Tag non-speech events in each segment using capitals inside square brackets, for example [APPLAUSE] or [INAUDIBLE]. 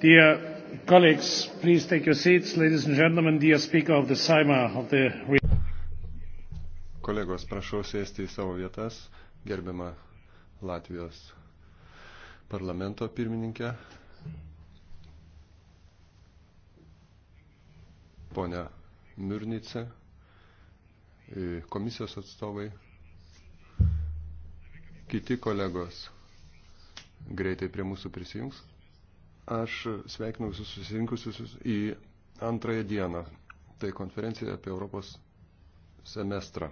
Dear colleagues, please take your seats, ladies and gentlemen, dear Speaker of the Saima of the Kolegos, prašau sėsti į savo vietas, gerbiama Latvijos parlamento pirmininkė, ponia Mirnice, komisijos atstovai, kiti kolegos greitai prie mūsų prisijungs. Aš sveikinu visus susirinkusius į antrąją dieną. Tai konferencija apie Europos semestrą.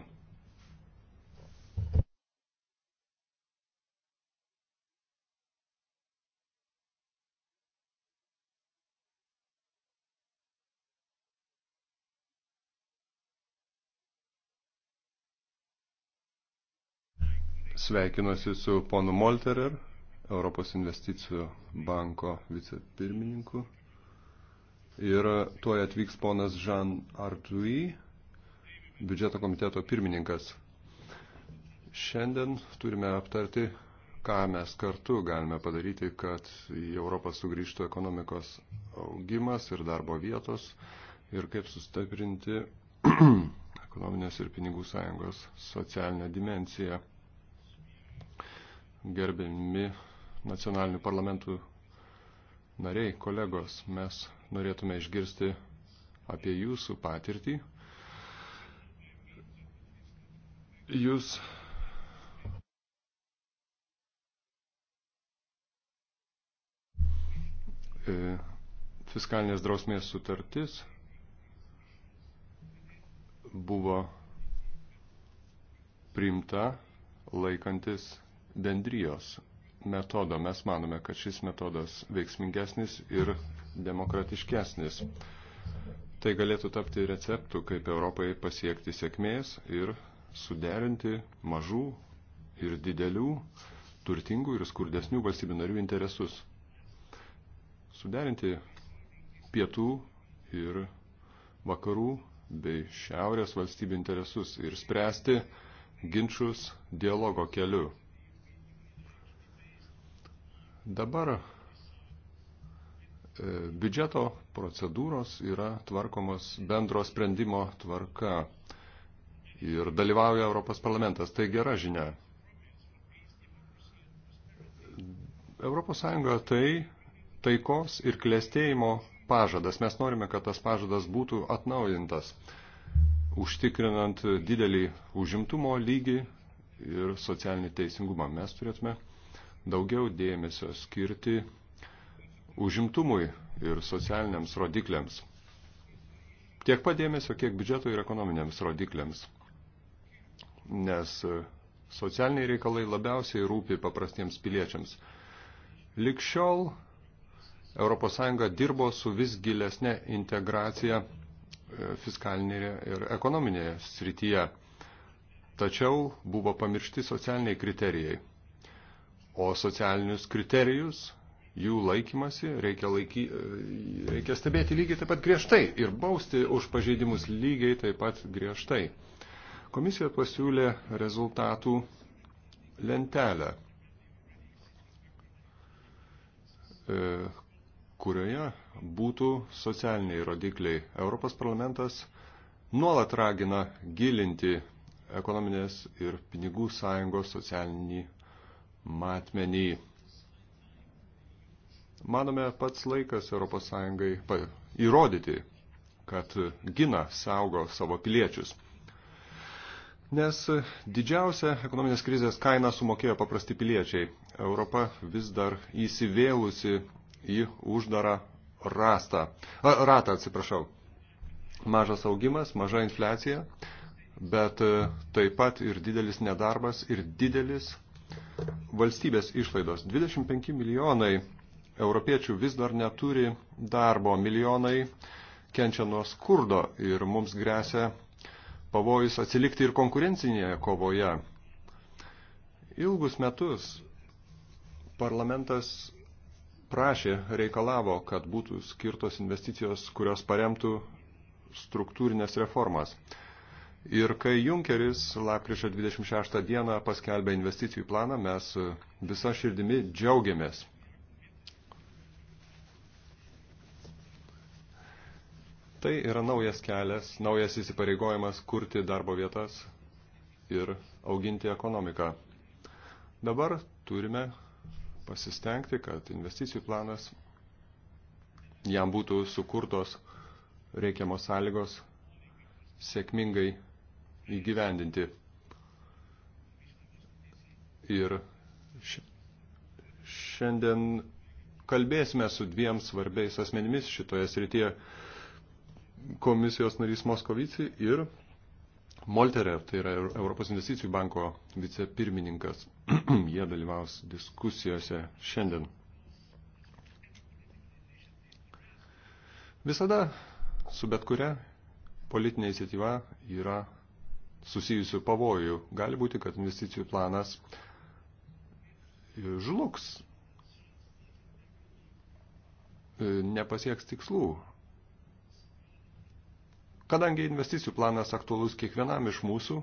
sveikinuosi su ponu Molterer, Europos investicijų banko vicepirmininku. Ir tuoj atvyks ponas Jean Artui, biudžeto komiteto pirmininkas. Šiandien turime aptarti, ką mes kartu galime padaryti, kad į Europą sugrįžtų ekonomikos augimas ir darbo vietos ir kaip sustiprinti [CLEARS THROAT] ekonominės ir pinigų sąjungos socialinę dimenciją. Gerbiami nacionalinių parlamentų nariai, kolegos, mes norėtume išgirsti apie jūsų patirtį. Jūs e, fiskalinės drausmės sutartis buvo priimta laikantis bendrijos metodo. Mes manome, kad šis metodas veiksmingesnis ir demokratiškesnis. Tai galėtų tapti receptų, kaip Europai pasiekti sėkmės ir suderinti mažų ir didelių, turtingų ir skurdesnių valstybių narių interesus. Suderinti pietų ir vakarų bei šiaurės valstybių interesus ir spręsti ginčius dialogo keliu. Dabar e, biudžeto procedūros yra tvarkomos bendro sprendimo tvarka ir dalyvauja Europos parlamentas. Tai gera žinia. Europos Sąjunga tai taikos ir klėstėjimo pažadas. Mes norime, kad tas pažadas būtų atnaujintas, užtikrinant didelį užimtumo lygį ir socialinį teisingumą. Mes turėtume daugiau dėmesio skirti užimtumui ir socialiniams rodikliams. Tiek padėmesio, kiek biudžeto ir ekonominiams rodikliams. Nes socialiniai reikalai labiausiai rūpi paprastiems piliečiams. Likščiol ES dirbo su vis gilesnė integracija e, fiskalinėje ir ekonominėje srityje. Tačiau buvo pamiršti socialiniai kriterijai. O socialinius kriterijus, jų laikymasi, reikia, laiky, reikia stebėti lygiai taip pat griežtai ir bausti už pažeidimus lygiai taip pat griežtai. Komisija pasiūlė rezultatų lentelę, e, kurioje būtų socialiniai rodikliai. Europos parlamentas nuolat ragina gilinti ekonominės ir pinigų sąjungos socialinį matmenį. Manome, pats laikas ES įrodyti, kad gina saugo savo piliečius. Nes didžiausia ekonominės krizės kaina sumokėjo paprasti piliečiai. Europa vis dar įsivėlusi į uždarą rastą. A, ratą, atsiprašau. Mažas augimas, maža infliacija, bet taip pat ir didelis nedarbas, ir didelis Valstybės išlaidos 25 milijonai europiečių vis dar neturi darbo, milijonai kenčia nuo skurdo ir mums grėsia pavojus atsilikti ir konkurencinėje kovoje. Ilgus metus parlamentas prašė, reikalavo, kad būtų skirtos investicijos, kurios paremtų struktūrinės reformas. Ir kai Junkeris lapkričio 26 dieną paskelbė investicijų planą, mes visą širdimi džiaugiamės. Tai yra naujas kelias, naujas įsipareigojimas kurti darbo vietas ir auginti ekonomiką. Dabar turime pasistengti, kad investicijų planas jam būtų sukurtos reikiamos sąlygos sėkmingai įgyvendinti. Ir šiandien kalbėsime su dviem svarbiais asmenimis šitoje srityje komisijos narys Moskovici ir Molterer, tai yra Europos investicijų banko vicepirmininkas. [CLEARS THROAT] Jie dalyvaus diskusijose šiandien. Visada su bet kuria politinė iniciatyva yra susijusių pavojų. Gali būti, kad investicijų planas e, žlugs, e, nepasieks tikslų. Kadangi investicijų planas aktualus kiekvienam iš mūsų,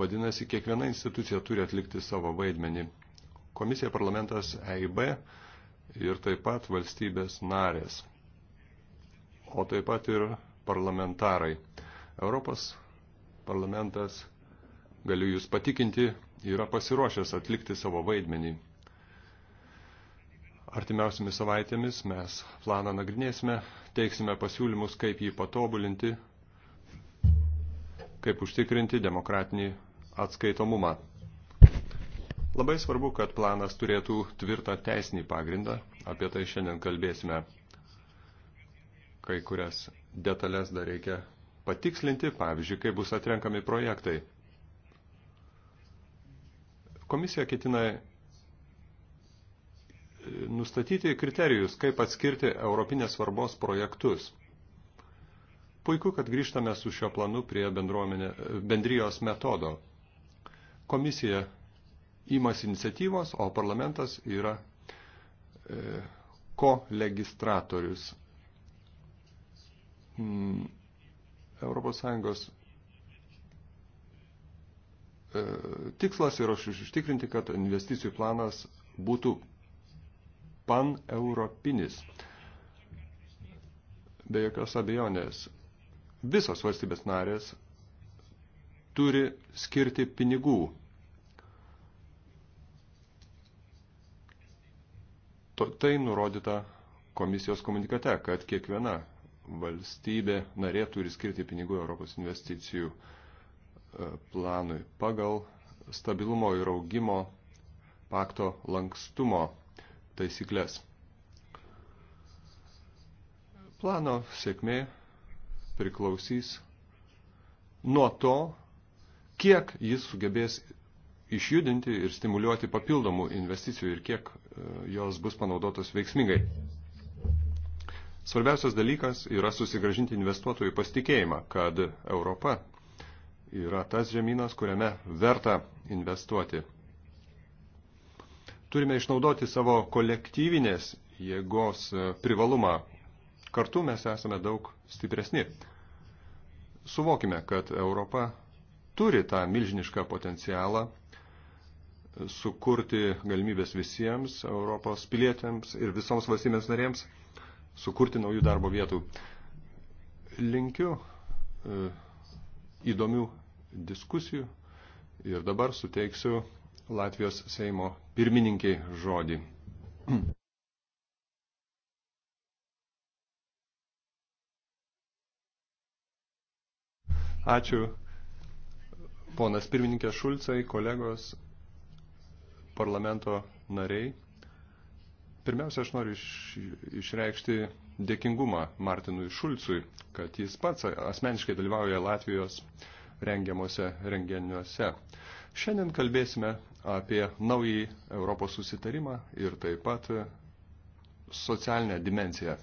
vadinasi, kiekviena institucija turi atlikti savo vaidmenį. Komisija, parlamentas, EIB ir taip pat valstybės narės, o taip pat ir parlamentarai. Europos parlamentas, galiu Jūs patikinti, yra pasiruošęs atlikti savo vaidmenį. Artimiausiamis savaitėmis mes planą nagrinėsime, teiksime pasiūlymus, kaip jį patobulinti, kaip užtikrinti demokratinį atskaitomumą. Labai svarbu, kad planas turėtų tvirtą teisinį pagrindą, apie tai šiandien kalbėsime. Kai kurias detalės dar reikia patikslinti, pavyzdžiui, kaip bus atrenkami projektai. Komisija ketina e, nustatyti kriterijus, kaip atskirti europinės svarbos projektus. Puiku, kad grįžtame su šio planu prie bendrijos metodo. Komisija įmas iniciatyvos, o parlamentas yra e, ko legistratorius. Mm ES e, tikslas yra užtikrinti, kad investicijų planas būtų paneuropinis. Be jokios abejonės, visos valstybės narės turi skirti pinigų. Tai nurodyta komisijos komunikate, kad kiekviena valstybė narė turi skirti pinigų Europos investicijų e, planui pagal stabilumo ir augimo pakto lankstumo taisyklės. Plano sėkmė priklausys nuo to, kiek jis sugebės išjudinti ir stimuliuoti papildomų investicijų ir kiek e, jos bus panaudotos veiksmingai. Svarbiausias dalykas yra susigražinti investuotojų pasitikėjimą, kad Europa yra tas žemynas, kuriame verta investuoti. Turime išnaudoti savo kolektyvinės jėgos privalumą. Kartu mes esame daug stipresni. Suvokime, kad Europa turi tą milžinišką potencialą sukurti galimybės visiems Europos pilietėms ir visoms valstybėms narėms sukurti naujų darbo vietų. Linkiu e, įdomių diskusijų ir dabar suteiksiu Latvijos Seimo pirmininkiai žodį. Ačiū ponas pirmininkė Šulcai, kolegos, parlamento nariai. Pirmiausia, aš noriu iš, išreikšti dėkingumą Martinui Šulcui, kad jis pats asmeniškai dalyvauja Latvijos rengiamuose renginiuose. Šiandien kalbėsime apie naująjį Europos susitarimą ir taip pat socialinę dimenciją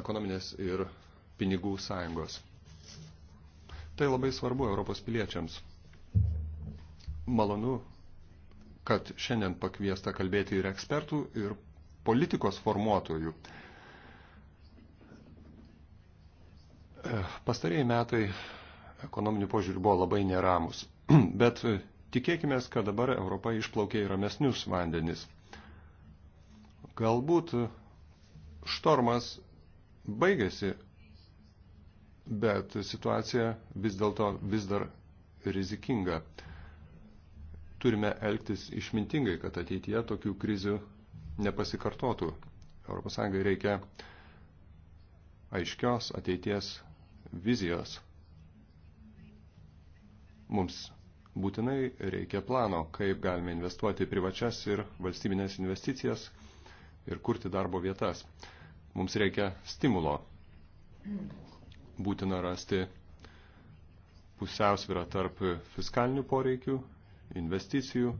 ekonominės ir pinigų sąjungos. Tai labai svarbu Europos piliečiams. Malonu, kad šiandien pakviesta kalbėti ir ekspertų, ir politikos formuotojų. Eh, Pastarėjai metai ekonominių požiūrių buvo labai neramus, [CLEARS THROAT] bet eh, tikėkime, kad dabar Europa išplaukė į ramesnius vandenis. Galbūt eh, štormas baigėsi, bet situacija vis dėlto vis dar rizikinga. Turime elgtis išmintingai, kad ateityje tokių krizių nepasikartotų. ES reikia aiškios ateities vizijos. Mums būtinai reikia plano, kaip galime investuoti privačias ir valstybinės investicijas ir kurti darbo vietas. Mums reikia stimulo. Būtina rasti pusiausvyrą tarp fiskalinių poreikių, investicijų,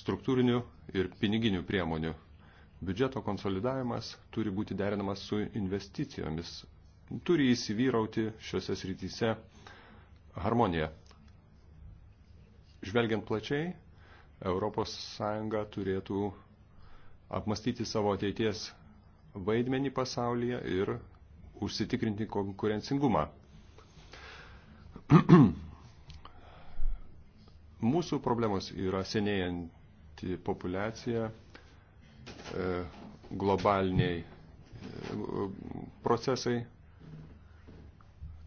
struktūrinių ir piniginių priemonių biudžeto konsolidavimas turi būti derinamas su investicijomis. Turi įsivyrauti šiuose srityse harmonija. Žvelgiant plačiai, ES turėtų apmastyti savo ateities vaidmenį pasaulyje ir užsitikrinti konkurencingumą. [CLEARS THROAT] Mūsų problemos yra senėjanti populiacija E, globaliniai e, procesai,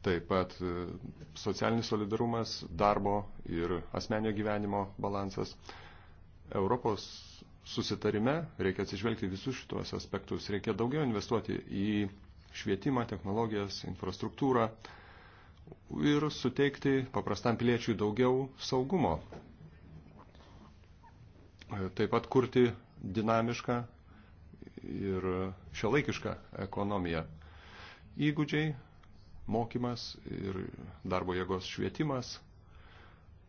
taip pat e, socialinis solidarumas, darbo ir asmenio gyvenimo balansas. Europos susitarime reikia atsižvelgti visus šitos aspektus. Reikia daugiau investuoti į švietimą, technologijas, infrastruktūrą ir suteikti paprastam piliečiui daugiau saugumo. Taip pat kurti dinamišką ir šiuolaikišką ekonomiją. Įgūdžiai, mokymas ir darbo jėgos švietimas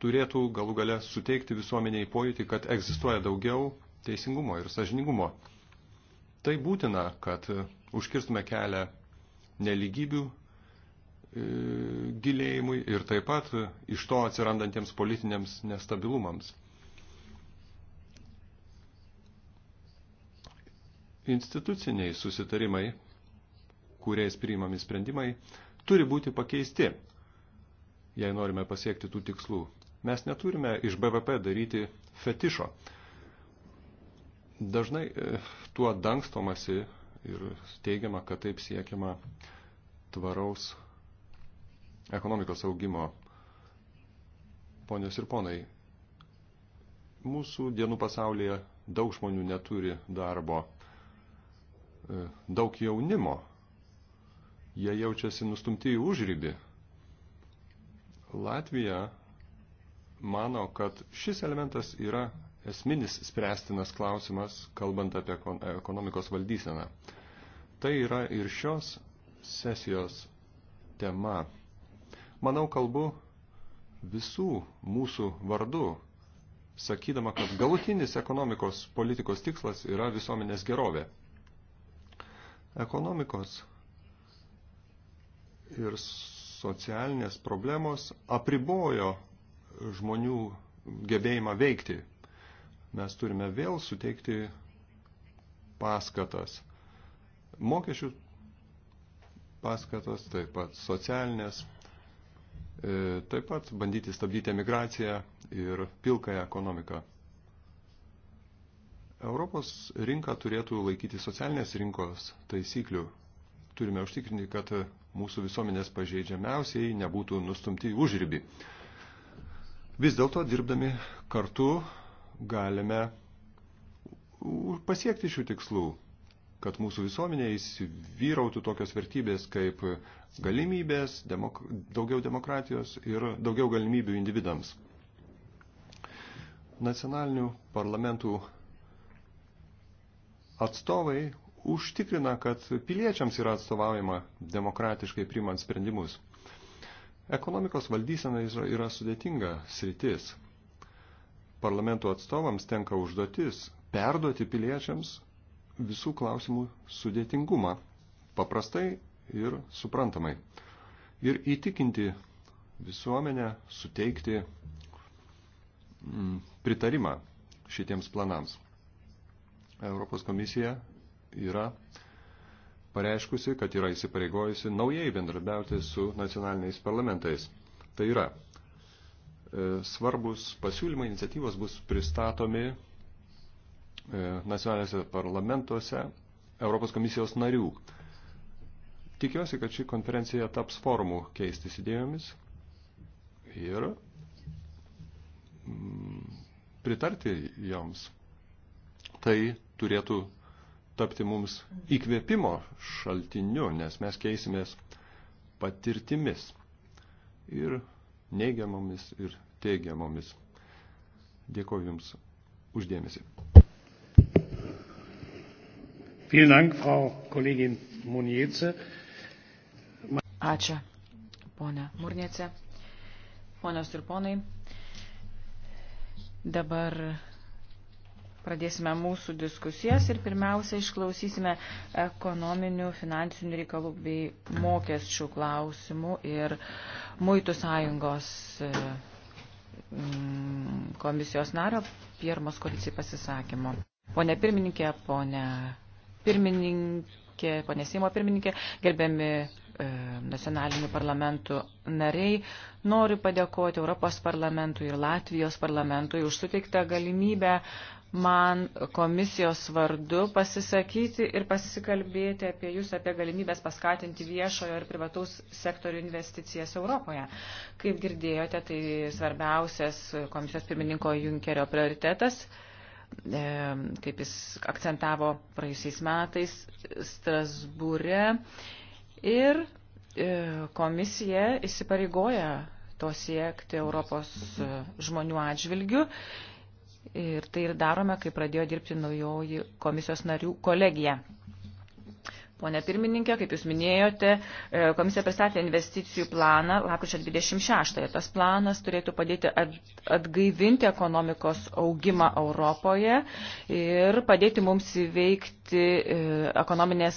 turėtų galų gale suteikti visuomeniai pojūtį, kad egzistuoja daugiau teisingumo ir sažiningumo. Tai būtina, kad užkirstume kelią neligybių e, gilėjimui ir taip pat iš to atsirandantiems politiniams nestabilumams. instituciniai susitarimai, kuriais priimami sprendimai, turi būti pakeisti, jei norime pasiekti tų tikslų. Mes neturime iš BVP daryti fetišo. Dažnai e, tuo dangstomasi ir teigiama, kad taip siekiama tvaraus ekonomikos augimo. Ponios ir ponai, mūsų dienų pasaulyje daug žmonių neturi darbo. E, daug jaunimo. Jie jaučiasi nustumti į užrybį. Latvija mano, kad šis elementas yra esminis spręstinas klausimas, kalbant apie ekonomikos valdyseną. Tai yra ir šios sesijos tema. Manau, kalbu visų mūsų vardu, sakydama, kad galutinis ekonomikos politikos tikslas yra visuomenės gerovė ekonomikos ir socialinės problemos apribojo žmonių gebėjimą veikti. Mes turime vėl suteikti paskatas. Mokesčių paskatas, taip pat socialinės, e, taip pat bandyti stabdyti emigraciją ir pilkąją ekonomiką. Europos rinka turėtų laikyti socialinės rinkos taisyklių. Turime užtikrinti, kad mūsų visuomenės pažeidžiamiausiai nebūtų nustumti užribį. Vis dėlto, dirbdami kartu, galime pasiekti šių tikslų, kad mūsų visuomenėje įsivyrautų tokios vertybės kaip galimybės, demok daugiau demokratijos ir daugiau galimybių individams. Nacionalinių parlamentų atstovai užtikrina, kad piliečiams yra atstovaujama demokratiškai primant sprendimus. Ekonomikos valdysena yra sudėtinga sritis. Parlamento atstovams tenka užduotis perduoti piliečiams visų klausimų sudėtingumą paprastai ir suprantamai. Ir įtikinti visuomenę suteikti mm, pritarimą šitiems planams. Europos komisija yra pareiškusi, kad yra įsipareigojusi naujai bendradarbiauti su nacionaliniais parlamentais. Tai yra, e, svarbus pasiūlymai iniciatyvos bus pristatomi e, nacionalinėse parlamentuose Europos komisijos narių. Tikiuosi, kad ši konferencija taps forumu keistis idėjomis ir mm, pritarti joms tai turėtų tapti mums įkvėpimo šaltiniu, nes mes keisimės patirtimis ir neigiamomis ir teigiamomis. Dėkoju Jums uždėmesi. Vielen Dank, Frau Kollegin Munietze. Ačiū, ponė Murniece. Ponios ir ponai, dabar Pradėsime mūsų diskusijas ir pirmiausia išklausysime ekonominių, finansinių reikalų bei mokesčių klausimų ir Muitų sąjungos mm, komisijos nario Piermos koalicijai pasisakymo. Pone pirmininkė, pone pirmininkė, pone Seimo pirmininkė, gerbiami e, nacionalinių parlamentų nariai. Noriu padėkoti Europos parlamentui ir Latvijos parlamentui už suteiktą galimybę man komisijos vardu pasisakyti ir pasikalbėti apie jūs, apie galimybės paskatinti viešojo ir privataus sektorių investicijas Europoje. Kaip girdėjote, tai svarbiausias komisijos pirmininko Junkerio prioritetas e, kaip jis akcentavo praėjusiais metais Strasbūre. Ir e, komisija įsipareigoja to siekti Europos žmonių atžvilgių Ir tai ir darome, kai pradėjo dirbti naujoji komisijos narių kolegija. Pone pirmininkė, kaip Jūs minėjote, e, komisija pristatė investicijų planą lapkričio 26. Tas planas turėtų padėti atgaivinti ekonomikos augimą Europoje ir padėti mums įveikti e,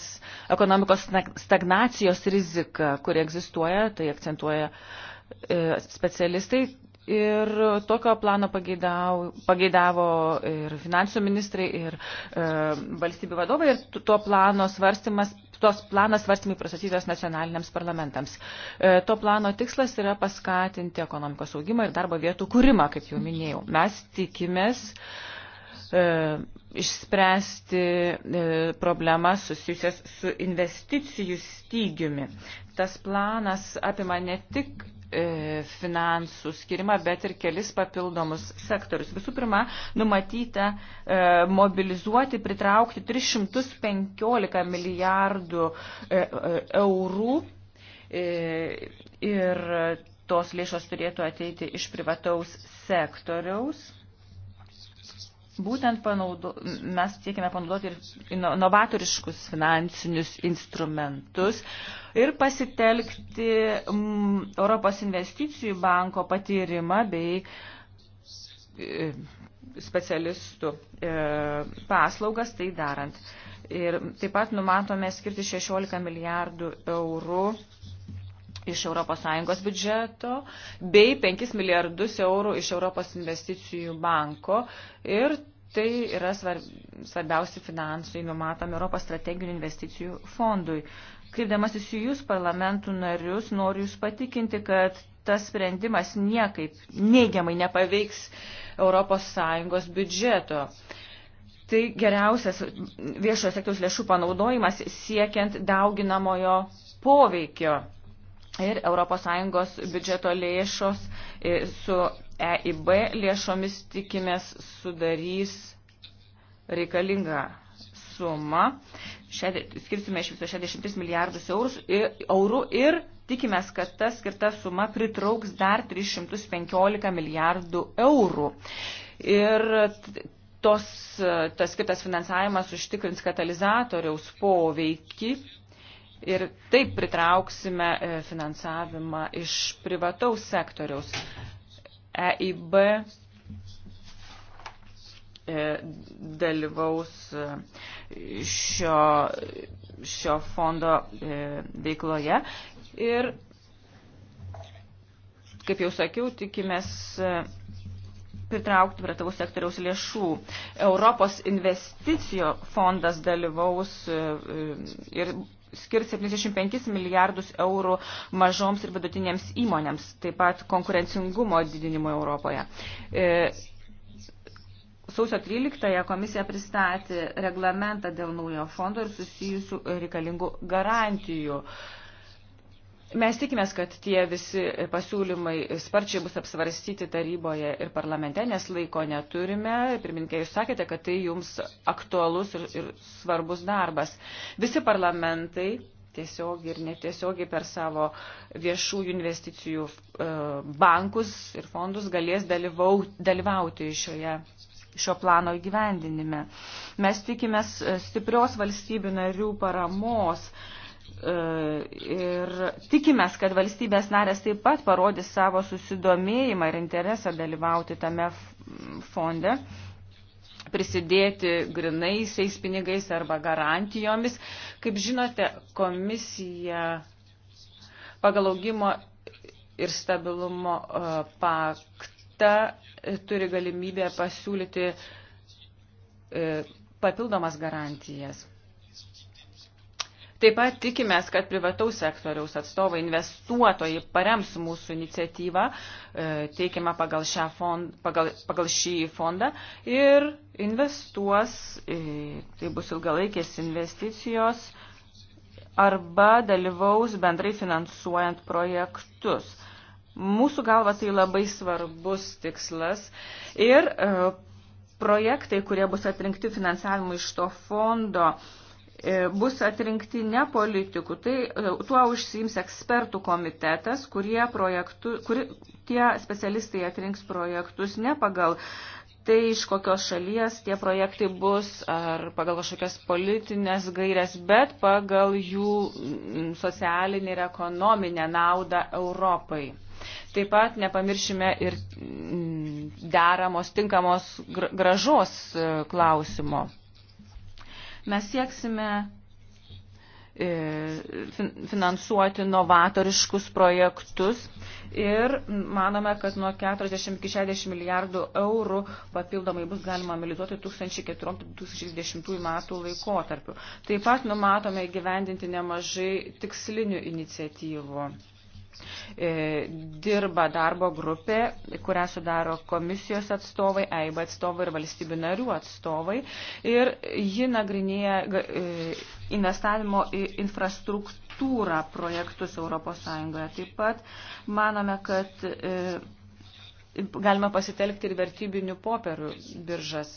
ekonomikos stagnacijos riziką, kuri egzistuoja, tai akcentuoja e, specialistai Ir tokio plano pageidavo, pageidavo ir finansų ministrai, ir e, valstybių vadovai, ir tuo plano svarstymas, tos planas svarstymai prasatytos nacionaliniams parlamentams. E, to plano tikslas yra paskatinti ekonomikos augimą ir darbo vietų kūrimą, kaip jau minėjau. Mes tikimės e, išspręsti e, problemas susijusias su investicijų stygiumi. Tas planas apima ne tik E, finansų skirimą, bet ir kelis papildomus sektorius. Visų pirma, numatyta e, mobilizuoti, pritraukti 315 milijardų e, e, eurų e, ir tos lėšos turėtų ateiti iš privataus sektoriaus. Būtent panaudo, mes siekime panaudoti ir novatoriškus finansinius instrumentus ir pasitelkti mm, Europos investicijų banko patyrimą bei e, specialistų e, paslaugas tai darant. Ir taip pat numatome skirti 16 milijardų eurų iš ES biudžeto bei 5 milijardus eurų iš Europos investicijų banko ir tai yra svarbiausi finansai numatomi Europos strateginių investicijų fondui. Kreipdamasis į jūs, parlamentų narius, noriu jūs patikinti, kad tas sprendimas niekaip neigiamai nepaveiks ES biudžeto. Tai geriausias viešojo sektoriaus lėšų panaudojimas siekiant dauginamojo poveikio ir ES biudžeto lėšos e, su EIB lėšomis tikimės sudarys reikalingą sumą. Skirsime iš viso 60 milijardus eurų ir tikimės, kad ta skirta suma pritrauks dar 315 milijardų eurų. Ir tos, tas skirtas finansavimas užtikrins katalizatoriaus poveikį ir taip pritrauksime e, finansavimą iš privataus sektoriaus. EIB e, dalyvaus e, šio, šio fondo veikloje ir, kaip jau sakiau, tikimės pritraukti prie tavo sektoriaus lėšų. Europos investicijo fondas dalyvaus ir skirs 75 milijardus eurų mažoms ir vidutinėms įmonėms, taip pat konkurencingumo didinimo Europoje. E, sausio 13-ąją komisija pristatė reglamentą dėl naujo fondo ir susijusių reikalingų garantijų. E, Mes tikimės, kad tie visi pasiūlymai sparčiai bus apsvarstyti taryboje ir parlamente, nes laiko neturime. Pirmininkai, jūs sakėte, kad tai jums aktualus ir, ir svarbus darbas. Visi parlamentai tiesiog ir netiesiogiai per savo viešųjų investicijų e, bankus ir fondus galės dalyvau, dalyvauti šioje, šio plano įgyvendinime. Mes tikimės e, stiprios valstybių narių paramos E, ir tikimės, kad valstybės narės taip pat parodys savo susidomėjimą ir interesą dalyvauti tame fonde, prisidėti grinaisiais pinigais arba garantijomis. Kaip žinote, komisija pagal augimo ir stabilumo e, paktą e, turi galimybę pasiūlyti papildomas garantijas. Taip pat tikimės, kad privataus sektoriaus atstovai investuotojai parems mūsų iniciatyvą, e, teikiamą pagal, fond, pagal, pagal šį fondą ir investuos, e, tai bus ilgalaikės investicijos arba dalyvaus bendrai finansuojant projektus. Mūsų galva tai labai svarbus tikslas ir e, projektai, kurie bus atrinkti finansavimu iš to fondo, E, bus atrinkti ne politikų, tai e, tuo užsiims ekspertų komitetas, kurie projektu, kuri, tie specialistai atrinks projektus ne pagal tai, iš kokios šalies tie projektai bus, ar pagal kažkokias politinės gairias, bet pagal jų socialinį ir ekonominę naudą Europai. Taip pat nepamiršime ir deramos, tinkamos gražos e, klausimo. Mes sieksime e, finansuoti novatoriškus projektus ir manome, kad nuo 40 iki 60 milijardų eurų papildomai bus galima milizuoti 2014-2020 metų laikotarpiu. Taip pat numatome įgyvendinti nemažai tikslinių iniciatyvų. E, dirba darbo grupė, kurią sudaro komisijos atstovai, AIB atstovai ir valstybių narių atstovai. Ir ji nagrinėja e, investavimo į infrastruktūrą projektus ES. Taip pat manome, kad e, galima pasitelkti ir vertybinių popierių biržas,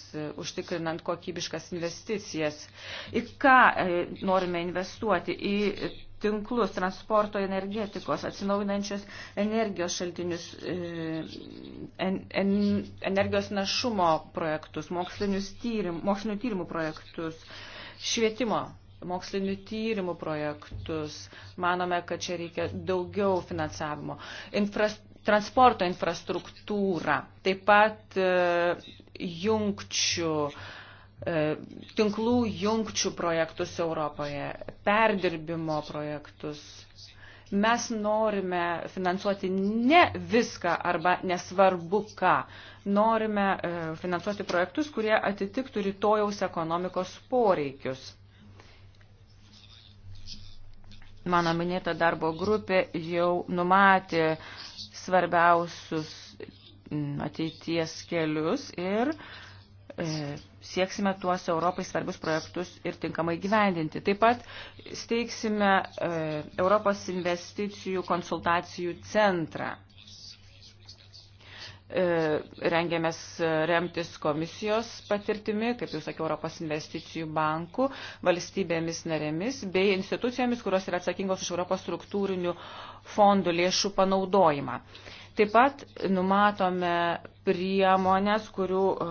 užtikrinant kokybiškas investicijas. Į ką norime investuoti? Į tinklus, transporto, energetikos, atsinaujinančios energijos šaltinius, e, en, en, energijos našumo projektus, tyrim, mokslinių tyrimų projektus, švietimo mokslinių tyrimų projektus. Manome, kad čia reikia daugiau finansavimo. Infras, transporto infrastruktūrą, taip pat e, jungčių e, E, tinklų jungčių projektus Europoje, perdirbimo projektus. Mes norime finansuoti ne viską arba nesvarbu ką. Norime e, finansuoti projektus, kurie atitiktų rytojaus ekonomikos poreikius. Mano minėta darbo grupė jau numatė svarbiausius ateities kelius ir e, sieksime tuos Europai svarbius projektus ir tinkamai gyvendinti. Taip pat steigsime e, Europos investicijų konsultacijų centrą. E, rengiamės remtis komisijos patirtimi, kaip jau sakiau, Europos investicijų bankų, valstybėmis narėmis bei institucijomis, kurios yra atsakingos už Europos struktūrinių fondų lėšų panaudojimą. E, Taip pat numatome priemonės, kurių, e,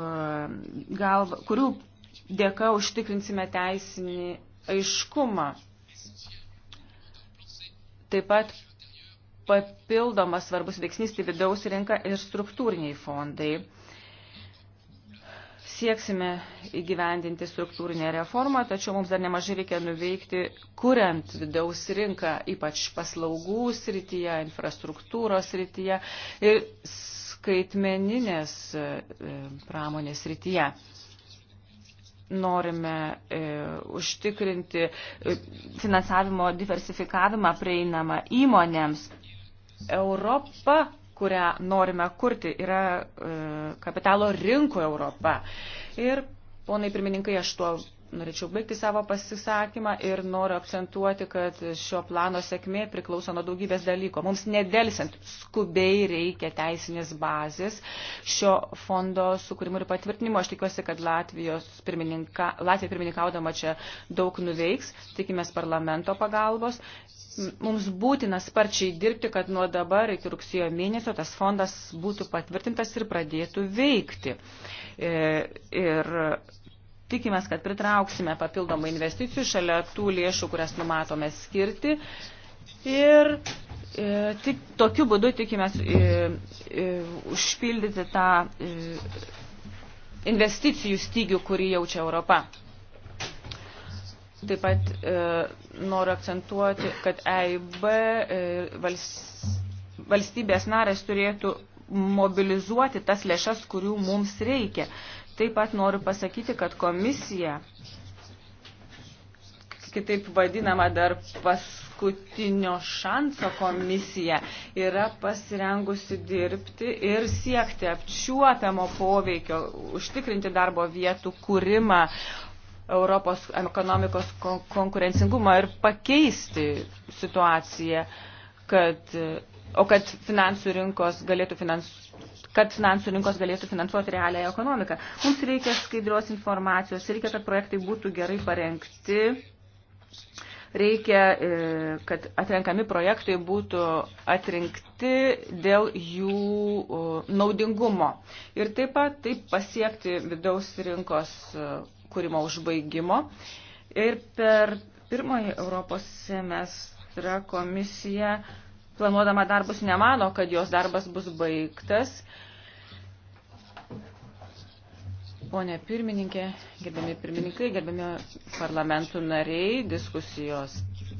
gal, kurių dėka užtikrinsime teisinį aiškumą. Taip pat papildomas svarbus veiksnys tai vidaus rinka ir struktūriniai fondai sieksime įgyvendinti struktūrinę reformą, tačiau mums dar nemažai reikia nuveikti, kuriant vidaus rinką, ypač paslaugų srityje, infrastruktūros srityje ir skaitmeninės e, pramonės srityje. Norime e, užtikrinti e, finansavimo diversifikavimą prieinamą įmonėms. Europa kurią norime kurti, yra e, kapitalo rinkų Europa. Ir, ponai pirmininkai, aš tuo norėčiau baigti savo pasisakymą ir noriu akcentuoti, kad šio plano sėkmė priklauso nuo daugybės dalykų. Mums nedelsiant skubiai reikia teisinės bazės šio fondo sukūrimo ir patvirtinimo. Aš tikiuosi, kad Latvijos pirmininka, Latvija pirmininkaudama čia daug nuveiks. Tikimės parlamento pagalbos Mums būtina sparčiai dirbti, kad nuo dabar iki rugsėjo mėnesio tas fondas būtų patvirtintas ir pradėtų veikti. E, ir tikimės, kad pritrauksime papildomą investicijų šalia tų lėšų, kurias numatome skirti. Ir e, tik, tokiu būdu tikimės e, e, užpildyti tą e, investicijų stygių, kurį jaučia Europa. Taip pat e, noriu akcentuoti, kad EIB e, vals, valstybės narės turėtų mobilizuoti tas lėšas, kurių mums reikia. Taip pat noriu pasakyti, kad komisija, kitaip vadinama dar paskutinio šanso komisija, yra pasirengusi dirbti ir siekti apčiuopiamo poveikio, užtikrinti darbo vietų kūrimą, Europos ekonomikos konkurencingumą ir pakeisti situaciją, kad, o kad finansų rinkos galėtų finansuoti kad finansų rinkos galėtų finansuoti realią ekonomiką. Mums reikia skaidrios informacijos, reikia, kad projektai būtų gerai parengti, reikia, e, kad atrenkami projektai būtų atrinkti dėl jų naudingumo. Ir taip pat taip pasiekti vidaus rinkos kūrimo užbaigimo. Ir per pirmąjį Europos semestrą komisija, planuodama darbus, nemano, kad jos darbas bus baigtas. Pone pirmininkė, gerbiami pirmininkai, gerbiami parlamentų nariai, diskusijos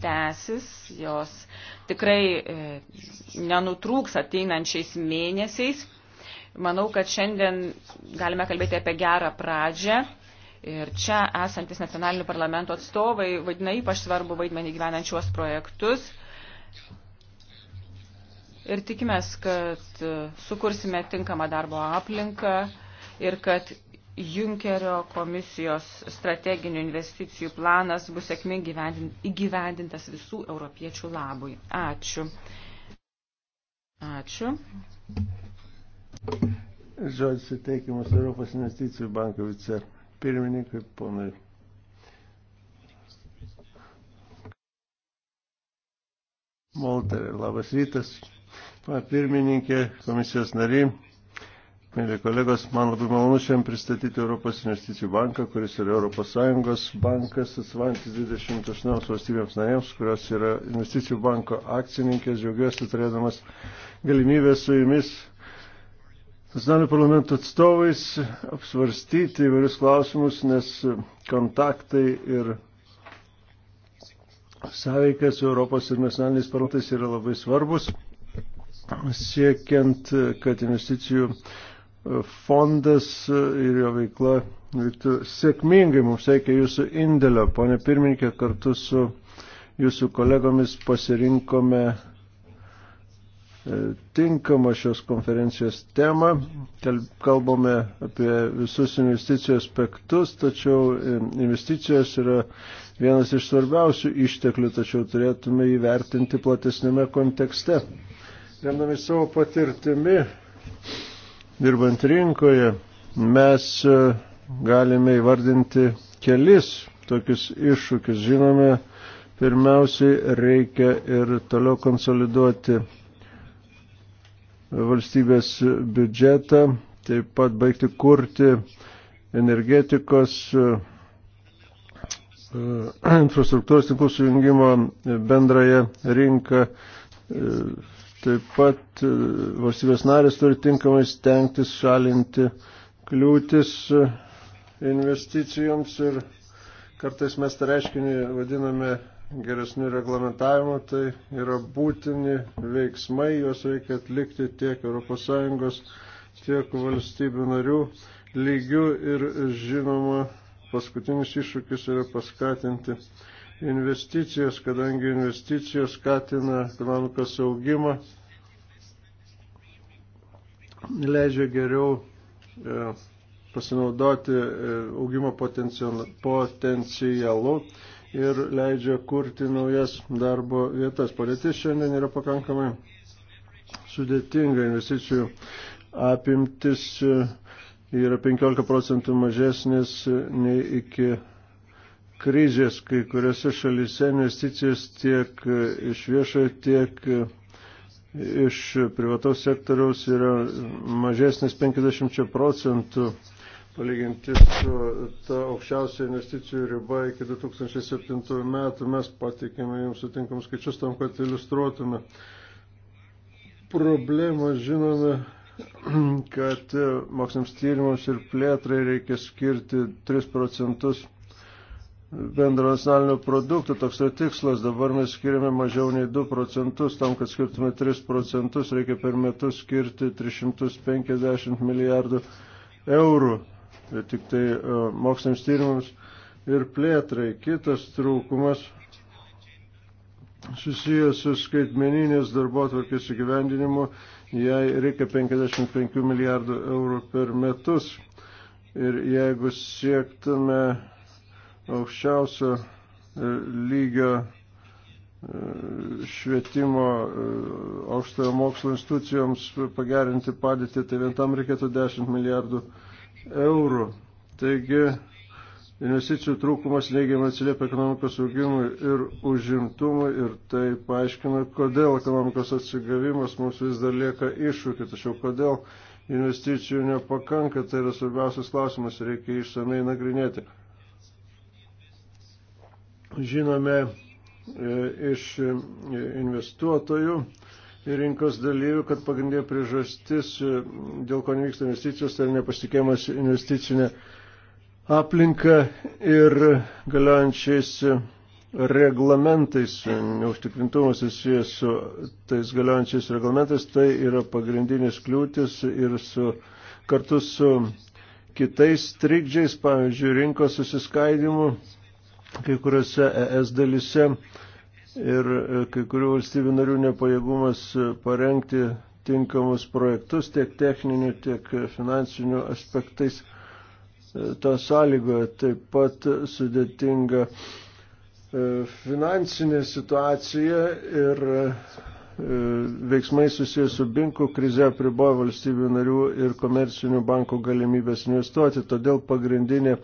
tęsis, jos tikrai e, nenutrūks ateinančiais mėnesiais. Manau, kad šiandien galime kalbėti apie gerą pradžią Ir čia esantis nacionalinių parlamentų atstovai vaidina ypač svarbu vaidmenį gyvenant šiuos projektus. Ir tikimės, kad sukursime tinkamą darbo aplinką ir kad Junkerio komisijos strateginių investicijų planas bus sėkmingai įgyvendintas visų europiečių labui. Ačiū. Ačiū. Žodžiu suteikimas Europos investicijų banko vicer pirmininkai, ponai. Molterė, labas rytas. Pana pirmininkė, komisijos nariai, mėly kolegos, man labai malonu šiandien pristatyti Europos investicijų banką, kuris yra ES bankas, atsvantis 28 valstybėms narėms, kurios yra investicijų banko akcininkės. Džiaugiuosi turėdamas galimybę su jumis nacionalinių parlamentų atstovais apsvarstyti įvairius klausimus, nes kontaktai ir sąveikia su Europos ir nacionaliniais parlamentais yra labai svarbus, siekiant, kad investicijų fondas ir jo veikla vyktų sėkmingai. Mums reikia jūsų indėlio. Pone pirmininkė, kartu su jūsų kolegomis pasirinkome E, tinkamą šios konferencijos temą. Kalbame apie visus investicijų aspektus, tačiau e, investicijos yra vienas iš svarbiausių išteklių, tačiau turėtume įvertinti platesnėme kontekste. Remdami savo patirtimi, dirbant rinkoje, mes e, galime įvardinti kelis tokius iššūkius. Žinome, pirmiausiai reikia ir toliau konsoliduoti valstybės biudžetą, taip pat baigti kurti energetikos e, [CLEARS THROAT] infrastruktūros tinklų sujungimo bendrąją rinką. E, taip pat e, valstybės narės turi tinkamai stengtis šalinti kliūtis investicijoms ir kartais mes tą reiškinį vadiname geresnių reglamentavimų, tai yra būtini veiksmai, juos reikia atlikti tiek ES, tiek valstybių narių lygių ir žinoma, paskutinis iššūkis yra paskatinti investicijas, kadangi investicijos skatina ekonomikos augimą, leidžia geriau e, pasinaudoti e, augimo potencialu ir leidžia kurti naujas darbo vietas. Padėtis šiandien yra pakankamai sudėtinga investicijų apimtis yra 15 procentų mažesnis nei iki krizės, kai kuriuose šalyse investicijos tiek iš viešojo, tiek iš privataus sektoriaus yra mažesnis 50 procentų palyginti su ta aukščiausia investicijų riba iki 2007 metų. Mes patikėme jums sutinkam skaičius tam, kad iliustruotume. Problemą žinome, [CLEARS THROAT] kad moksliniams tyrimams ir plėtrai reikia skirti 3 procentus bendro nacionalinio produkto, toks yra tikslas, dabar mes skiriame mažiau nei 2 procentus, tam, kad skirtume 3 procentus, reikia per metus skirti 350 milijardų eurų tik tai e, moksliniams tyrimams ir plėtrai. Kitas trūkumas susijęs su skaitmeninės darbo atvarkės įgyvendinimu, jai reikia 55 milijardų eurų per metus. Ir jeigu siektume aukščiausio e, lygio e, švietimo aukštojo mokslo institucijoms pagerinti padėtį, tai vien tam reikėtų 10 milijardų eurų eurų. Taigi investicijų trūkumas neigiamai atsiliepia ekonomikos augimui ir užimtumui ir tai paaiškina, kodėl ekonomikos atsigavimas mums vis dar lieka iššūkį. Tačiau kodėl investicijų nepakanka, tai yra svarbiausias klausimas, reikia išsamei nagrinėti. Žinome e, iš e, investuotojų, rinkos dalyvių, kad pagrindinė priežastis, e, dėl ko nevyksta investicijos, tai nepasitikėjimas investicinė aplinka ir galiojančiais reglamentais, neužtikrintumas susijęs su tais galiojančiais reglamentais, tai yra pagrindinis kliūtis ir su, kartu su kitais trikdžiais, pavyzdžiui, rinkos susiskaidimu kai kuriuose ES dalise ir e, kai kurių valstybių narių nepajėgumas e, parengti tinkamus projektus tiek techninių, tiek e, finansinių aspektais. Ta sąlygoje taip pat sudėtinga finansinė situacija ir veiksmai susijęs su binkų krize pribojo valstybių narių ir komercinių bankų galimybės investuoti. Todėl pagrindinė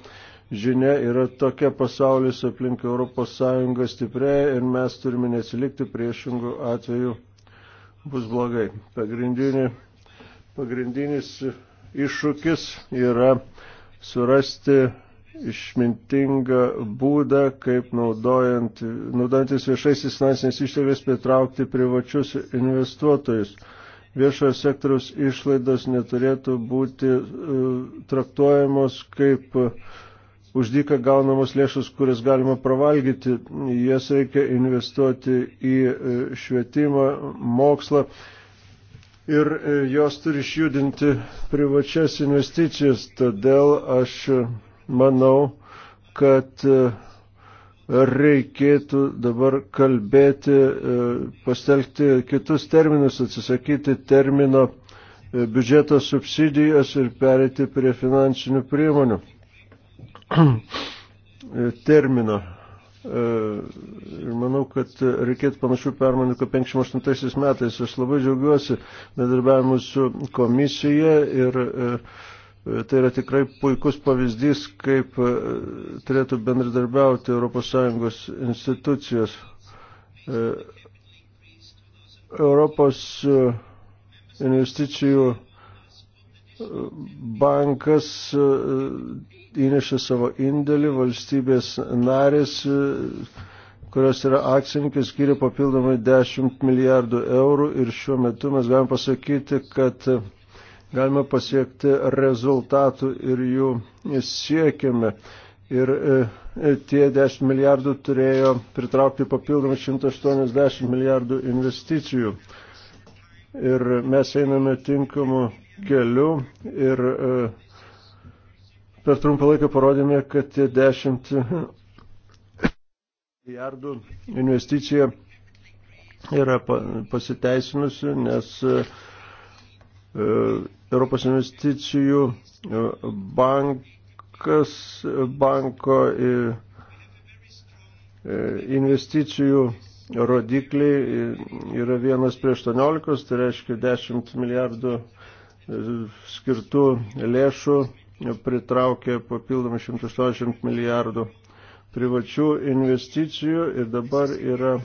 žinia yra tokia pasaulis aplink ES stiprėja ir mes turime nesilikti priešingų atveju bus blogai. Pagrindinė, pagrindinis iššūkis yra surasti išmintingą būdą, kaip naudojant, naudojantis viešaisiais finansiniais ištekliais pritraukti privačius investuotojus. Viešojo sektoriaus išlaidos neturėtų būti uh, traktuojamos kaip uh, už dyką gaunamos lėšus, kurias galima pravalgyti, jas reikia investuoti į e, švietimą, mokslą ir e, jos turi išjudinti privačias investicijas. Todėl aš manau, kad e, reikėtų dabar kalbėti, pastelgti kitus terminus, atsisakyti termino biudžeto subsidijos ir perėti prie finansinių priemonių. [CLEARS THROAT] termino. E, ir manau, kad reikėtų panašių permainų, kaip 58 metais. Aš labai džiaugiuosi bedarbiavimu su komisija ir e, tai yra tikrai puikus pavyzdys, kaip e, turėtų bendradarbiauti ES institucijos. Europos investicijų bankas įnešė savo indėlį, valstybės narės, e, kurios yra akcininkai, skiria papildomai 10 milijardų eurų ir šiuo metu mes galime pasakyti, kad e, galime pasiekti rezultatų ir jų siekiame. Ir e, tie 10 milijardų turėjo pritraukti papildomai 180 milijardų investicijų. Ir mes einame tinkamu keliu ir uh, per trumpą laiką parodėme, kad tie 10 milijardų investicija yra pasiteisinusi, nes e, Europos investicijų e, bankas, banko e, investicijų rodikliai yra vienas prie 18, tai reiškia 10 milijardų skirtų lėšų pritraukė papildomai 180 milijardų privačių investicijų ir dabar yra e,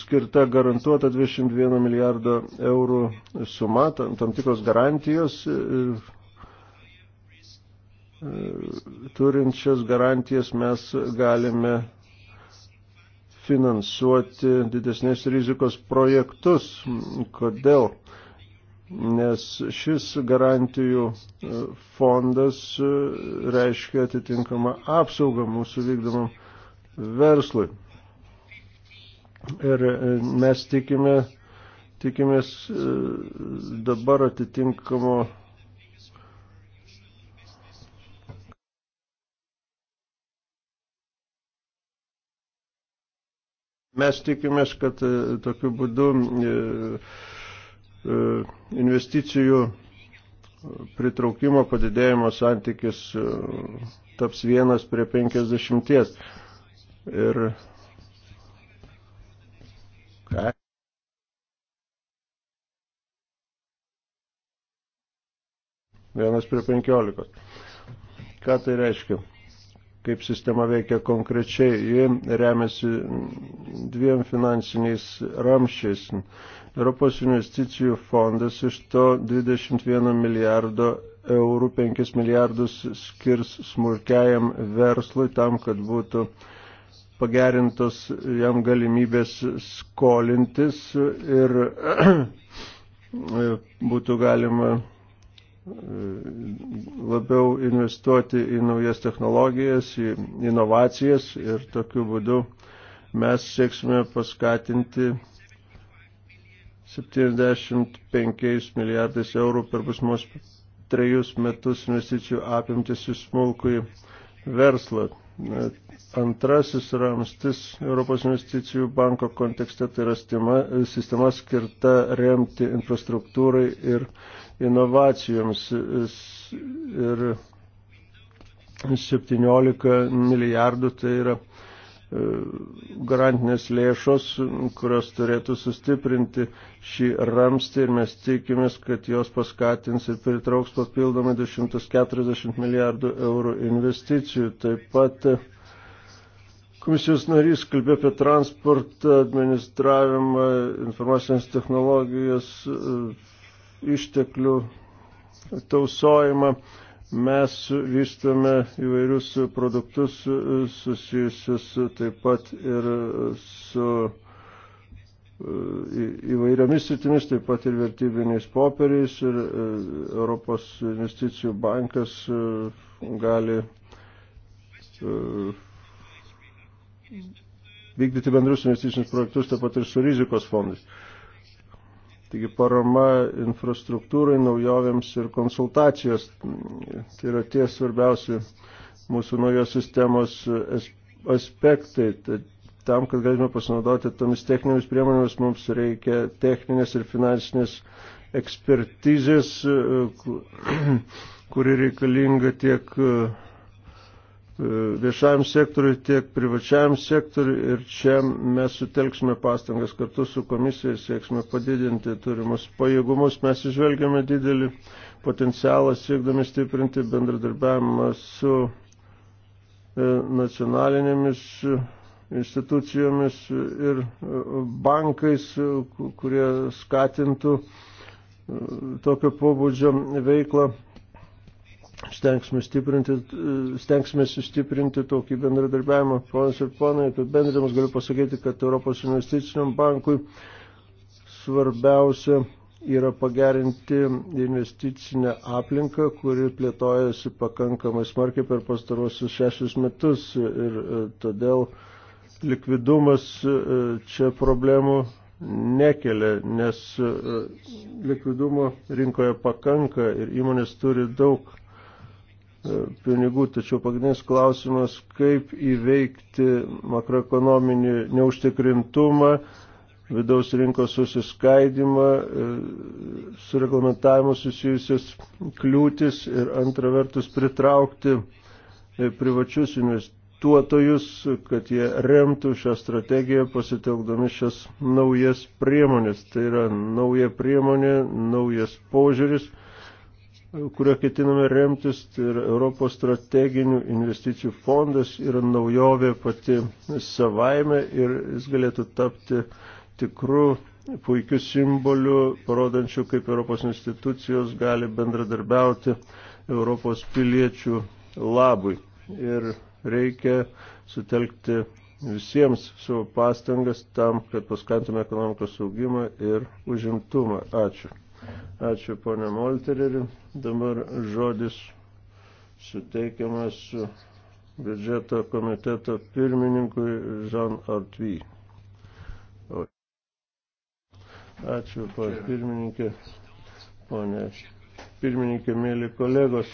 skirta garantuota 21 milijardo eurų suma, tam, tam tikros garantijos, e, e, turinčias garantijas mes galime finansuoti didesnės rizikos projektus. Kodėl? nes šis garantijų e, fondas e, reiškia atitinkamą apsaugą mūsų vykdomam verslui. Ir e, mes tikime, tikimės dabar atitinkamo Mes tikimės, kad tokiu būdu E, investicijų pritraukimo padidėjimo santykis e, taps vienas prie 50. Ir ką? Vienas prie penkiolikos. Ką tai reiškia? kaip sistema veikia konkrečiai. Ji remiasi dviem finansiniais ramšiais. Europos investicijų fondas iš to 21 milijardo eurų 5 milijardus skirs smulkiajam verslui tam, kad būtų pagerintos jam galimybės skolintis ir [CLEARS THROAT] būtų galima labiau investuoti į naujas technologijas, į inovacijas ir tokiu būdu mes sieksime paskatinti 75 milijardais eurų per busmus trejus metus investicijų apimtis į smulkų į verslą. Antrasis ramstis Europos investicijų banko kontekste tai yra sistema skirta remti infrastruktūrai ir inovacijoms ir 17 milijardų tai yra e, garantinės lėšos, kurios turėtų sustiprinti šį ramstį ir mes tikimės, kad jos paskatins ir pritrauks papildomai 240 milijardų eurų investicijų. Taip pat e, komisijos narys kalbė apie transportą, administravimą, informacinės technologijas, e, išteklių tausojimą. Mes vystome įvairius produktus susijusius taip pat ir su e, įvairiomis sritimis, taip pat ir vertybiniais popieriais ir e, Europos investicijų bankas e, gali vykdyti bendrus investicinius projektus, taip pat ir su rizikos fondais. Taigi parama infrastruktūrai, naujovėms ir konsultacijos. Tai yra tie svarbiausi mūsų naujos sistemos aspektai. Tad tam, kad galime pasinaudoti tomis techninėmis priemonėmis, mums reikia techninės ir finansinės ekspertizės, [CLEARS THROAT] kuri reikalinga tiek E, viešajam sektoriui, tiek privačiajam sektoriui ir čia mes sutelksime pastangas kartu su komisija ir sieksime padidinti turimus pajėgumus. Mes išvelgiame didelį potencialą siekdami stiprinti bendradarbiavimą su e, nacionalinėmis institucijomis ir e, bankais, kurie skatintų tokio pobūdžio veiklą stengsime stiprinti, stengsime sustiprinti tokį bendradarbiavimą. Ponas ir ponai, apibendrinimas galiu pasakyti, kad Europos investiciniam bankui svarbiausia yra pagerinti investicinę aplinką, kuri plėtojasi pakankamai smarkiai per pastaruosius šešius metus ir e, todėl likvidumas e, čia problemų nekelia, nes e, likvidumo rinkoje pakanka ir įmonės turi daug E, pinigų, tačiau pagrindinis klausimas, kaip įveikti makroekonominį neužtikrintumą, vidaus rinkos susiskaidimą, e, su reglamentavimu susijusias kliūtis ir antra vertus pritraukti e, privačius investuotojus, kad jie remtų šią strategiją pasitelkdami šias naujas priemonės. Tai yra nauja priemonė, naujas požiūris kurio ketiname remtis, tai yra Europos strateginių investicijų fondas, yra naujovė pati savaime ir jis galėtų tapti tikrų puikių simbolių, parodančių, kaip Europos institucijos gali bendradarbiauti Europos piliečių labui. Ir reikia sutelkti visiems savo pastangas tam, kad paskantume ekonomikos augimą ir užimtumą. Ačiū. Ačiū, ponė Moltereri. Dabar žodis suteikiamas biudžeto komiteto pirmininkui Jean Artvy. Ačiū, ponė pirmininkė. Ponė pirmininkė, mėly kolegos.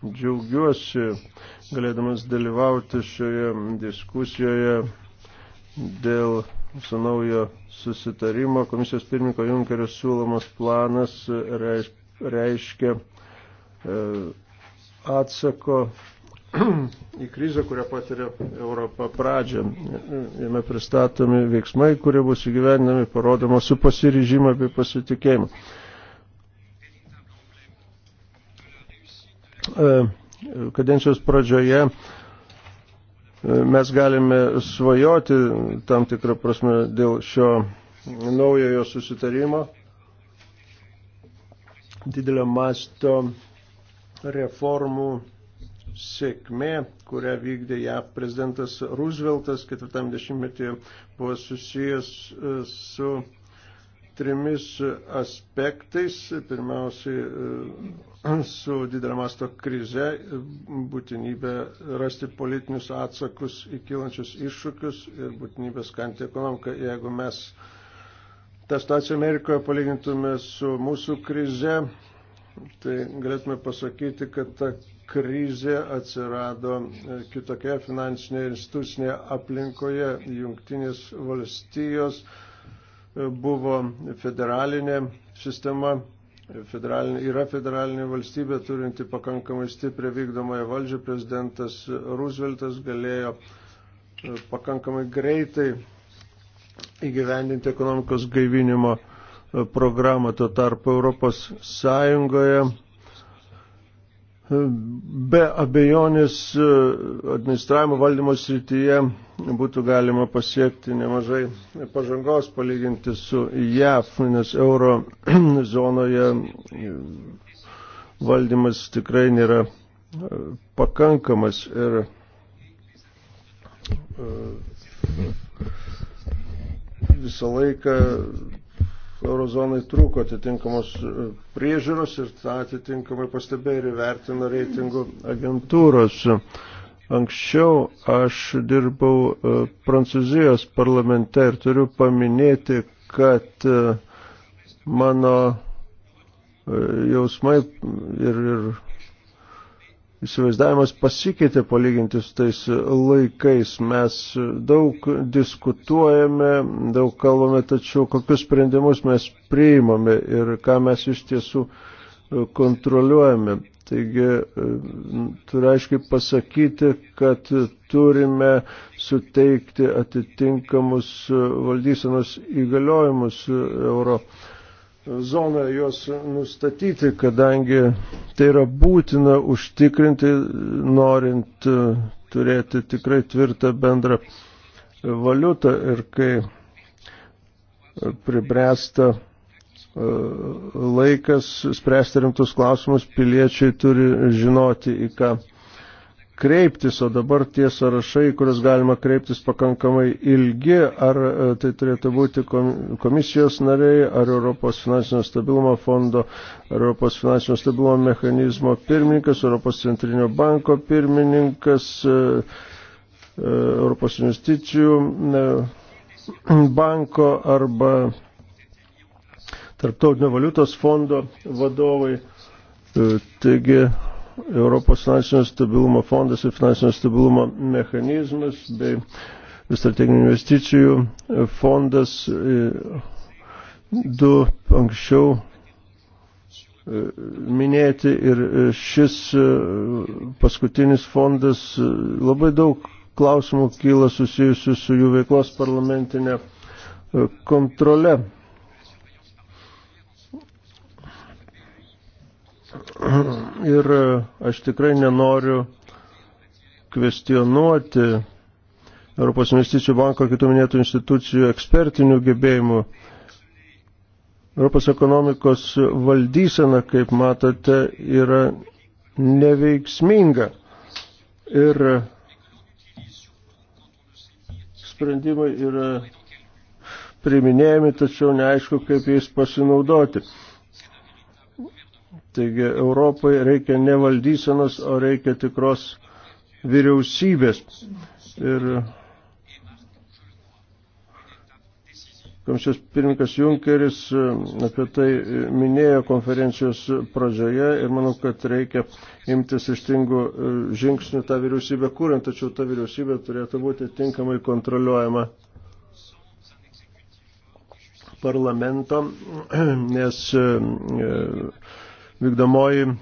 Džiaugiuosi galėdamas dalyvauti šioje diskusijoje dėl su naujo susitarimo komisijos pirmininko Junkerio siūlomas planas reiškia e, atsako į krizę, kurią patiria Europą pradžią. Jame pristatomi veiksmai, kurie bus įgyvendinami, parodoma su pasiryžimą bei pasitikėjimu. E, kadencijos pradžioje Mes galime svajoti tam tikrą prasme dėl šio naujojo susitarimo didelio masto reformų sėkmė, kurią vykdė ją prezidentas Rooseveltas 40-metyje, buvo susijęs e, su trimis aspektais. Pirmiausiai, e, su didelio masto krize e, būtinybė rasti politinius atsakus į kilančius iššūkius ir būtinybė skanti ekonomiką. Jeigu mes tą situaciją Amerikoje palygintume su mūsų krize, tai galėtume pasakyti, kad ta krizė atsirado e, kitokioje finansinėje institucinėje aplinkoje, jungtinės valstijos buvo federalinė sistema, federalinė, yra federalinė valstybė turinti pakankamai stiprią vykdomąją valdžią. Prezidentas Rooseveltas galėjo e, pakankamai greitai įgyvendinti ekonomikos gaivinimo e, programą. Tuo tarpu Europos Sąjungoje Be abejonės e, administravimo valdymo srityje būtų galima pasiekti nemažai pažangos palyginti su JAF, nes euro [CLEARS THROAT] zonoje valdymas tikrai nėra e, pakankamas ir e, visą laiką eurozonai trūko atitinkamos e, priežiūros ir tą atitinkamai pastebėjo ir vertino reitingų agentūros. Anksčiau aš dirbau e, Prancūzijos parlamente ir turiu paminėti, kad e, mano jausmai ir, ir įsivaizdavimas pasikeitė palyginti su tais laikais. Mes daug diskutuojame, daug kalbame, tačiau kokius sprendimus mes priimame ir ką mes iš tiesų e, kontroliuojame. Taigi e, turiu aiškiai pasakyti, kad turime suteikti atitinkamus e, valdysenos įgaliojimus euro zoną juos nustatyti, kadangi tai yra būtina užtikrinti, norint e, turėti tikrai tvirtą bendrą valiutą ir kai pribręsta e, laikas spręsti rimtus klausimus, piliečiai turi žinoti, į ką kreiptis, o dabar tie sąrašai, kuriuos galima kreiptis pakankamai ilgi, ar e, tai turėtų būti komisijos nariai, ar Europos finansinio stabilumo fondo, ar Europos finansinio stabilumo mechanizmo pirmininkas, Europos centrinio banko pirmininkas, e, e, Europos investicijų banko arba Tarptautinio valiutos fondo vadovai. Taigi Europos finansinio stabilumo fondas ir finansinio stabilumo mechanizmas bei strateginių investicijų fondas e, du anksčiau e, minėti ir e, šis paskutinis fondas labai daug klausimų kyla susijusių su jų veiklos parlamentinė kontrole. Ir e, aš tikrai nenoriu kvestionuoti Europos investicijų banko ir kitų minėtų institucijų ekspertinių gebėjimų. Europos ekonomikos valdysena, kaip matote, yra neveiksminga. Ir sprendimai yra priminėjami, tačiau neaišku, kaip jais pasinaudoti. Taigi Europai reikia ne valdysenos, o reikia tikros vyriausybės. Ir Komisijos pirmininkas Junkeris e, apie tai minėjo konferencijos pradžioje ir manau, kad reikia imtis ištingų e, žingsnių tą vyriausybę kūrint, tačiau ta vyriausybė turėtų būti tinkamai kontroliuojama parlamento, [CLEARS THROAT] nes e, vykdomoji e,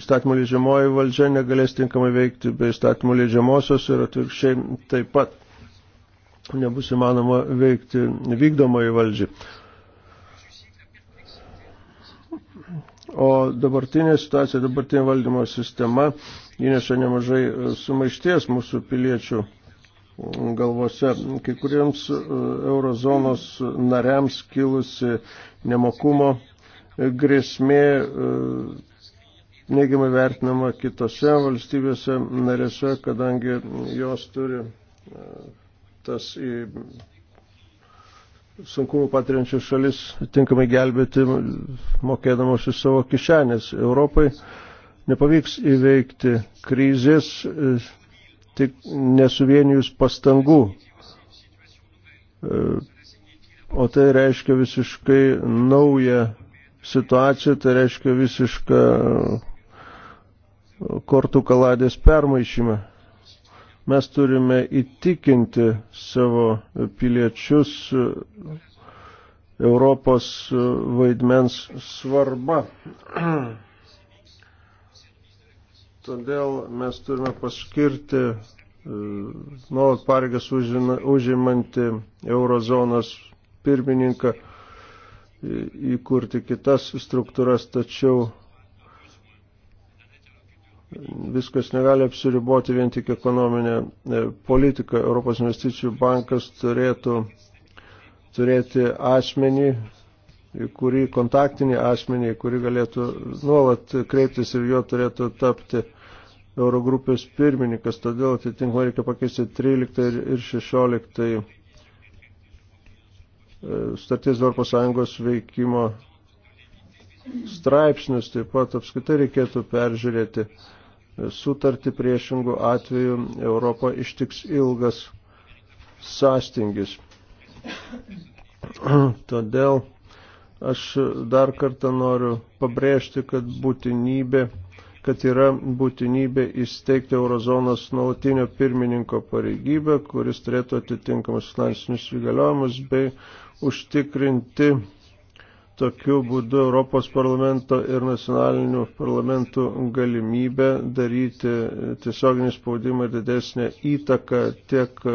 įstatymų leidžiamoji valdžia negalės tinkamai veikti be įstatymų leidžiamosios ir atvirkščiai taip pat nebus įmanoma veikti vykdomoji valdžiai. O dabartinė situacija, dabartinė valdymo sistema įneša nemažai e, sumaišties mūsų piliečių galvose. Kai kuriems e, eurozonos nariams kilusi nemokumo grėsmė e, neigiamai vertinama kitose valstybėse narėse, kadangi jos turi e, tas į sunkumų patiriančias šalis tinkamai gelbėti, mokėdamos iš savo kišenės. Europai nepavyks įveikti krizės e, tik nesuvienijus pastangų. O tai reiškia visiškai naują situacijų, tai reiškia visišką e, kortų kaladės permaišymą. Mes turime įtikinti savo piliečius e, Europos e, vaidmens svarba. [CLEARS THROAT] Todėl mes turime paskirti nuolat pareigas užimantį eurozonos pirmininką įkurti kitas struktūras, tačiau viskas negali apsiriboti vien tik ekonominė e, politika. Europos investicijų bankas turėtų turėti asmenį, į kurį kontaktinį asmenį, į kurį galėtų nuolat kreiptis ir jo turėtų tapti Eurogrupės pirmininkas. Todėl atitinkamai reikia pakeisti 13 ir 16 starties Europos Sąjungos veikimo straipsnius, taip pat apskaitai reikėtų peržiūrėti sutartį priešingų atveju Europą ištiks ilgas sąstingis. [CLEARS THROAT] Todėl aš dar kartą noriu pabrėžti, kad būtinybė kad yra būtinybė įsteigti Eurozonos nuolatinio pirmininko pareigybę, kuris turėtų atitinkamus finansinius įgaliojimus bei uh, užtikrinti tokiu būdu Europos parlamento ir nacionalinių parlamentų galimybę daryti tiesioginį spaudimą ir didesnę įtaką tiek e,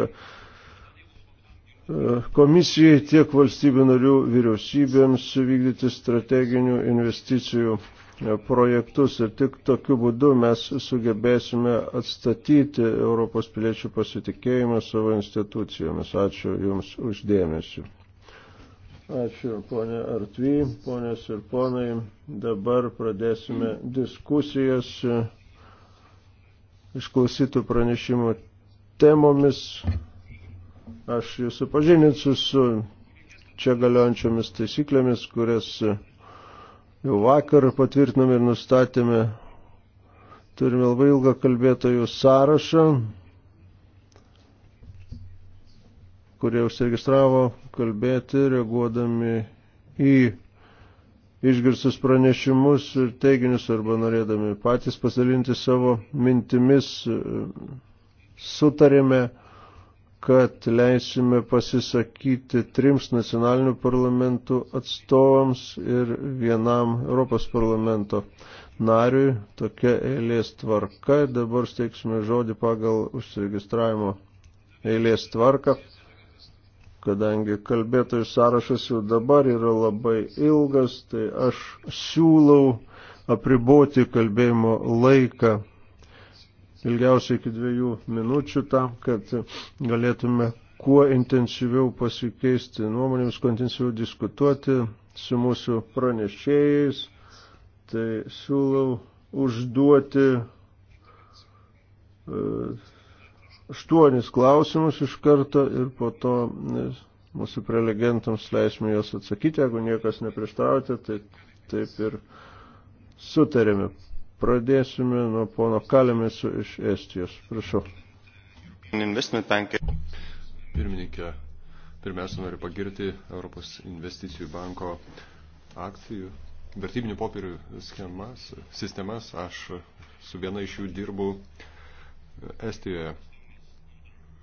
komisijai, tiek valstybių narių vyriausybėms vykdyti strateginių investicijų e, projektus ir tik tokiu būdu mes sugebėsime atstatyti Europos piliečių pasitikėjimą savo institucijomis. Ačiū Jums uždėmesiu. Ačiū, ponė Artvy, ponės ir ponai. Dabar pradėsime diskusijas išklausytų pranešimų temomis. Aš jūs supažinsiu su čia galiojančiomis taisyklėmis, kurias jau vakar patvirtiname ir nustatėme. Turime labai ilgą kalbėtojų sąrašą. kurie užsiregistravo kalbėti, reaguodami į išgirstus pranešimus ir teiginius arba norėdami patys pasidalinti savo mintimis, sutarėme, kad leisime pasisakyti trims nacionalinių parlamentų atstovams ir vienam Europos parlamento nariui. Tokia eilės tvarka. Dabar steiksime žodį pagal užsiregistravimo eilės tvarką kadangi kalbėtojų sąrašas jau dabar yra labai ilgas, tai aš siūlau apriboti kalbėjimo laiką ilgiausiai iki dviejų minučių tam, kad galėtume kuo intensyviau pasikeisti nuomonėms, kuo intensyviau diskutuoti su mūsų pranešėjais. Tai siūlau užduoti uh, aštuonis klausimus iš karto ir po to e, mūsų prelegentams leisime juos atsakyti, jeigu niekas neprieštraujate, tai taip ir sutarėme. Pradėsime nuo pono Kalimėsų iš Estijos. Prašau. Pirmininkė, pirmiausia noriu pagirti Europos investicijų banko akcijų, vertybinių popierių schemas, sistemas. Aš su viena iš jų dirbu Estijoje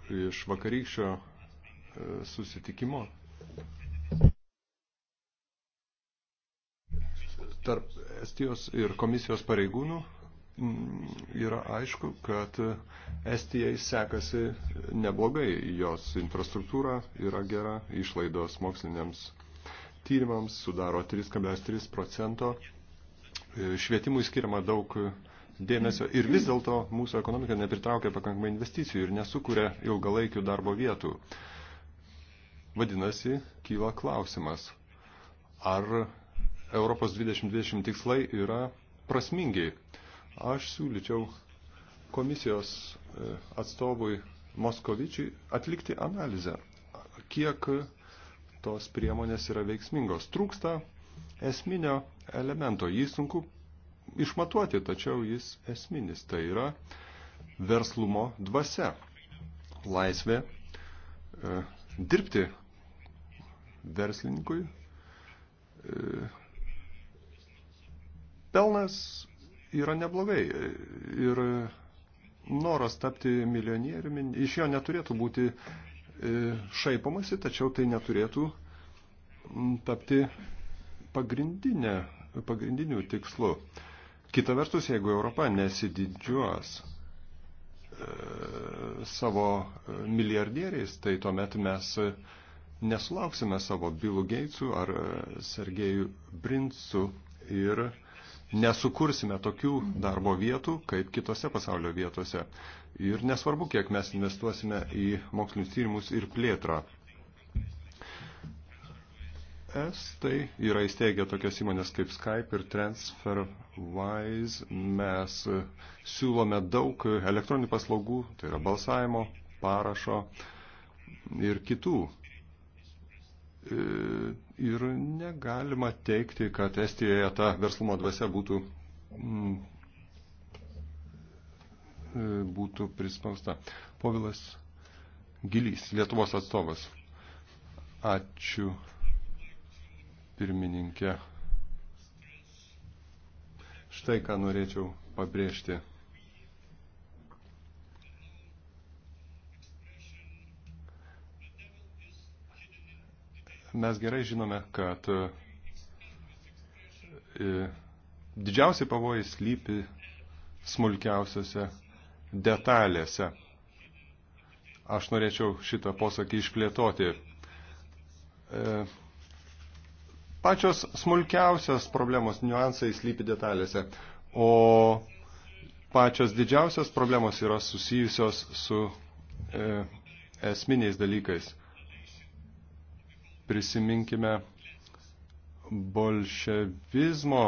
iš vakarykščio e, susitikimo tarp Estijos ir komisijos pareigūnų mm, yra aišku, kad Estijai sekasi neblogai, jos infrastruktūra yra gera, išlaidos moksliniams tyrimams sudaro 3,3 procento, e, švietimui skiriama daug dėmesio ir vis dėlto mūsų ekonomika nepritraukia pakankamai investicijų ir nesukuria ilgalaikių darbo vietų. Vadinasi, kyla klausimas, ar Europos 2020 tikslai yra prasmingi. Aš siūlyčiau komisijos e, atstovui Moskovičiui atlikti analizę, kiek tos priemonės yra veiksmingos. Trūksta esminio elemento, jį sunku išmatuoti, tačiau jis esminis. Tai yra verslumo dvasia, laisvė e, dirbti verslininkui. E, pelnas yra neblogai ir noras tapti milijonieriumi, iš jo neturėtų būti e, šaipamasi, tačiau tai neturėtų tapti pagrindinė, pagrindiniu tikslu. Kita vertus, jeigu Europa nesididžiuos e, savo e, milijardieriais, tai tuomet mes e, nesulauksime savo Bilų Geitsų ar Sergejų Brinsų ir nesukursime tokių darbo vietų kaip kitose pasaulio vietose. Ir nesvarbu, kiek mes investuosime į mokslinius tyrimus ir plėtrą estai yra įsteigę tokias įmonės kaip Skype ir TransferWise. Mes e, siūlome daug elektroninių paslaugų, tai yra balsavimo, parašo ir kitų. E, ir negalima teikti, kad Estijoje ta verslumo dvasia būtų, mm, e, būtų prispausta. Povilas Gilys, Lietuvos atstovas. Ačiū pirmininkė. Štai ką norėčiau pabrėžti. Mes gerai žinome, kad e, didžiausi pavojai slypi smulkiausiose detalėse. Aš norėčiau šitą posakį išplėtoti. E, Pačios smulkiausios problemos niuansai slypi detalėse, o pačios didžiausios problemos yra susijusios su e, esminiais dalykais. Prisiminkime bolševizmo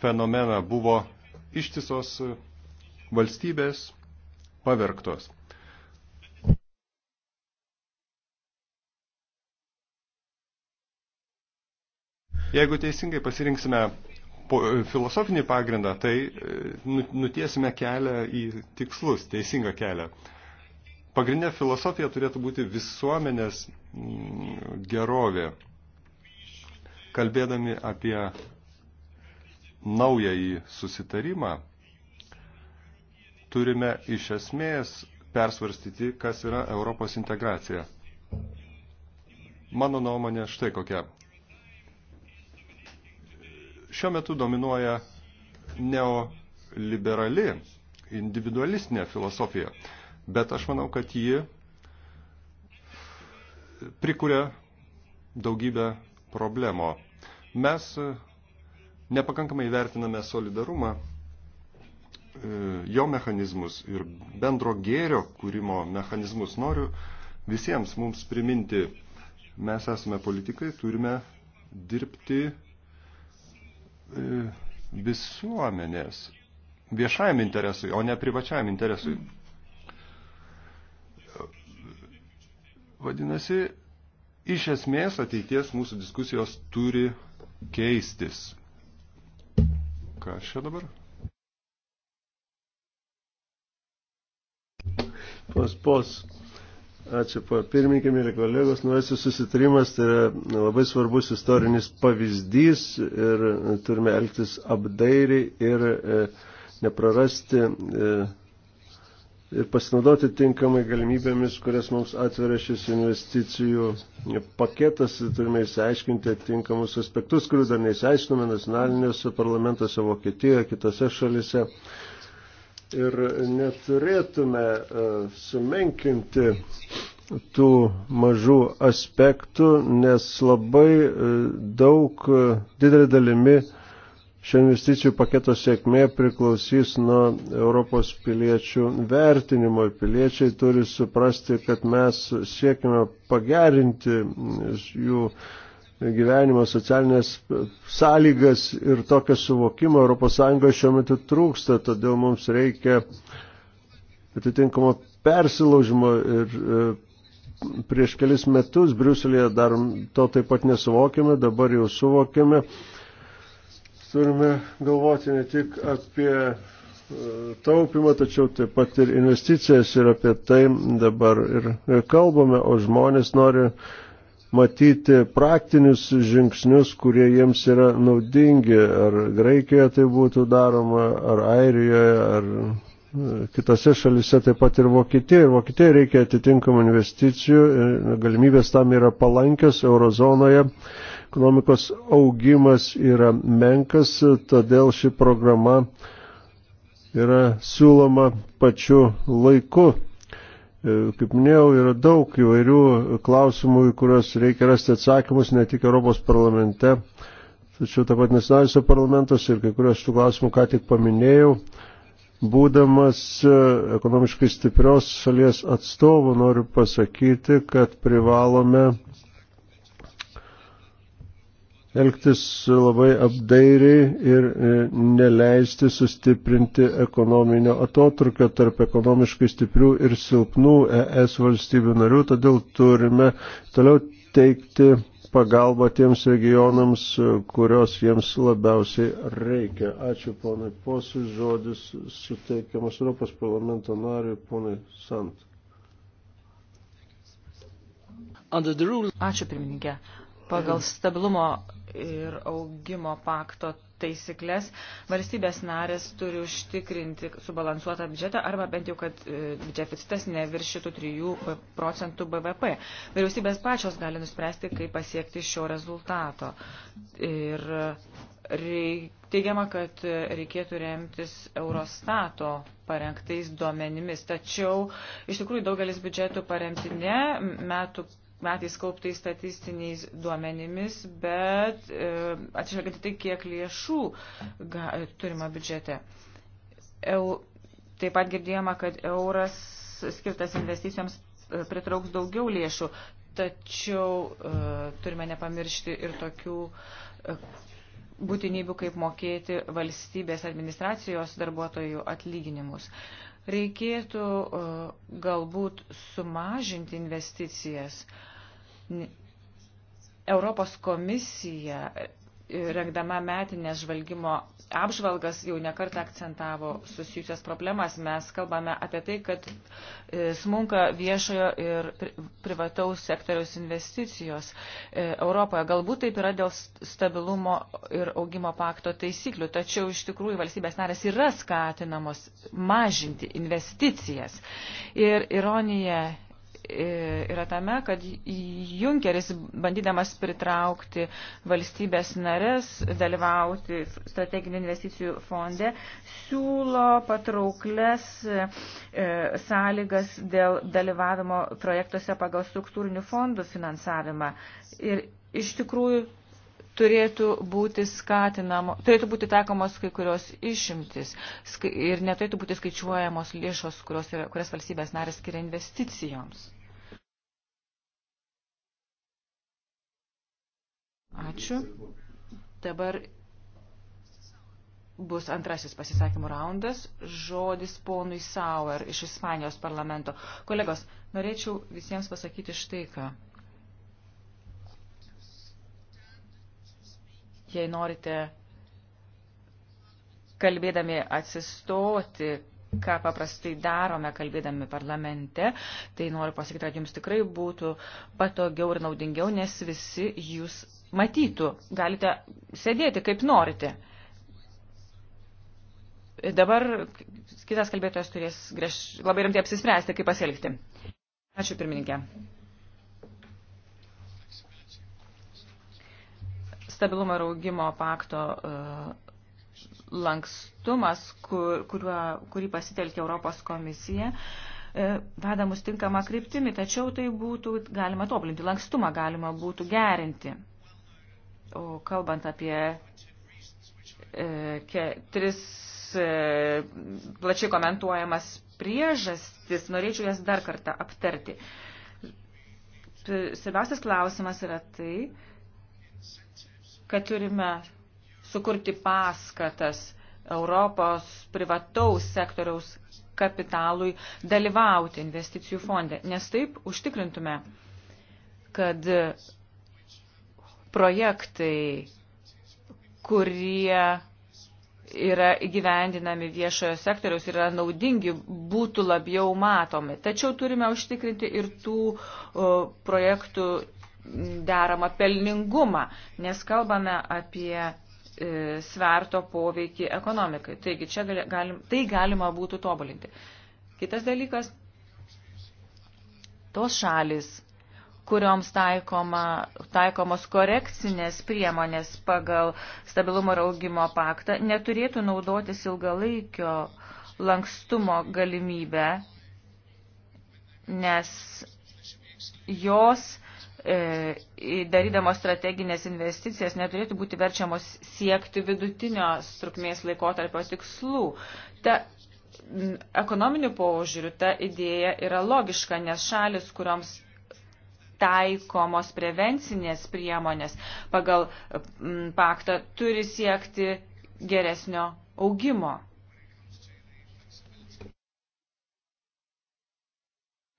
fenomeną buvo ištisos valstybės pavergtos. Jeigu teisingai pasirinksime e, filosofinį pagrindą, tai e, nu, nutiesime kelią į tikslus, teisingą kelią. Pagrindinė filosofija turėtų būti visuomenės mm, gerovė. Kalbėdami apie naująjį susitarimą, turime iš esmės persvarstyti, kas yra Europos integracija. Mano nuomonė štai kokia. Šiuo metu dominuoja neoliberali, individualistinė filosofija, bet aš manau, kad ji prikuria daugybę problemo. Mes nepakankamai vertiname solidarumą, e, jo mechanizmus ir bendro gėrio kūrimo mechanizmus. Noriu visiems mums priminti, mes esame politikai, turime dirbti E, visuomenės viešajam interesui, o ne privačiam interesui. Vadinasi, iš esmės ateities mūsų diskusijos turi keistis. Ką aš čia dabar? Pos, pos. Ačiū, pirmininkė, mėly kolegos. Nuosis susitarimas tai yra labai svarbus istorinis pavyzdys ir turime elgtis apdairiai ir e, neprarasti e, ir pasinaudoti tinkamai galimybėmis, kurias mums atveria šis investicijų paketas. Turime įsiaiškinti tinkamus aspektus, kurių dar neįsiaiškinome nacionalinėse parlamentuose, Vokietijoje, kitose šalise. E, ir neturėtume e, sumenkinti tų mažų aspektų, nes labai e, daug e, didelį dalimi šio investicijų paketo sėkmė priklausys nuo Europos piliečių vertinimo. Piliečiai turi suprasti, kad mes siekime pagerinti jų gyvenimo socialinės sąlygas ir tokio suvokimo ES šiuo metu trūksta, todėl mums reikia atitinkamo persilaužimo ir e, prieš kelis metus Briuselėje dar to taip pat nesuvokėme, dabar jau suvokėme. Turime galvoti ne tik apie e, taupimą, tačiau taip pat ir investicijas ir apie tai dabar ir e, kalbame, o žmonės nori matyti praktinius žingsnius, kurie jiems yra naudingi. Ar Graikijoje tai būtų daroma, ar Airijoje, ar e, kitose šalise, taip pat ir Vokietijoje. Ir Vokietijoje reikia atitinkamų investicijų, e, galimybės tam yra palankios eurozonoje. Ekonomikos augimas yra menkas, todėl ši programa yra siūloma pačiu laiku E, kaip minėjau, yra daug įvairių klausimų, į kuriuos reikia rasti atsakymus ne tik Europos parlamente, tačiau taip pat nacionaliniuose parlamentuose ir kai kurios šių klausimų ką tik paminėjau. Būdamas e, ekonomiškai stiprios šalies atstovų noriu pasakyti, kad privalome elgtis labai apdairiai ir e, neleisti sustiprinti ekonominio atotrukio tarp ekonomiškai stiprių ir silpnų ES valstybių narių, todėl turime toliau teikti pagalbą tiems regionams, kurios jiems labiausiai reikia. Ačiū ponai Posui, žodis suteikiamas Europos parlamento nariui ponai Sant. Ačiū pirmininkė. Pagal stabilumo ir augimo pakto taisyklės, valstybės narės turi užtikrinti subalansuotą biudžetą arba bent jau, kad e, deficitas neviršytų 3 procentų BVP. Vyriausybės pačios gali nuspręsti, kaip pasiekti šio rezultato. Ir teigiama, kad reikėtų remtis Eurostato parengtais duomenimis, tačiau iš tikrųjų daugelis biudžetų paremti ne metų metais kauptais statistiniais duomenimis, bet e, atsižvelgiant tai, kiek lėšų ga, turima biudžete. Eu, taip pat girdėjama, kad euras skirtas investicijoms e, pritrauks daugiau lėšų, tačiau e, turime nepamiršti ir tokių e, būtinybių, kaip mokėti valstybės administracijos darbuotojų atlyginimus. E, Reikėtų galbūt sumažinti investicijas. Europos komisija, e, rengdama metinės žvalgymo apžvalgas jau nekartą akcentavo susijusias problemas. Mes kalbame apie tai, kad e, smunka viešojo ir privataus sektoriaus investicijos e, Europoje. Galbūt taip yra dėl stabilumo ir augimo pakto taisyklių, tačiau iš tikrųjų valstybės narės yra skatinamos mažinti investicijas. Ir ironija yra tame, kad Junkeris, bandydamas pritraukti valstybės narės, dalyvauti strateginių investicijų fonde, siūlo patrauklės e, sąlygas dėl dalyvavimo projektuose pagal struktūrinių fondų finansavimą. Ir iš tikrųjų turėtų būti skatinamo, turėtų būti taikomos kai kurios išimtis ir neturėtų būti skaičiuojamos lėšos, kurios yra, kurias valstybės narės skiria investicijoms. Ačiū. Dabar bus antrasis pasisakymų raundas. Žodis ponui Sauer iš Ispanijos parlamento. Kolegos, norėčiau visiems pasakyti štai ką. Jei norite kalbėdami atsistoti, ką paprastai darome kalbėdami parlamente, tai noriu pasakyti, kad jums tikrai būtų patogiau ir naudingiau, nes visi jūs matytų. Galite sėdėti kaip norite. Dabar kitas kalbėtojas turės greš, labai rimtai apsispręsti, kaip pasielgti. Ačiū pirmininkė. Stabilumo ir augimo pakto uh, lankstumas, kur, kuriuo, kurį pasitelkė Europos komisija, uh, veda mus tinkamą kryptimį, tačiau tai būtų galima tobulinti, lankstumą galima būtų gerinti. O kalbant apie e, ke, tris e, plačiai komentuojamas priežastis, norėčiau jas dar kartą aptarti. Svarbiausias klausimas yra tai, kad turime sukurti paskatas Europos privataus sektoriaus kapitalui dalyvauti investicijų fonde, nes taip užtikrintume, kad projektai, kurie yra įgyvendinami viešojo sektoriaus ir yra naudingi, būtų labiau matomi. Tačiau turime užtikrinti ir tų projektų deramą pelningumą, nes kalbame apie e, sverto poveikį ekonomikai. Taigi čia galim, tai galima būtų tobulinti. Kitas dalykas, tos šalis, kurioms taikoma, taikomos korekcinės priemonės pagal stabilumo ir augimo paktą, neturėtų naudotis ilgalaikio lankstumo galimybę, nes jos e, darydamos strateginės investicijas neturėtų būti verčiamos siekti vidutinio trukmės laikotarpio tikslų. Ta, ekonominių požiūrių ta idėja yra logiška, nes šalis, kurioms taikomos prevencinės priemonės pagal paktą turi siekti geresnio augimo.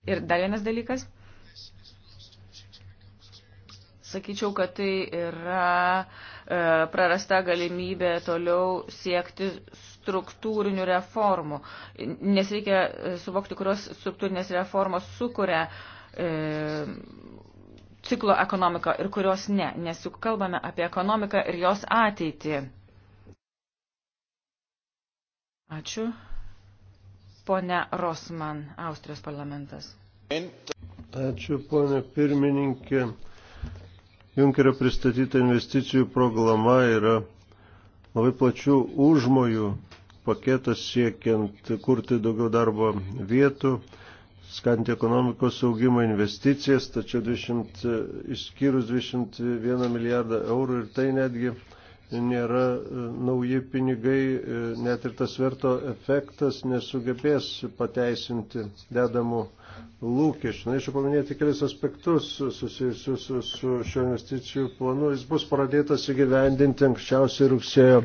Ir dar vienas dalykas. Sakyčiau, kad tai yra e, prarasta galimybė toliau siekti struktūrinių reformų, nes reikia e, suvokti, kurios struktūrinės reformos sukuria e, ciklo ekonomiką ir kurios ne, nes juk kalbame apie ekonomiką ir jos ateitį. Ačiū. Pone Rosman, Austrijos parlamentas. Ačiū, ponė pirmininkė. Junkerio pristatyta investicijų programa yra labai plačių užmojų paketas siekiant kurti daugiau darbo vietų, skatinti ekonomikos augimą investicijas, tačiau 20, išskyrus 21 milijardą eurų ir tai netgi nėra e, nauji pinigai, e, net ir tas verto efektas nesugebės pateisinti dedamų lūkesčių. Norėčiau paminėti kelis aspektus susijusius su, su šio investicijų planu. Jis bus pradėtas įgyvendinti anksčiausiai rugsėjo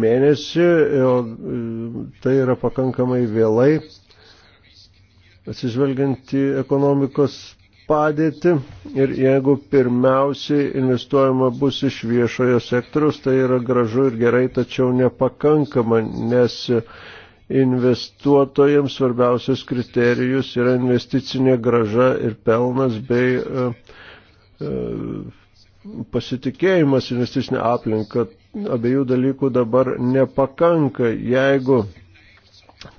mėnesį, o e, tai yra pakankamai vėlai atsižvelgiant į ekonomikos padėtį ir jeigu pirmiausiai investuojama bus iš viešojo sektoriaus, tai yra gražu ir gerai, tačiau nepakankama, nes investuotojams svarbiausias kriterijus yra investicinė graža ir pelnas bei e, e, pasitikėjimas investicinė aplinka. Abiejų dalykų dabar nepakanka, jeigu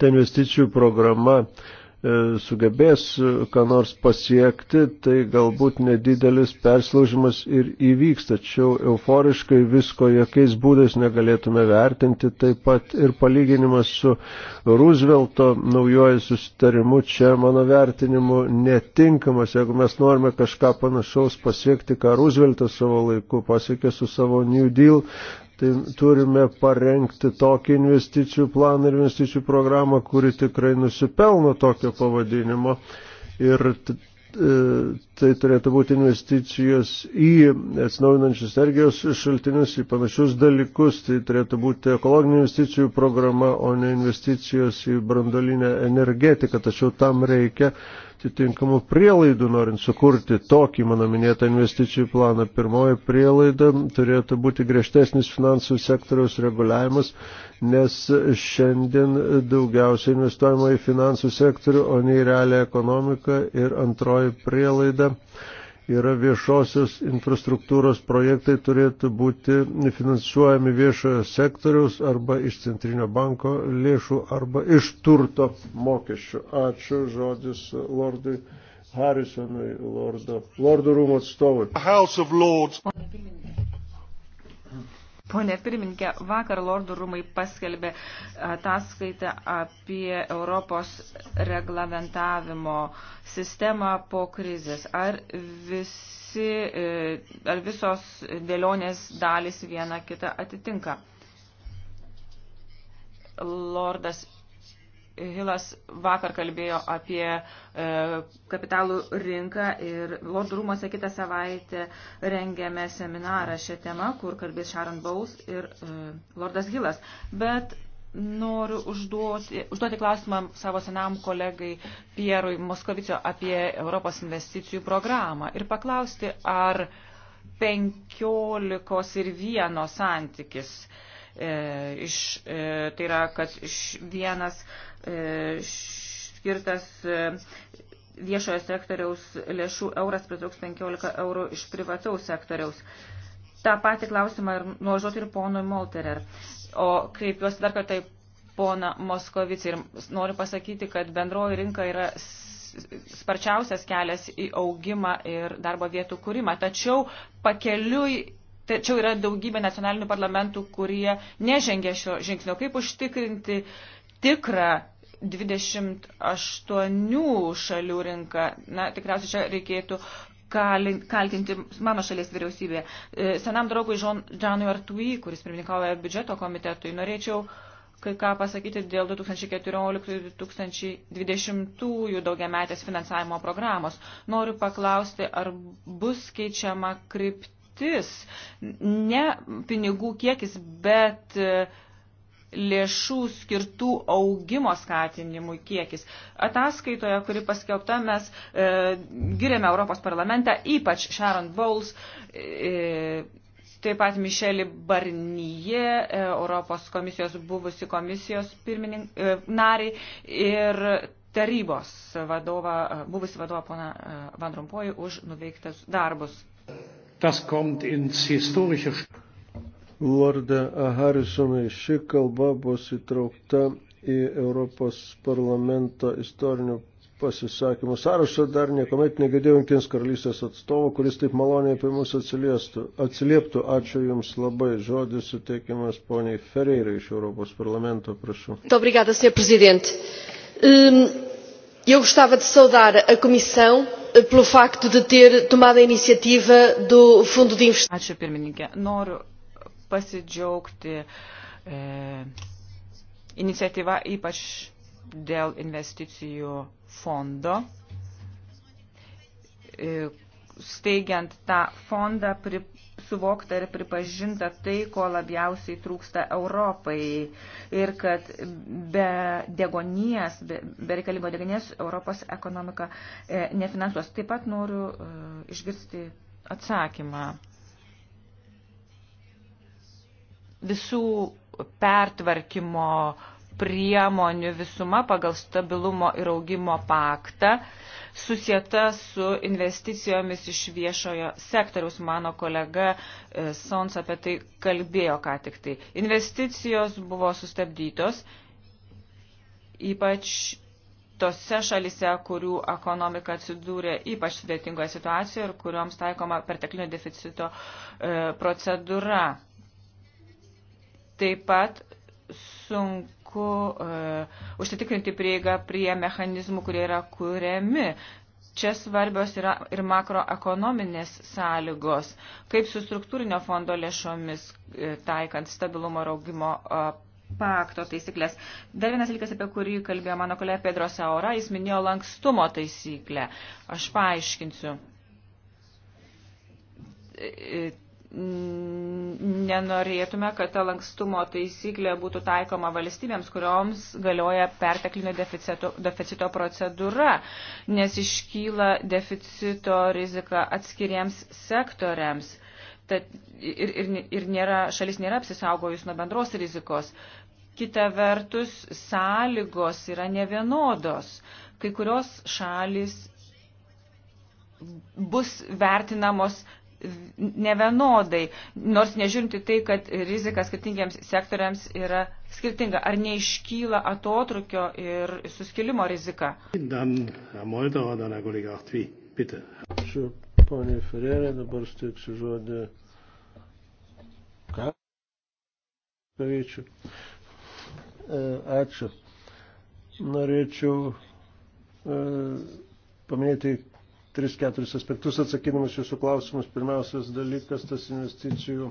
ta investicijų programa uh, E, sugebės ką nors pasiekti, tai galbūt nedidelis perslaužimas ir įvyks, tačiau euforiškai visko jokiais būdais negalėtume vertinti, taip pat ir palyginimas su Roosevelto naujoji susitarimu čia mano vertinimu netinkamas, jeigu mes norime kažką panašaus pasiekti, ką Rooseveltas savo laiku pasiekė su savo New Deal, tai turime parengti tokį investicijų planą ir investicijų programą, kuri tikrai nusipelno tokio pavadinimo. Ir e, tai turėtų būti investicijos į atsinaujinančius energijos šaltinius, į panašius dalykus, tai turėtų būti ekologinių investicijų programa, o ne investicijos į brandolinę energetiką, tačiau tam reikia atitinkamų prielaidų, norint sukurti tokį mano minėtą investicijų planą. Pirmoji prielaida turėtų būti griežtesnis finansų sektoriaus reguliavimas, nes šiandien daugiausiai investuojama į finansų sektorių, o ne į realią ekonomiką. Ir antroji prielaida yra viešosios infrastruktūros projektai turėtų būti finansuojami viešojo sektoriaus arba iš centrinio banko lėšų arba iš turto mokesčių. Ačiū žodis Lordui. Harrisonui, Lordo, Lordo rūmų atstovui. Pone pirmininkė, vakar Lordų rūmai paskelbė ataskaitę apie Europos reglamentavimo sistemą po krizės. Ar, visi, e, ar visos dėlionės dalis viena kita atitinka? Lordas Hilas vakar kalbėjo apie e, kapitalų rinką ir Lordų rūmose kitą savaitę rengiame seminarą šią temą, kur kalbės Sharon Bowles ir e, Lordas Hilas. Bet noriu užduoti, užduoti klausimą savo senam kolegai Pierui Moskovicio apie Europos investicijų programą ir paklausti, ar 15 ir 1 santykis e, iš, e, tai yra, kad iš vienas E, skirtas e, viešojo sektoriaus lėšų euras pritrauks 15 eurų iš privataus sektoriaus. Ta pati klausimą ir nuožuot ir ponui Molterer. O kreipiuosi dar kartą tai į poną Moskovici ir noriu pasakyti, kad bendroji rinka yra sparčiausias kelias į augimą ir darbo vietų kūrimą. Tačiau pakeliui Tačiau yra daugybė nacionalinių parlamentų, kurie nežengia šio žingsnio. Kaip užtikrinti tikrą 28 šalių rinka. Na, tikriausiai čia reikėtų kaltinti mano šalies vyriausybė. E, senam draugui Žanui Artui, kuris pirmininkauja biudžeto komitetui, norėčiau kai ką pasakyti dėl 2014-2020 daugiametės finansavimo programos. Noriu paklausti, ar bus keičiama kryptis, ne pinigų kiekis, bet uh, lėšų skirtų augimo skatinimui kiekis. Ataskaitoje, kuri paskelbta, mes e, girėme Europos parlamentą, ypač Sharon Bowles, e, taip pat Mišelį Barnyje, e, Europos komisijos buvusi komisijos pirmininką e, narį ir tarybos vadovą, e, buvusi vadovą poną e, Van Rompojų už nuveiktas darbus. Das kommt ins historische Lorde Harrisonai. Ši kalba bus įtraukta į Europos parlamento istorinių pasisakymų sąrašą. Dar niekuomet negirdėjau Junktinės karalystės atstovo, kuris taip maloniai apie mus atsilieptų. Ačiū Jums labai. Žodis suteikiamas poniai Ferreirai iš Europos parlamento, prašau. Obrigada, Sr. Prezident. Eu gostava de saudar a Comissão eh, pelo facto de ter tomado a iniciativa do Fundo de Investimento. Ačiū pirmininkė. Noriu pasidžiaugti e, iniciatyva ypač dėl investicijų fondo. E, steigiant tą fondą pri, suvokta ir pripažinta tai, ko labiausiai trūksta Europai ir kad be degonies, be, be reikalingo degonies Europos ekonomika e, nefinansuos. Taip pat noriu e, išgirsti atsakymą visų pertvarkymo priemonių visuma pagal stabilumo ir augimo paktą susieta su investicijomis iš viešojo sektoriaus. Mano kolega e, Sons apie tai kalbėjo ką tik tai. Investicijos buvo sustabdytos, ypač tose šalise, kurių ekonomika atsidūrė ypač sudėtingoje situacijoje ir kurioms taikoma perteklinio deficito e, procedūra Taip pat sunku uh, užsitikrinti prieigą prie mechanizmų, kurie yra kuriami. Čia svarbios yra ir makroekonominės sąlygos, kaip su struktūrinio fondo lėšomis e, taikant stabilumo raugimo e, pakto taisyklės. Dar vienas dalykas, apie kurį kalbėjo mano kolegė Pedro Saura, jis minėjo lankstumo taisyklę. Aš paaiškinsiu Mm, nenorėtume, kad ta lankstumo taisyklė būtų taikoma valstybėms, kurioms galioja perteklinio deficito, deficito procedūra, nes iškyla deficito rizika atskiriems sektoriams. Tad ir, ir, ir nėra, šalis nėra apsisaugojus nuo bendros rizikos. Kita vertus, sąlygos yra nevienodos. Kai kurios šalis bus vertinamos nevienodai, nors nežiūrinti tai, kad rizika skirtingiems sektoriams yra skirtinga. Ar neiškyla atotrukio ir suskilimo rizika? Ačiū, ponė Ferrerė, dabar steiksiu žodį. Ką? Pavyčiu. E, ačiū. Norėčiau e, paminėti 3-4 aspektus atsakydamas jūsų klausimus. Pirmiausias dalykas, tas investicijų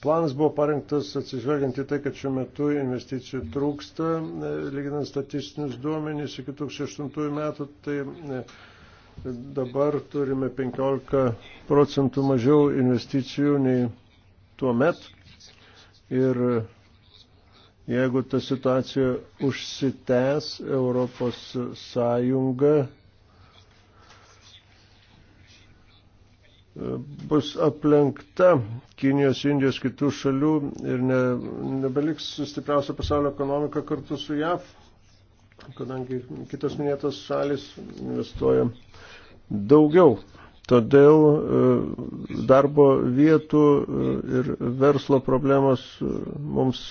planas buvo parengtas atsižvelgiant į tai, kad šiuo metu investicijų trūksta, e, lyginant statistinius duomenys iki 2008 metų, tai e, dabar turime 15 procentų mažiau investicijų nei tuo met. Ir e, jeigu ta situacija užsitęs, Europos Sąjunga bus aplenkta Kinijos, Indijos, kitų šalių ir ne, nebeliks stipriausia pasaulio ekonomika kartu su JAV, kadangi kitos minėtos šalis investuoja daugiau. Todėl e, darbo vietų e, ir verslo problemos e, mums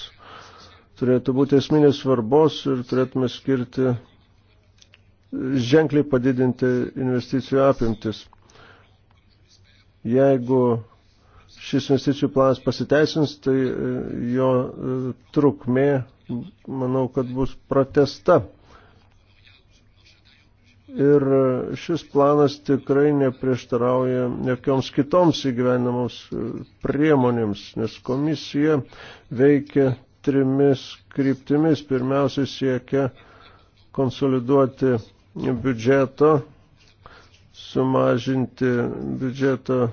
turėtų būti esminės svarbos ir turėtume skirti ženkliai padidinti investicijų apimtis. Jeigu šis investicijų planas pasiteisins, tai e, jo e, trukmė, manau, kad bus protesta. Ir e, šis planas tikrai neprieštarauja jokioms kitoms įgyvenamoms priemonėms, nes komisija veikia trimis kryptimis. Pirmiausia, siekia konsoliduoti biudžeto sumažinti biudžeto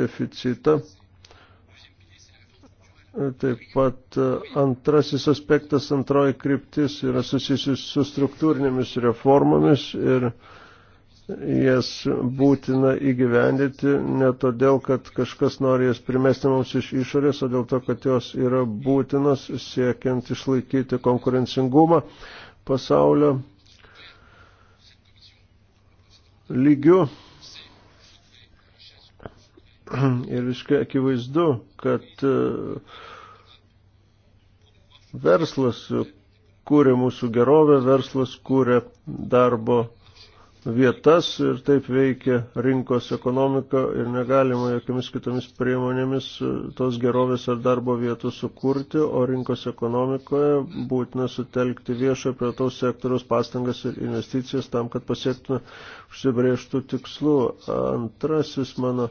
deficitą. Taip pat e, antrasis aspektas, antroji kryptis yra susijusius su struktūrinėmis reformomis ir jas būtina įgyvendyti ne todėl, kad kažkas nori jas primesti mums iš išorės, o dėl to, kad jos yra būtinos siekiant išlaikyti konkurencingumą pasaulio lygių. Ir viskai akivaizdu, kad e, verslas kūrė mūsų gerovę, verslas kūrė darbo vietas ir taip veikia rinkos ekonomika ir negalima jokiamis kitomis priemonėmis e, tos gerovės ar darbo vietų sukurti, o rinkos ekonomikoje būtina sutelkti viešojo privataus sektoriaus pastangas ir investicijas tam, kad pasiektume užsibrėžtų tikslų. Antrasis mano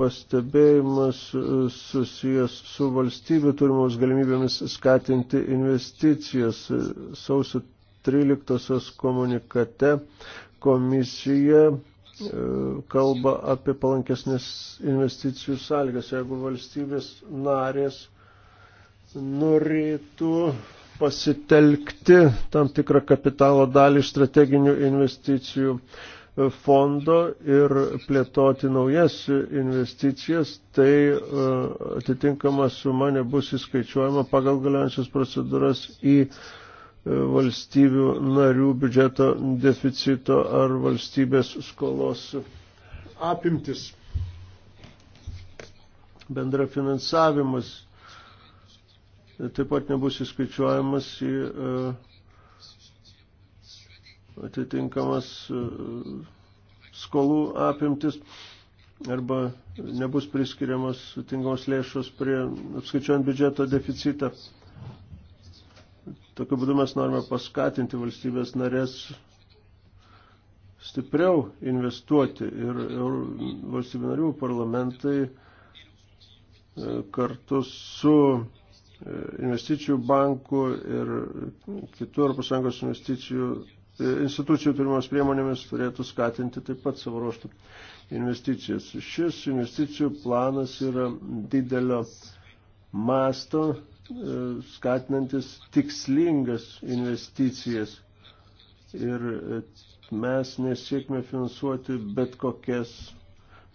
pastebėjimas e, susijęs su valstybių turimos galimybėmis skatinti investicijas. E, sausio 13 komunikate komisija e, kalba apie palankesnės investicijų sąlygas. Jeigu valstybės narės norėtų pasitelkti tam tikrą kapitalo dalį strateginių investicijų fondo ir plėtoti naujas investicijas, tai e, atitinkama suma nebus įskaičiuojama pagal galiojančias procedūras į uh, valstybių narių biudžeto deficito ar valstybės skolos apimtis. Bendra finansavimas taip pat nebus įskaičiuojamas į e, atitinkamas e, skolų apimtis arba nebus priskiriamas atitinkamos lėšos prie apskaičiuojant biudžeto deficitą. Tokiu būdu mes norime paskatinti valstybės narės stipriau investuoti ir, ir valstybių narių parlamentai e, kartu su e, investicijų banku ir kitų ES investicijų e, institucijų turimos priemonėmis turėtų skatinti taip pat savo ruoštų investicijas. Šis investicijų planas yra didelio masto E, skatinantis tikslingas investicijas. Ir e, mes nesiekime finansuoti bet, kokias,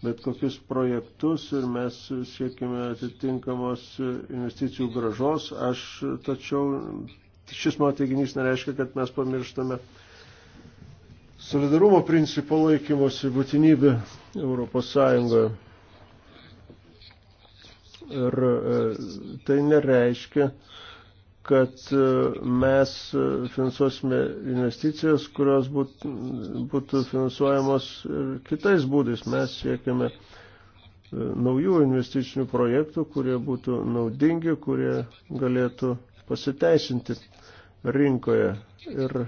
bet kokius projektus ir mes siekime atitinkamos investicijų gražos. Aš tačiau šis mano teiginys nereiškia, kad mes pamirštame solidarumo principo laikymosi būtinybė Europos Sąjungoje. Ir e, tai nereiškia, kad e, mes finansuosime investicijas, kurios būt, būtų finansuojamos kitais būdais. Mes siekiame e, naujų investicinių projektų, kurie būtų naudingi, kurie galėtų pasiteisinti rinkoje. Ir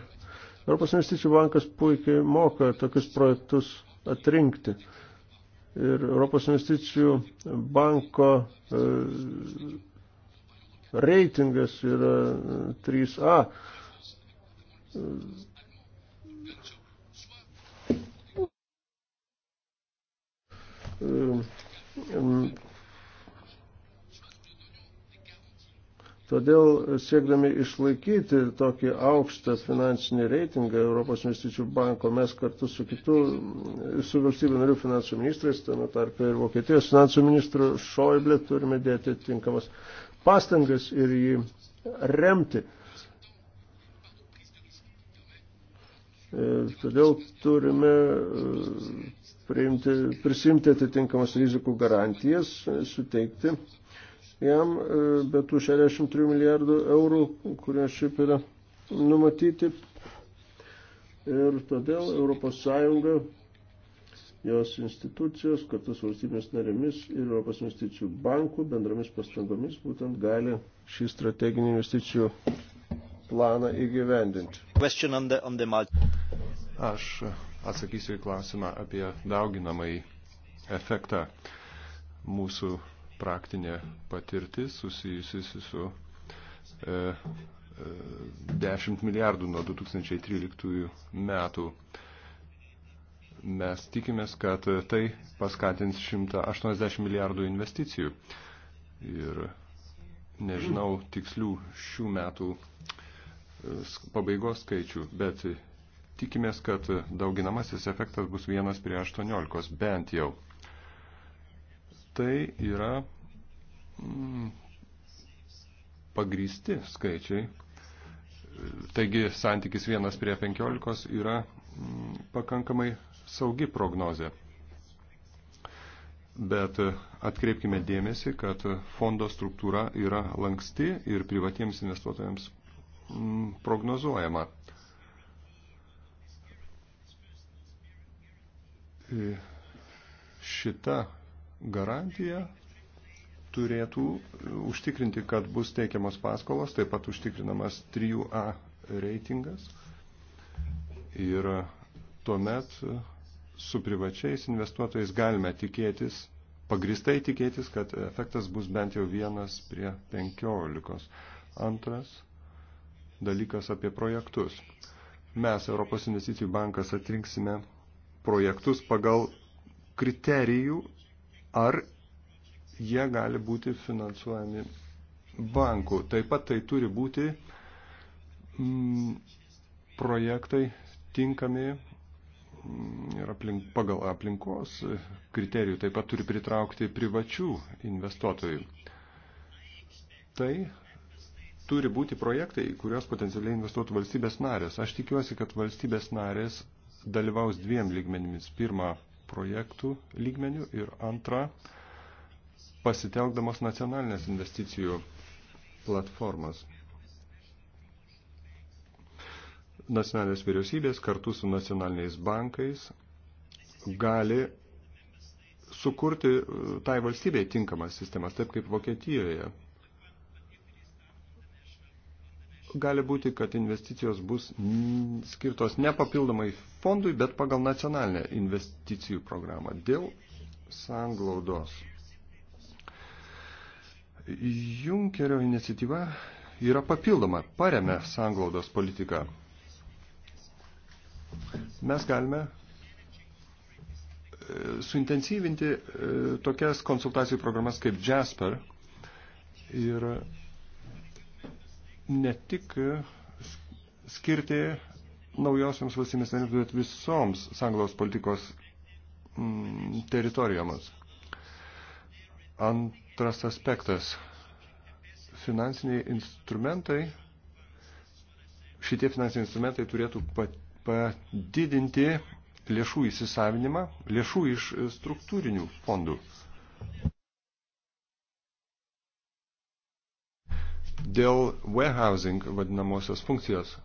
Europos investicijų bankas puikiai moka tokius projektus atrinkti ir Europos investicijų banko e, reitingas yra 3A. E, um, e, Todėl siekdami išlaikyti tokį aukštą finansinį reitingą Europos investicijų banko, mes kartu su kitų, su valstybių narių finansų ministrais, tame tarpe ir Vokietijos finansų ministru Šoiblė, turime dėti tinkamas pastangas ir jį remti. E, todėl turime e, priimti, prisimti atitinkamas rizikų garantijas, suteikti jam, e, bet tų 63 milijardų eurų, kurie šiaip yra numatyti. Ir todėl ES, jos institucijos, kartu su valstybės narėmis ir Europos investicijų bankų bendromis pastangomis būtent gali šį strateginį investicijų planą įgyvendinti. On the, on the Aš atsakysiu į klausimą apie dauginamąjį efektą mūsų praktinė patirtis susijusi su e, 10 e, milijardų nuo 2013 metų. Mes tikimės, kad tai paskatins 180 milijardų investicijų. Ir nežinau tikslių šių metų e, pabaigos skaičių, bet tikimės, kad dauginamasis efektas bus vienas prie 18, bent jau tai yra mm, pagrysti skaičiai. Taigi santykis 1 prie 15 yra mm, pakankamai saugi prognozė. Bet atkreipkime dėmesį, kad fondo struktūra yra lanksti ir privatiems investuotojams mm, prognozuojama. Šita garantija turėtų užtikrinti, kad bus teikiamas paskolos, taip pat užtikrinamas 3A reitingas ir tuomet su privačiais investuotojais galime tikėtis, pagristai tikėtis, kad efektas bus bent jau vienas prie penkiolikos. Antras dalykas apie projektus. Mes, Europos investicijų bankas, atrinksime projektus pagal kriterijų ar jie gali būti finansuojami bankų. Taip pat tai turi būti mm, projektai tinkami mm, ir aplink, pagal aplinkos kriterijų taip pat turi pritraukti privačių investuotojų. Tai turi būti projektai, kuriuos potencialiai investuotų valstybės narės. Aš tikiuosi, kad valstybės narės dalyvaus dviem lygmenimis. Pirma, projektų lygmenių ir antra, pasitelkdamas nacionalinės investicijų platformas. Nacionalinės vyriausybės kartu su nacionaliniais bankais gali sukurti e, tai valstybei tinkamas sistemas, taip kaip Vokietijoje gali būti, kad investicijos bus skirtos ne papildomai fondui, bet pagal nacionalinę investicijų programą dėl sanglaudos. Junkerio iniciatyva yra papildoma, paremia sanglaudos politiką. Mes galime e, suintensyvinti e, tokias konsultacijų programas kaip Jasper ir ne tik skirti naujosiams valstybės narėms, bet visoms sanglaus politikos mm, teritorijoms. Antras aspektas. Finansiniai instrumentai, šitie finansiniai instrumentai turėtų padidinti lėšų įsisavinimą, lėšų iš struktūrinių fondų. dėl warehousing vadinamosios funkcijos.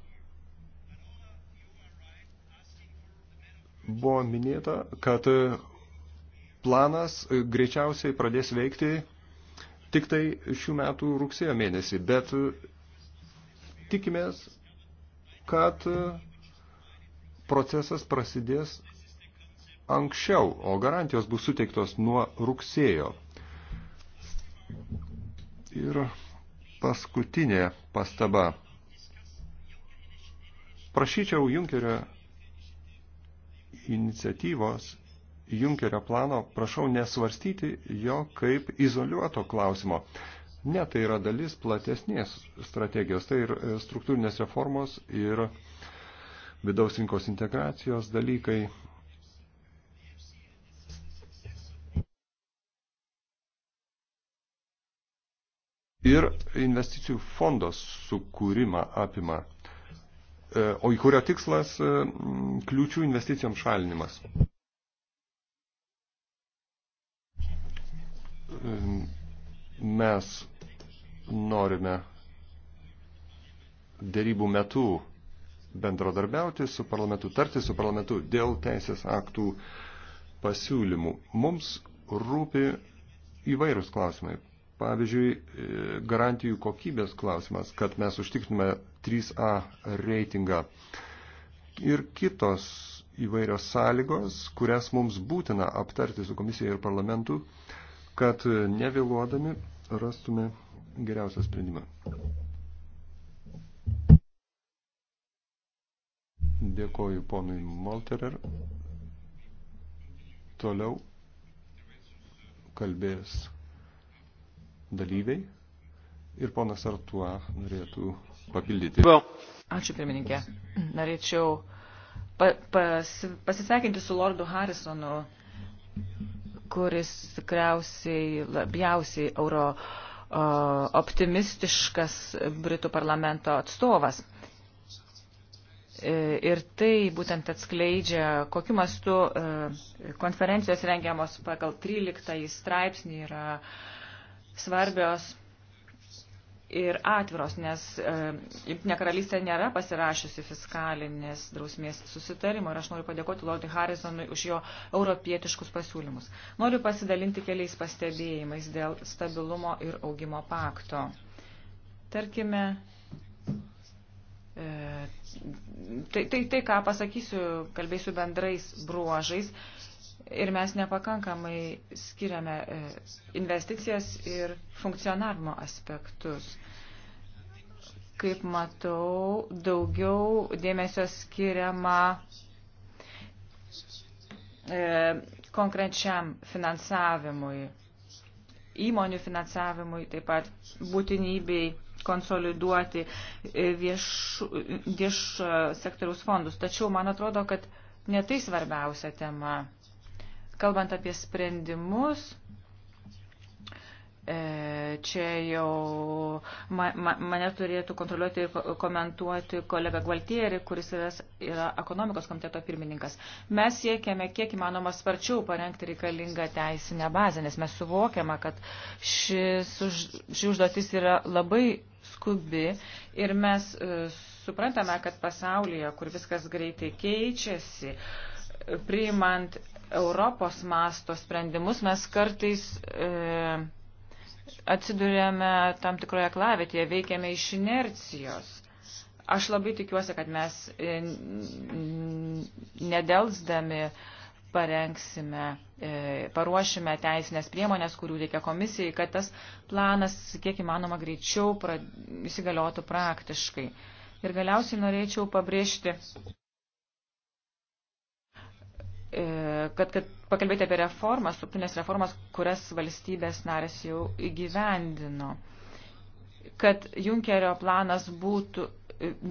Buvo minėta, kad planas greičiausiai pradės veikti tik tai šių metų rugsėjo mėnesį, bet tikimės, kad procesas prasidės anksčiau, o garantijos bus suteiktos nuo rugsėjo. Ir paskutinė pastaba. Prašyčiau Junkerio iniciatyvos, Junkerio plano, prašau nesvarstyti jo kaip izoliuoto klausimo. Ne, tai yra dalis platesnės strategijos, tai ir e, struktūrinės reformos ir vidaus rinkos integracijos dalykai, ir investicijų fondos sukūrimą apima, e, o į kurio tikslas e, kliūčių investicijoms šalinimas. Mes norime dėrybų metu bendradarbiauti su parlamentu, tarti su parlamentu dėl teisės aktų pasiūlymų. Mums rūpi įvairūs klausimai pavyzdžiui, e, garantijų kokybės klausimas, kad mes užtiktume 3A reitingą. Ir kitos įvairios sąlygos, kurias mums būtina aptarti su komisija ir parlamentu, kad nevėluodami rastume geriausią sprendimą. Dėkoju ponui Molterer. Toliau kalbės dalyviai. Ir ponas Artuo norėtų papildyti. Ačiū, pirmininkė. Norėčiau pa, pas, pasisveikinti su Lordu Harrisonu, kuris tikriausiai labiausiai euro o, optimistiškas Britų parlamento atstovas. E, ir tai būtent atskleidžia, kokiu mastu e, konferencijos rengiamos pagal 13 straipsnį yra uh, svarbios ir atviros, nes e, Junktinė karalystė nėra pasirašiusi fiskalinės drausmės susitarimo ir aš noriu padėkoti Lordui Harrisonui už jo europietiškus pasiūlymus. Noriu pasidalinti keliais pastebėjimais dėl stabilumo ir augimo pakto. Tarkime, e, tai, tai, tai ką pasakysiu, kalbėsiu bendrais bruožais, ir mes nepakankamai skiriame e, investicijas ir funkcionavimo aspektus. Kaip matau, daugiau dėmesio skiriama e, konkrečiam finansavimui, įmonių finansavimui, taip pat būtinybei konsoliduoti e, viešo vieš sektoriaus fondus. Tačiau man atrodo, kad netai svarbiausia tema Kalbant apie sprendimus, e, čia jau mane turėtų kontroliuoti ir komentuoti kolega Gvaltieri, kuris yra ekonomikos komiteto pirmininkas. Mes siekiame kiek įmanoma sparčiau parengti reikalingą teisinę bazę, nes mes suvokiame, kad šis, ši užduotis yra labai skubi ir mes e, suprantame, kad pasaulyje, kur viskas greitai keičiasi, priimant Europos masto sprendimus, mes kartais e, atsidurėme tam tikroje klavėtėje, veikiame iš inercijos. Aš labai tikiuosi, kad mes e, nedelsdami parengsime, e, paruošime teisinės priemonės, kurių reikia komisijai, kad tas planas kiek įmanoma greičiau pra, įsigaliotų praktiškai. Ir galiausiai norėčiau pabrėžti E, kad, kad pakalbėti apie reformas, struktūrinės reformas, kurias valstybės narės jau įgyvendino. Kad Junkerio planas būtų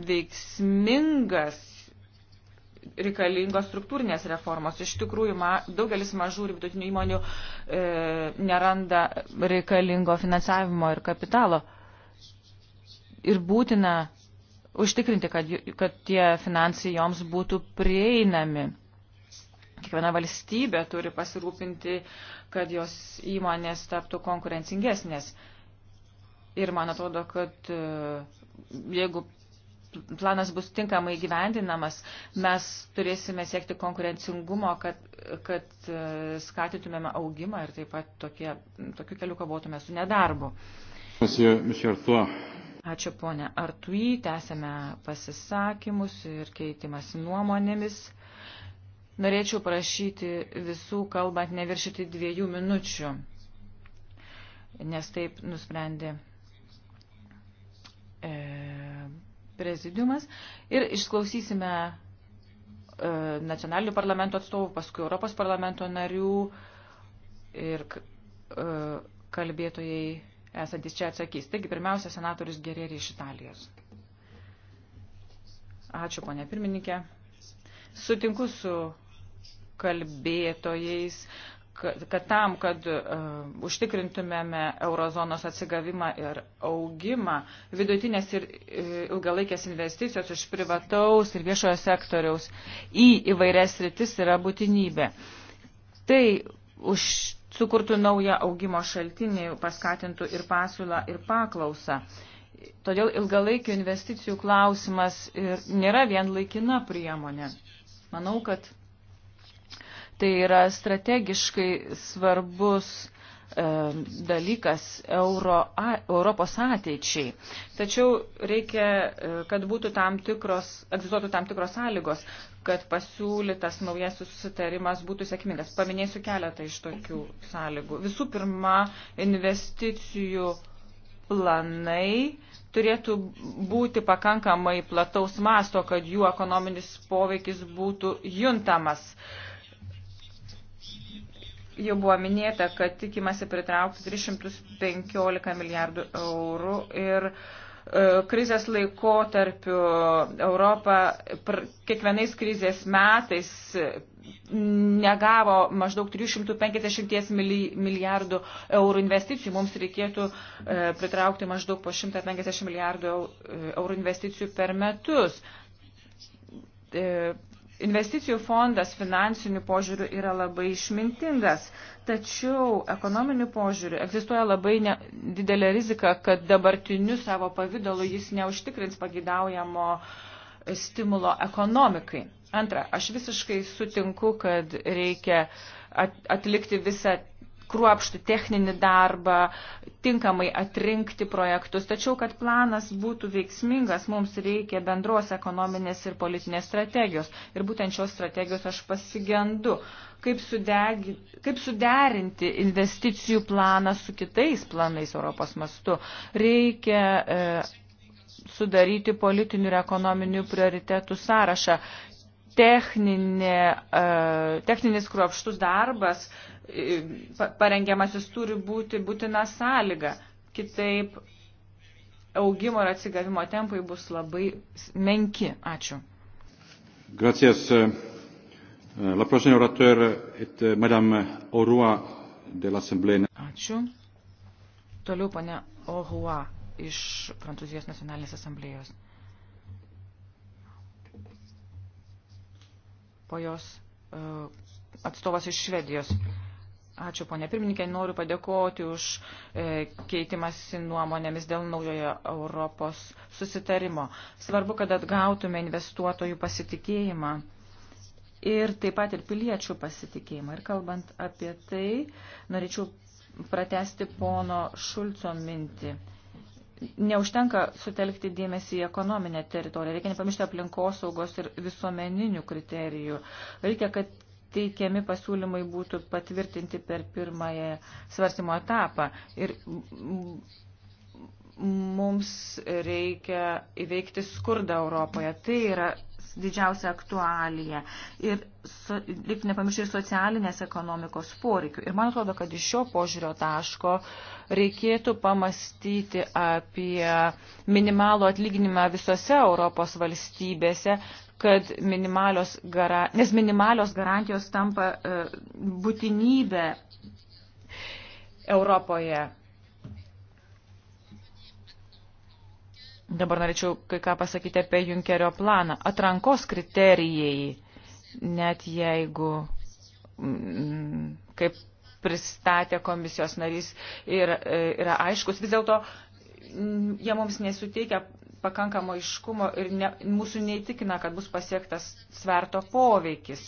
veiksmingas, reikalingos struktūrinės reformos. Iš tikrųjų, ma, daugelis mažų ir vidutinių įmonių e, neranda reikalingo finansavimo ir kapitalo. Ir būtina užtikrinti, kad, kad tie finansai joms būtų prieinami kiekviena valstybė turi pasirūpinti, kad jos įmonės taptų konkurencingesnės. Ir man atrodo, kad e, jeigu planas bus tinkamai gyvendinamas, mes turėsime siekti konkurencingumo, kad, kad e, skatytumėme augimą ir taip pat tokie, tokiu keliu kovotume su nedarbu. Monsieur, monsieur Ačiū ponė Artui, tęsėme pasisakymus ir keitimas nuomonėmis. Norėčiau prašyti visų, kalbant, neviršyti dviejų minučių, nes taip nusprendė e, prezidiumas. Ir išklausysime e, nacionalinių parlamento atstovų, paskui Europos parlamento narių ir e, kalbėtojai esantis čia atsakys. Taigi, pirmiausia, senatorius Gerėri iš Italijos. Ačiū, ponė pirmininkė. Sutinku su kalbėtojais, kad, kad tam, kad uh, užtikrintumėme eurozonos atsigavimą ir augimą, vidutinės ir uh, ilgalaikės investicijos iš privataus ir viešojo sektoriaus į įvairias rytis yra būtinybė. Tai už, sukurtų naują augimo šaltinį, paskatintų ir pasiūlą, ir paklausą. Todėl ilgalaikių investicijų klausimas ir nėra vien laikina priemonė. Manau, kad Tai yra strategiškai svarbus e, dalykas euro, a, Europos ateičiai. Tačiau reikia, e, kad būtų tam tikros, egzistuotų tam tikros sąlygos, kad pasiūlytas naujas susitarimas būtų sėkmingas. Paminėsiu keletą iš tokių sąlygų. Visų pirma, investicijų planai turėtų būti pakankamai plataus masto, kad jų ekonominis poveikis būtų juntamas. E, Jau buvo minėta, kad tikimasi pritraukti 315 milijardų eurų ir e, krizės laikotarpiu Europą kiekvienais krizės metais negavo maždaug 350 milijardų eurų investicijų. Mums reikėtų e, pritraukti maždaug po 150 milijardų eurų investicijų per metus. E, Investicijų fondas finansinių požiūrių yra labai išmintingas, tačiau ekonominių požiūrių egzistuoja labai ne, didelė rizika, kad dabartiniu savo pavydalu jis neužtikrins pagidaujamo stimulo ekonomikai. Antra, aš visiškai sutinku, kad reikia atlikti visą kruopštų techninį darbą, tinkamai atrinkti projektus. Tačiau, kad planas būtų veiksmingas, mums reikia bendros ekonominės ir politinės strategijos. Ir būtent šios strategijos aš pasigendu. Kaip, sudegi, kaip suderinti investicijų planą su kitais planais Europos mastu? Reikia. E, sudaryti politinių ir ekonominių prioritetų sąrašą. Techninė, e, techninis kruopštus darbas parengiamasis turi būti būtina sąlyga. Kitaip augimo ir atsigavimo tempai bus labai menki. Ačiū. Gracias. Eh, eh, la prochaine orateur est eh, Madame Orua de l'Assemblée. Ačiū. Toliau ponia Orua iš Prancūzijos nacionalinės asamblėjos. Po jos atstovas iš Švedijos. Ačiū, ponė pirmininkė, noriu padėkoti už e, keitimąsi nuomonėmis dėl naujojo Europos susitarimo. Svarbu, kad atgautume investuotojų pasitikėjimą ir taip pat ir piliečių pasitikėjimą. Ir kalbant apie tai, norėčiau pratesti pono Šulco mintį. Neužtenka sutelkti dėmesį į ekonominę teritoriją, reikia nepamiršti aplinkosaugos ir visuomeninių kriterijų. Reikia, kad teikiami pasiūlymai būtų patvirtinti per pirmąją svarstymo etapą. Ir mums reikia įveikti skurdą Europoje. Tai yra didžiausia aktualija. Ir so, reikia nepamiršti ir socialinės ekonomikos poreikių. Ir man atrodo, kad iš šio požiūrio taško reikėtų pamastyti apie minimalų atlyginimą visose Europos valstybėse, kad minimalios, gara, nes minimalios garantijos tampa e, būtinybė Europoje. Dabar norėčiau kai ką pasakyti apie Junkerio planą. Atrankos kriterijai, net jeigu, mm, kaip pristatė komisijos narys, yra, e, yra aiškus, vis dėlto mm, jie mums nesuteikia pakankamo iškumo ir ne, mūsų neįtikina, kad bus pasiektas sverto poveikis.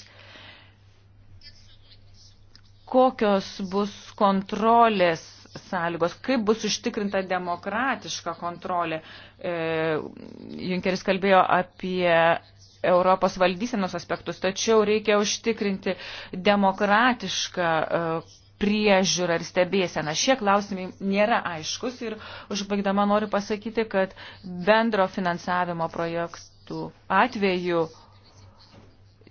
Kokios bus kontrolės sąlygos, kaip bus užtikrinta demokratiška kontrolė. E, Junkeris kalbėjo apie Europos valdysenos aspektus, tačiau reikia užtikrinti demokratišką e, priežiūra ir stebėsena. Šie klausimai nėra aiškus ir užbaigdama noriu pasakyti, kad bendro finansavimo projektų atveju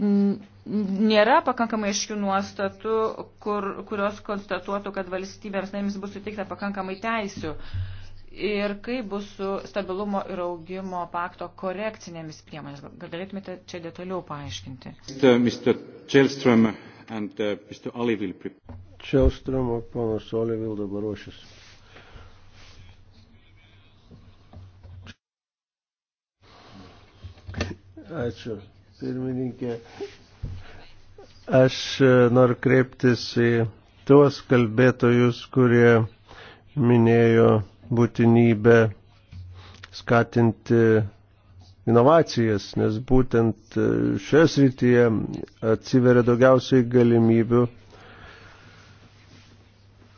nėra pakankamai aiškių nuostatų, kur, kurios konstatuotų, kad valstybėms naimis bus suteikta pakankamai teisių. Ir kaip bus su stabilumo ir augimo pakto korekcinėmis priemonės? Gal galėtumėte čia detaliau paaiškinti? Mr. Mr. Chelstrom and uh, Mr. Ali will prepare. Čiaustrumo, ponas Solė vėl dabar ruošis. Ačiū, pirmininkė. Aš e, noriu kreiptis į tuos kalbėtojus, kurie minėjo būtinybę skatinti inovacijas, nes būtent e, šioje srityje atsiveria daugiausiai galimybių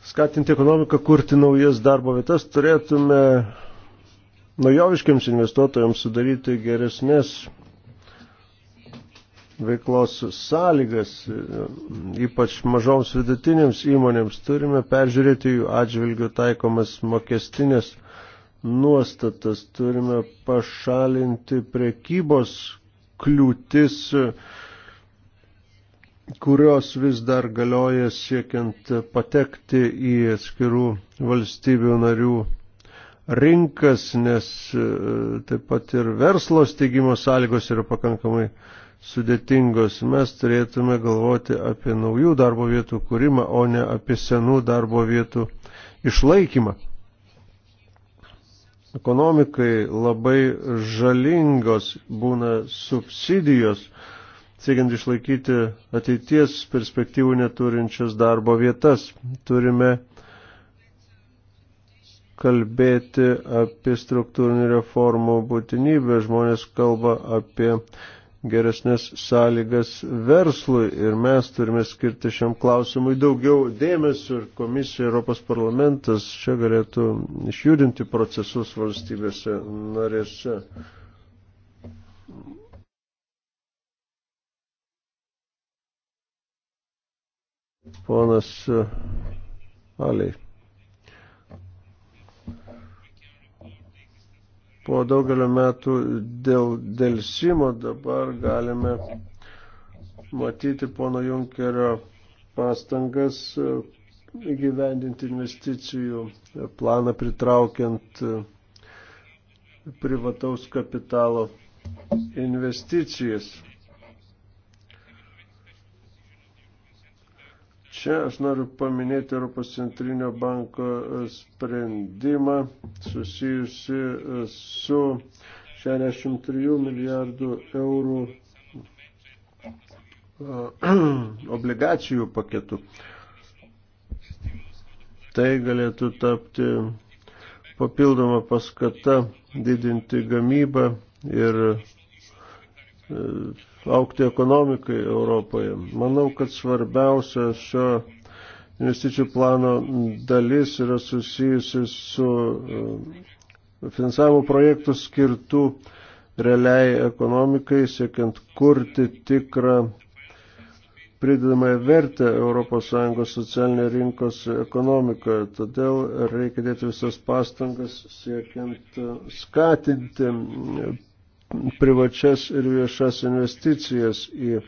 skatinti ekonomiką, kurti naujas darbo vietas, turėtume naujoviškiams investuotojams sudaryti geresnės veiklos sąlygas, ypač mažoms vidutinėms įmonėms, turime peržiūrėti jų atžvilgių taikomas mokestinės nuostatas, turime pašalinti prekybos kliūtis kurios vis dar galioja siekiant patekti į atskirų valstybių narių rinkas, nes e, taip pat ir verslo steigimo sąlygos yra pakankamai sudėtingos. Mes turėtume galvoti apie naujų darbo vietų kūrimą, o ne apie senų darbo vietų išlaikymą. Ekonomikai labai žalingos būna subsidijos, siekiant išlaikyti ateities perspektyvų neturinčias darbo vietas. Turime kalbėti apie struktūrinių reformų būtinybę. Žmonės kalba apie geresnės sąlygas verslui ir mes turime skirti šiam klausimui daugiau dėmesio ir komisija Europos parlamentas čia galėtų išjudinti procesus valstybėse narėse. Ponas e, Aliai. Po daugelio metų dėl dėlsimo dabar galime matyti pono Junkerio pastangas e, įgyvendinti investicijų planą pritraukiant e, privataus kapitalo investicijas. Čia aš noriu paminėti Europos centrinio banko e, sprendimą susijusi e, su 63 milijardų eurų e, [CLEARS THROAT] obligacijų paketu. Tai galėtų tapti papildoma paskata didinti gamybą ir aukti ekonomikai Europoje. Manau, kad svarbiausia šio investicijų plano dalis yra susijusi su e, finansavimo projektų skirtų realiai ekonomikai, siekiant kurti tikrą pridedamąją vertę ES socialinė rinkos ekonomikoje. Todėl reikia dėti visas pastangas siekiant e, skatinti privačias ir viešas investicijas į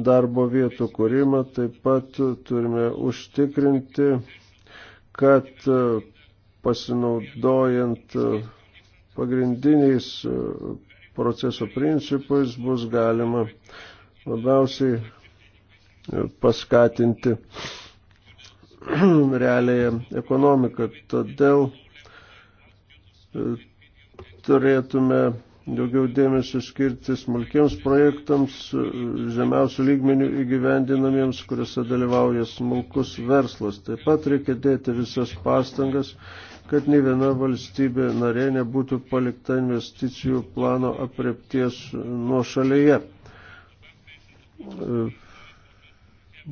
darbo vietų kūrimą. Taip pat turime užtikrinti, kad pasinaudojant pagrindiniais proceso principais bus galima labiausiai paskatinti [CLEARS THROAT] realiąją ekonomiką. Todėl turėtume daugiau dėmesio skirti smulkiems projektams, žemiausių lygmenių įgyvendinamiems, kuriuose dalyvauja smulkus verslas. Taip pat reikia dėti visas pastangas, kad ne viena valstybė narė nebūtų palikta investicijų plano aprepties nuo šalyje.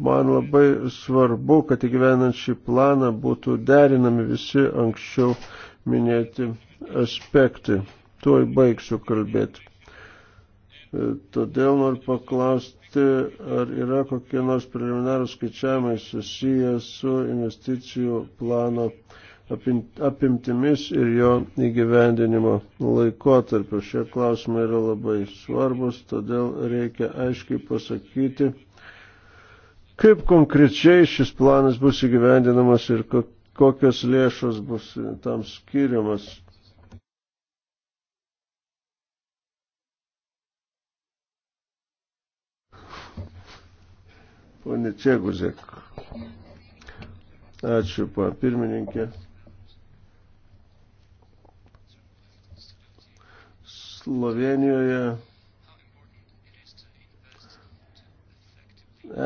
Man labai svarbu, kad įgyvenant šį planą būtų derinami visi anksčiau minėti aspektai tuoj baigsiu kalbėti. E, todėl noriu paklausti, ar yra kokie nors preliminarų skaičiavimai susiję su investicijų plano apimtimis ir jo įgyvendinimo laikotarpiu. Šie klausimai yra labai svarbus, todėl reikia aiškiai pasakyti, kaip konkrečiai šis planas bus įgyvendinamas ir kokios lėšos bus tam skiriamas. Pane Čeguzek. Ačiū, pa pirmininkė. Slovenijoje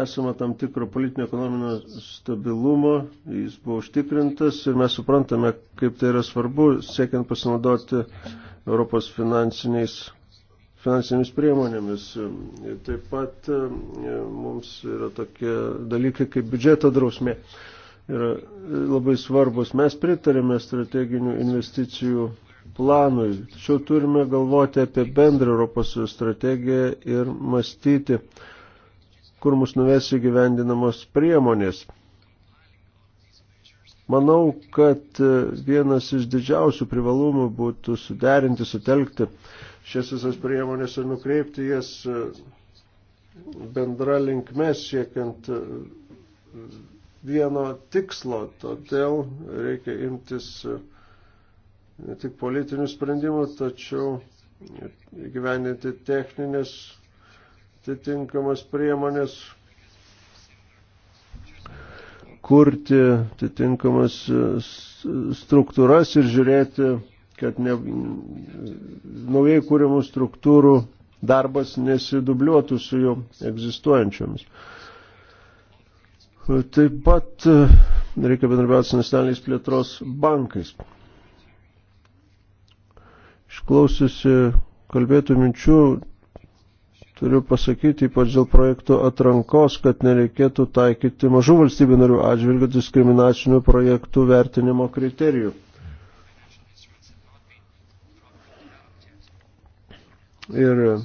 esama tam tikro politinio ekonominio stabilumo, jis buvo užtikrintas ir mes suprantame, kaip tai yra svarbu, siekiant pasinaudoti Europos finansiniais finansinėmis priemonėmis. Taip pat e, mums yra tokie dalykai kaip biudžeto drausmė. Yra e, labai svarbus. Mes pritarėme strateginių investicijų planui, tačiau turime galvoti apie bendrą Europos strategiją ir mąstyti, kur mus nuves įgyvendinamos priemonės. Manau, kad e, vienas iš didžiausių privalumų būtų suderinti, sutelkti uh, šias visas priemonės ir nukreipti jas e, bendra linkme siekiant e, vieno tikslo. Todėl reikia imtis e, ne tik politinių sprendimų, tačiau gyveninti techninės atitinkamas priemonės, kurti atitinkamas struktūras ir žiūrėti kad ne, naujai kūriamų struktūrų darbas nesidubliuotų su jau egzistuojančiomis. Taip pat e, reikia bendrabiauti su nacionaliniais plėtros bankais. Išklausiusi kalbėtų minčių, turiu pasakyti, ypač dėl projektų atrankos, kad nereikėtų taikyti mažų valstybių narių atžvilgių diskriminacinių projektų vertinimo kriterijų. Ir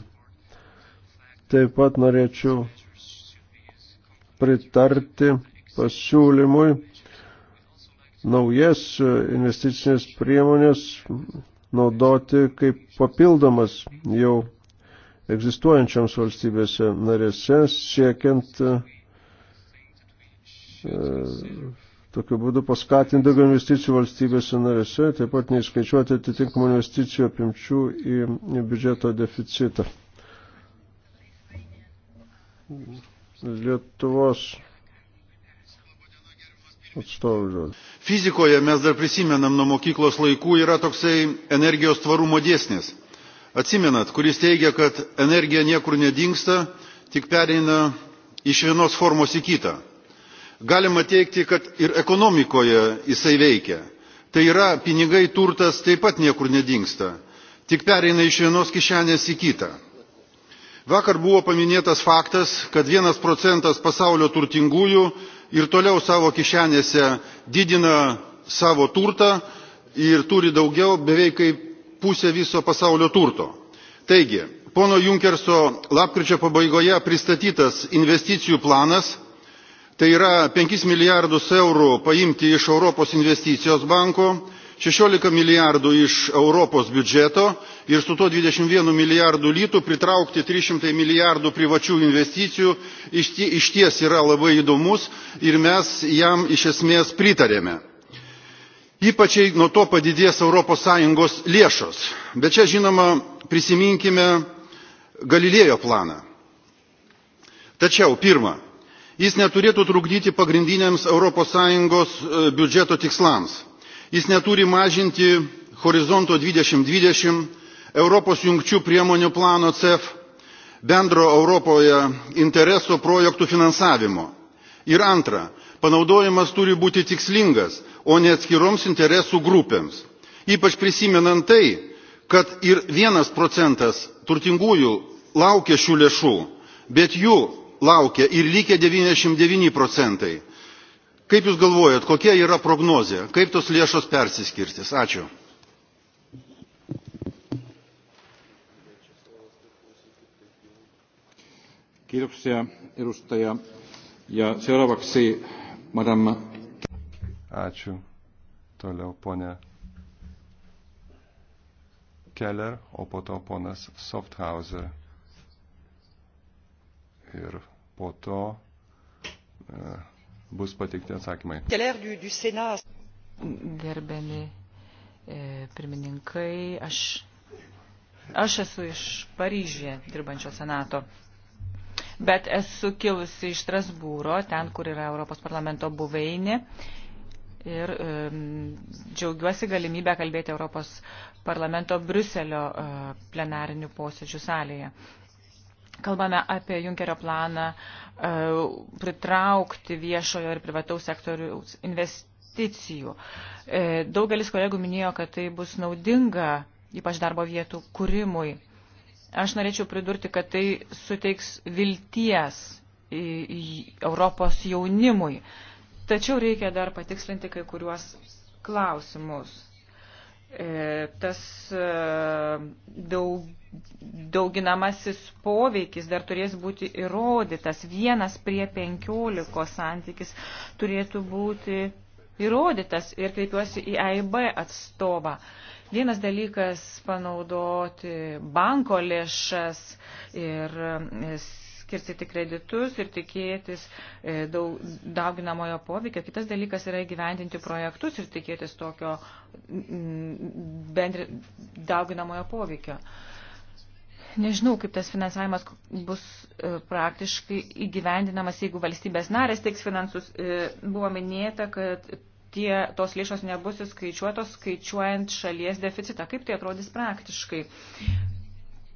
taip pat norėčiau pritarti pasiūlymui naujas investicinės priemonės naudoti kaip papildomas jau egzistuojančiams valstybėse narėse, siekiant e, Tokiu būdu paskatinti daugiau investicijų valstybėse narėse, taip pat neįskaičiuoti atitinkamų investicijų apimčių į biudžeto deficitą. Lietuvos atstovų žodžiu. Fizikoje mes dar prisimenam nuo mokyklos laikų yra toksai energijos tvarumo dėsnis. Atsimenat, kuris teigia, kad energija niekur nedingsta, tik pereina iš vienos formos į kitą galima teikti kad ir ekonomikoje jisai veikia tai yra pinigai turtas taip pat niekur nedingsta tik pereina iš vienos kišenės į kitą. vakar buvo paminėtas faktas kad vienas procentas pasaulio turtingųjų ir toliau savo kišenėse didina savo turtą ir turi daugiau beveik kaip pusę viso pasaulio turto. taigi pono junckerso lapkričio pabaigoje pristatytas investicijų planas tai yra penkis milijardus eurų paimti iš europos investicijos banko šešiolika milijardų iš europos biudžeto ir su tuo dvidešimt vienu milijardu litų pritraukti trys šimtai milijardų privačių investicijų išties yra labai įdomus ir mes jam iš esmės pritarėme ypač jei nuo to padidės europos sąjungos lėšos bet čia žinoma prisiminkime galilėjo planą tačiau pirma jis neturėtų trukdyti pagrindiniams europos sąjungos e, biudžeto tikslams jis neturi mažinti horizonto du tūkstančiai dvidešimt europos jungčių priemonių plano cef bendro europoje intereso projektų finansavimo. ir antra panaudojimas turi būti tikslingas o ne atskiroms interesų grupėms ypač prisimenant tai kad ir vienas procentas turtingųjų laukia šių lėšų bet jų laukia ir likę 99 procentai. Kaip Jūs galvojat, kokia yra prognozija, kaip tos lėšos persiskirtis? Ačiū. Kiitoksia edustaja. Ja seuraavaksi madame. Ačiū. Toliau ponė Keller, o po to ponas Softhauser ir po to e, bus pateikti atsakymai. Gerbiami e, pirmininkai, aš, aš esu iš Paryžėje dirbančio senato bet esu kilusi iš Strasbūro, ten, kur yra Europos parlamento buveinė. Ir um, džiaugiuosi galimybę kalbėti Europos parlamento Bruselio uh, plenarinių posėdžių salėje. Uh, Kalbame apie Junkerio planą e, pritraukti viešojo ir privataus sektorių investicijų. E, daugelis kolegų minėjo, kad tai bus naudinga, ypač darbo vietų kūrimui. Aš norėčiau pridurti, kad tai suteiks vilties Europos jaunimui. Tačiau reikia dar patikslinti kai kuriuos klausimus. E, tas daug dauginamasis poveikis dar turės būti įrodytas. Vienas prie penkiolikos santykis turėtų būti įrodytas ir kreipiuosi į AIB atstovą. Vienas dalykas panaudoti banko lėšas ir e, skirstyti kreditus ir tikėtis e, daug, dauginamojo poveikio. Kitas dalykas yra įgyvendinti projektus ir tikėtis tokio bendri, dauginamojo poveikio. Uh, Nežinau, kaip tas finansavimas bus e, praktiškai įgyvendinamas, jeigu valstybės narės teiks finansus. E, buvo minėta, kad tie, tos lėšos nebus įskaičiuotos, skaičiuojant šalies deficitą. Kaip tai atrodys praktiškai?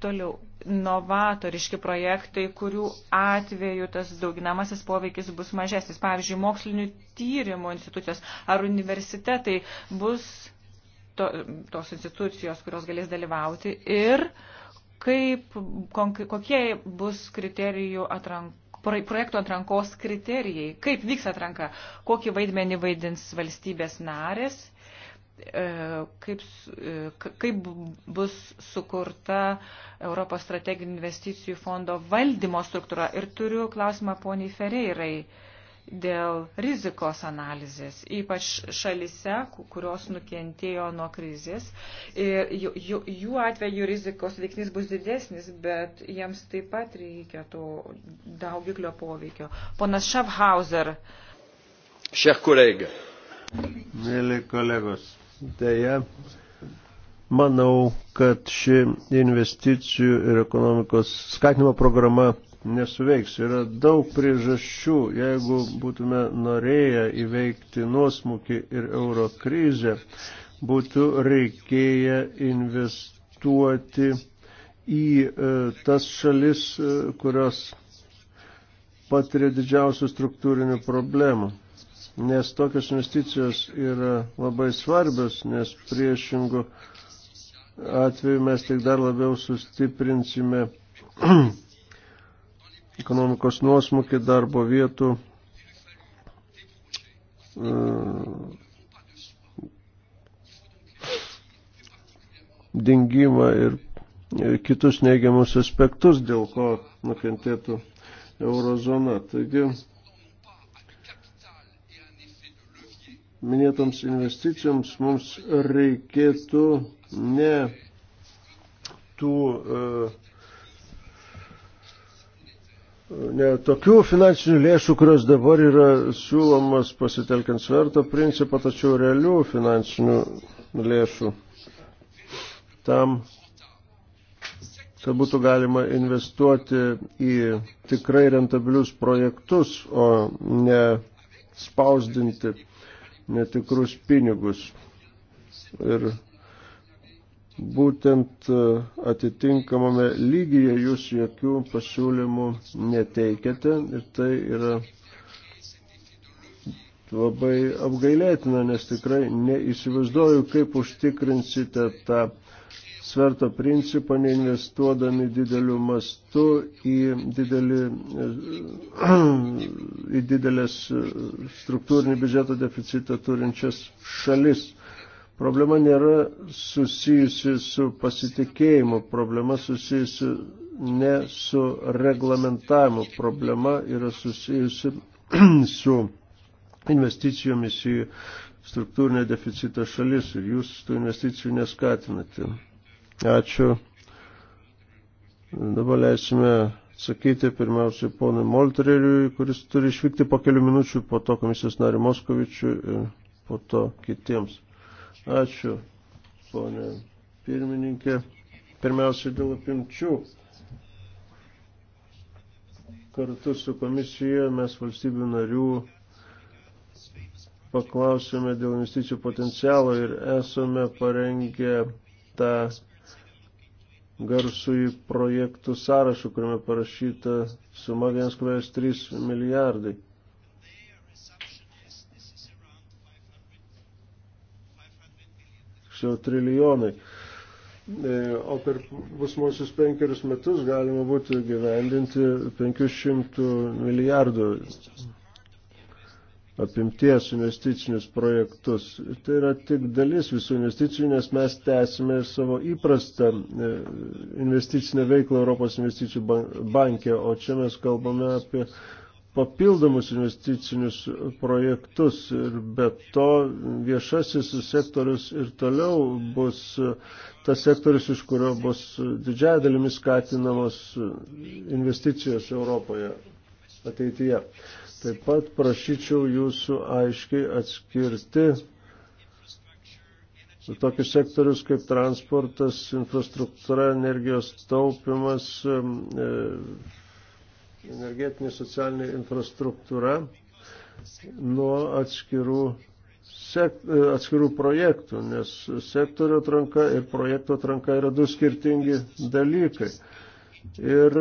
Toliau, novatoriški projektai, kurių atveju tas dauginamasis poveikis bus mažesnis. Pavyzdžiui, mokslinių tyrimų institucijos ar universitetai bus to, tos institucijos, kurios galės dalyvauti ir uh, kaip, kokie bus kriterijų atrank, projektų atrankos kriterijai, kaip vyks atranka, kokį vaidmenį vaidins valstybės narės, e, kaip, e, kaip bus sukurta Europos strateginių investicijų fondo valdymo struktūra. Ir turiu klausimą poniai Ferreirai dėl rizikos analizės, ypač šalise, kurios nukentėjo nuo krizės. Ir jų, jų atveju rizikos veiksnys bus didesnis, bet jiems taip pat reikia to daugiklio poveikio. Ponas Schaffhauser. Šiek kolegė. Mėly kolegos, dėja, manau, kad ši investicijų ir ekonomikos skatinimo programa nesuveiks. Yra daug priežasčių, jeigu būtume norėję įveikti nuosmukį ir euro krizę, būtų reikėję investuoti į e, tas šalis, e, kurios patiria didžiausių struktūrinių problemų. Nes tokios investicijos yra labai svarbios, nes priešingų atveju mes tik dar labiau sustiprinsime ekonomikos nuosmukį, darbo vietų e, dingimą ir kitus neigiamus aspektus, dėl ko nukentėtų eurozona. Taigi, minėtoms investicijoms mums reikėtų ne tų uh, ne, tokių finansinių lėšų, kurios dabar yra siūlomas pasitelkiant sverto principą, tačiau realių finansinių lėšų tam, kad būtų galima investuoti į tikrai rentabilius projektus, o ne spausdinti netikrus pinigus. Ir būtent e, atitinkamame lygyje jūs jokių pasiūlymų neteikiate ir tai yra labai apgailėtina, nes tikrai neįsivaizduoju, kaip užtikrinsite tą sverto principą, neinvestuodami dideliu mastu į, didelį, e, [CLEARS THROAT] į didelės e, struktūrinį biudžeto deficitą turinčias šalis. Problema nėra susijusi su pasitikėjimu, problema susijusi ne su reglamentavimu, problema yra susijusi [CLEARS THROAT] su investicijomis į struktūrinio deficito šalis ir jūs tų investicijų neskatinate. Ačiū. Dabar leisime atsakyti pirmiausiai ponui Molteriui, kuris turi išvykti po kelių minučių, po to komisijos nariu Moskovičiu ir po to kitiems. Ačiū, ponė pirmininkė. Pirmiausia, dėl apimčių. Kartu su komisija mes valstybių narių paklausėme dėl investicijų potencialo ir esame parengę tą garsųjį projektų sąrašą, kuriame parašyta suma 1,3 milijardai. tiksliau trilijonai. E, o per pusmosius penkerius metus galima būtų gyvendinti 500 milijardų apimties investicinius projektus. Tai yra tik dalis visų investicijų, nes mes tęsime savo įprastą e, investicinę veiklą Europos investicijų banke, o čia mes kalbame apie papildomus investicinius projektus ir be to viešasis sektorius ir toliau bus tas sektorius, iš kurio bus didžiai dalimi skatinamos investicijos Europoje ateityje. Taip pat prašyčiau jūsų aiškiai atskirti tokius sektorius kaip transportas, infrastruktūra, energijos taupimas, e, energetinė socialinė infrastruktūra nuo atskirų, sek, e, atskirų projektų, nes sektorio atranka ir projekto atranka yra du skirtingi dalykai. Ir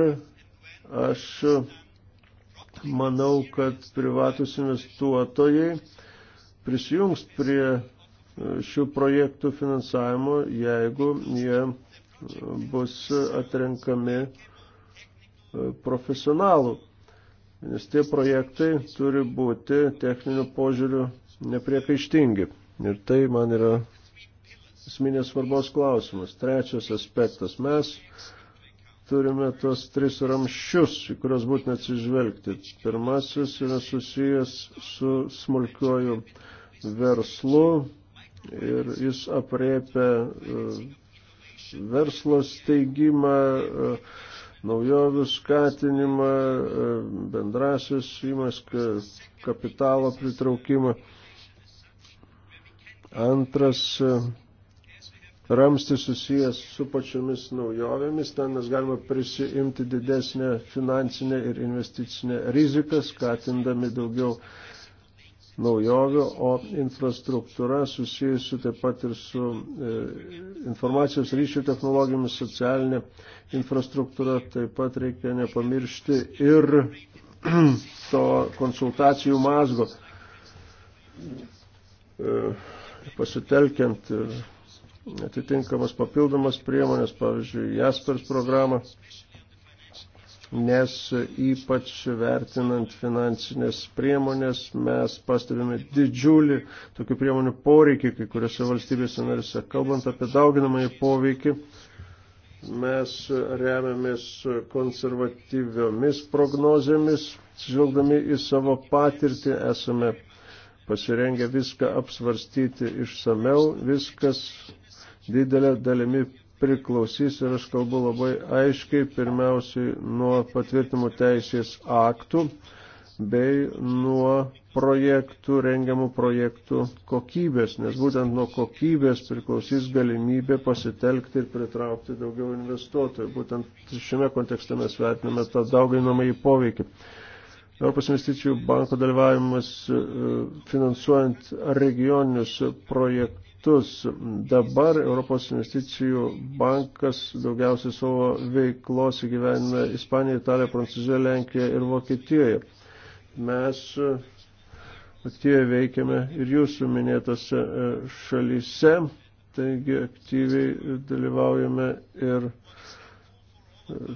aš manau, kad privatus investuotojai prisijungs prie e, šių projektų finansavimo, jeigu jie bus atrenkami uh, E, profesionalų, nes tie projektai turi būti techniniu požiūriu nepriekaištingi. Ir tai man yra esminės svarbos klausimas. Trečias aspektas. Mes turime tos tris ramščius, į kuriuos būtina atsižvelgti. Pirmasis yra susijęs su smulkiuoju verslu ir jis apriepia e, verslo steigimą, e, naujovių skatinimą, e, bendrasis įmas kapitalo pritraukimą. Antras e, ramstis susijęs su pačiomis naujovėmis, ten mes galime prisiimti didesnę finansinę ir investicinę riziką, skatindami daugiau naujovių, o infrastruktūra susijusi taip pat ir su e, informacijos ryšių technologijomis, socialinė infrastruktūra, taip pat reikia nepamiršti ir [CLEARS THROAT] to konsultacijų mazgo e, pasitelkiant e, atitinkamas papildomas priemonės, pavyzdžiui, Jaspers programą, nes ypač vertinant finansinės priemonės mes pastebime didžiulį tokių priemonių poreikį kai kuriuose valstybėse narise. Kalbant apie dauginamąjį poveikį, mes remiamės konservatyviomis prognozėmis, žvelgdami į savo patirtį esame pasirengę viską apsvarstyti išsameu, viskas didelė dalimi priklausys ir aš kalbu labai aiškiai pirmiausiai nuo patvirtimų teisės aktų bei nuo projektų, rengiamų projektų kokybės, nes būtent nuo kokybės priklausys galimybė pasitelkti ir pritraukti daugiau investuotojų. Būtent šiame kontekste mes vertiname tą dauginamą į poveikį. Europos investicijų banko dalyvavimas e, finansuojant regioninius projektus metus. Dabar Europos investicijų bankas daugiausiai savo veiklos įgyvenina Ispaniją, Italiją, Prancūziją, Lenkiją ir Vokietijoje. Mes aktyviai veikiame ir jūsų minėtose e, šalyse, taigi aktyviai dalyvaujame ir e,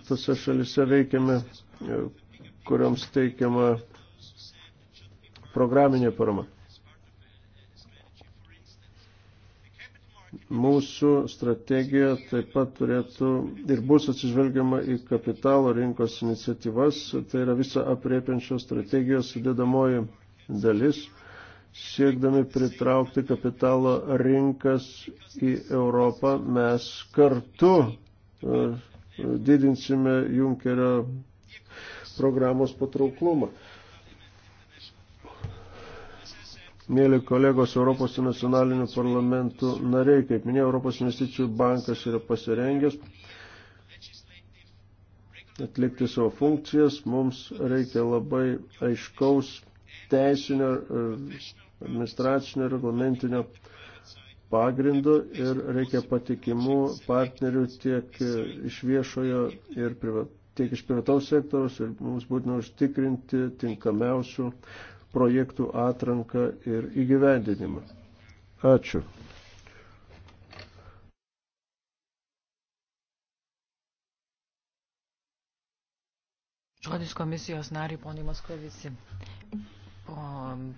tose šalyse veikiame, e, kurioms teikiama programinė parama. mūsų strategija taip pat turėtų ir bus atsižvelgiama į kapitalo rinkos iniciatyvas, tai yra visa apriepiančios strategijos sudėdamoji dalis, siekdami pritraukti kapitalo rinkas į Europą, mes kartu e, e, didinsime Junkerio programos patrauklumą. Mėly kolegos Europos nacionalinių parlamentų nariai, kaip minėjau, Europos investicijų bankas yra pasirengęs atlikti savo funkcijas. Mums reikia labai aiškaus teisinio, e, administracinio, reglamentinio pagrindu ir reikia patikimų partnerių tiek e, iš viešojo ir privataus tiek iš privataus sektoriaus ir mums būtina užtikrinti tinkamiausių projektų atranką ir įgyvendinimą. Ačiū. Žodis komisijos nariai, ponai Moskovici.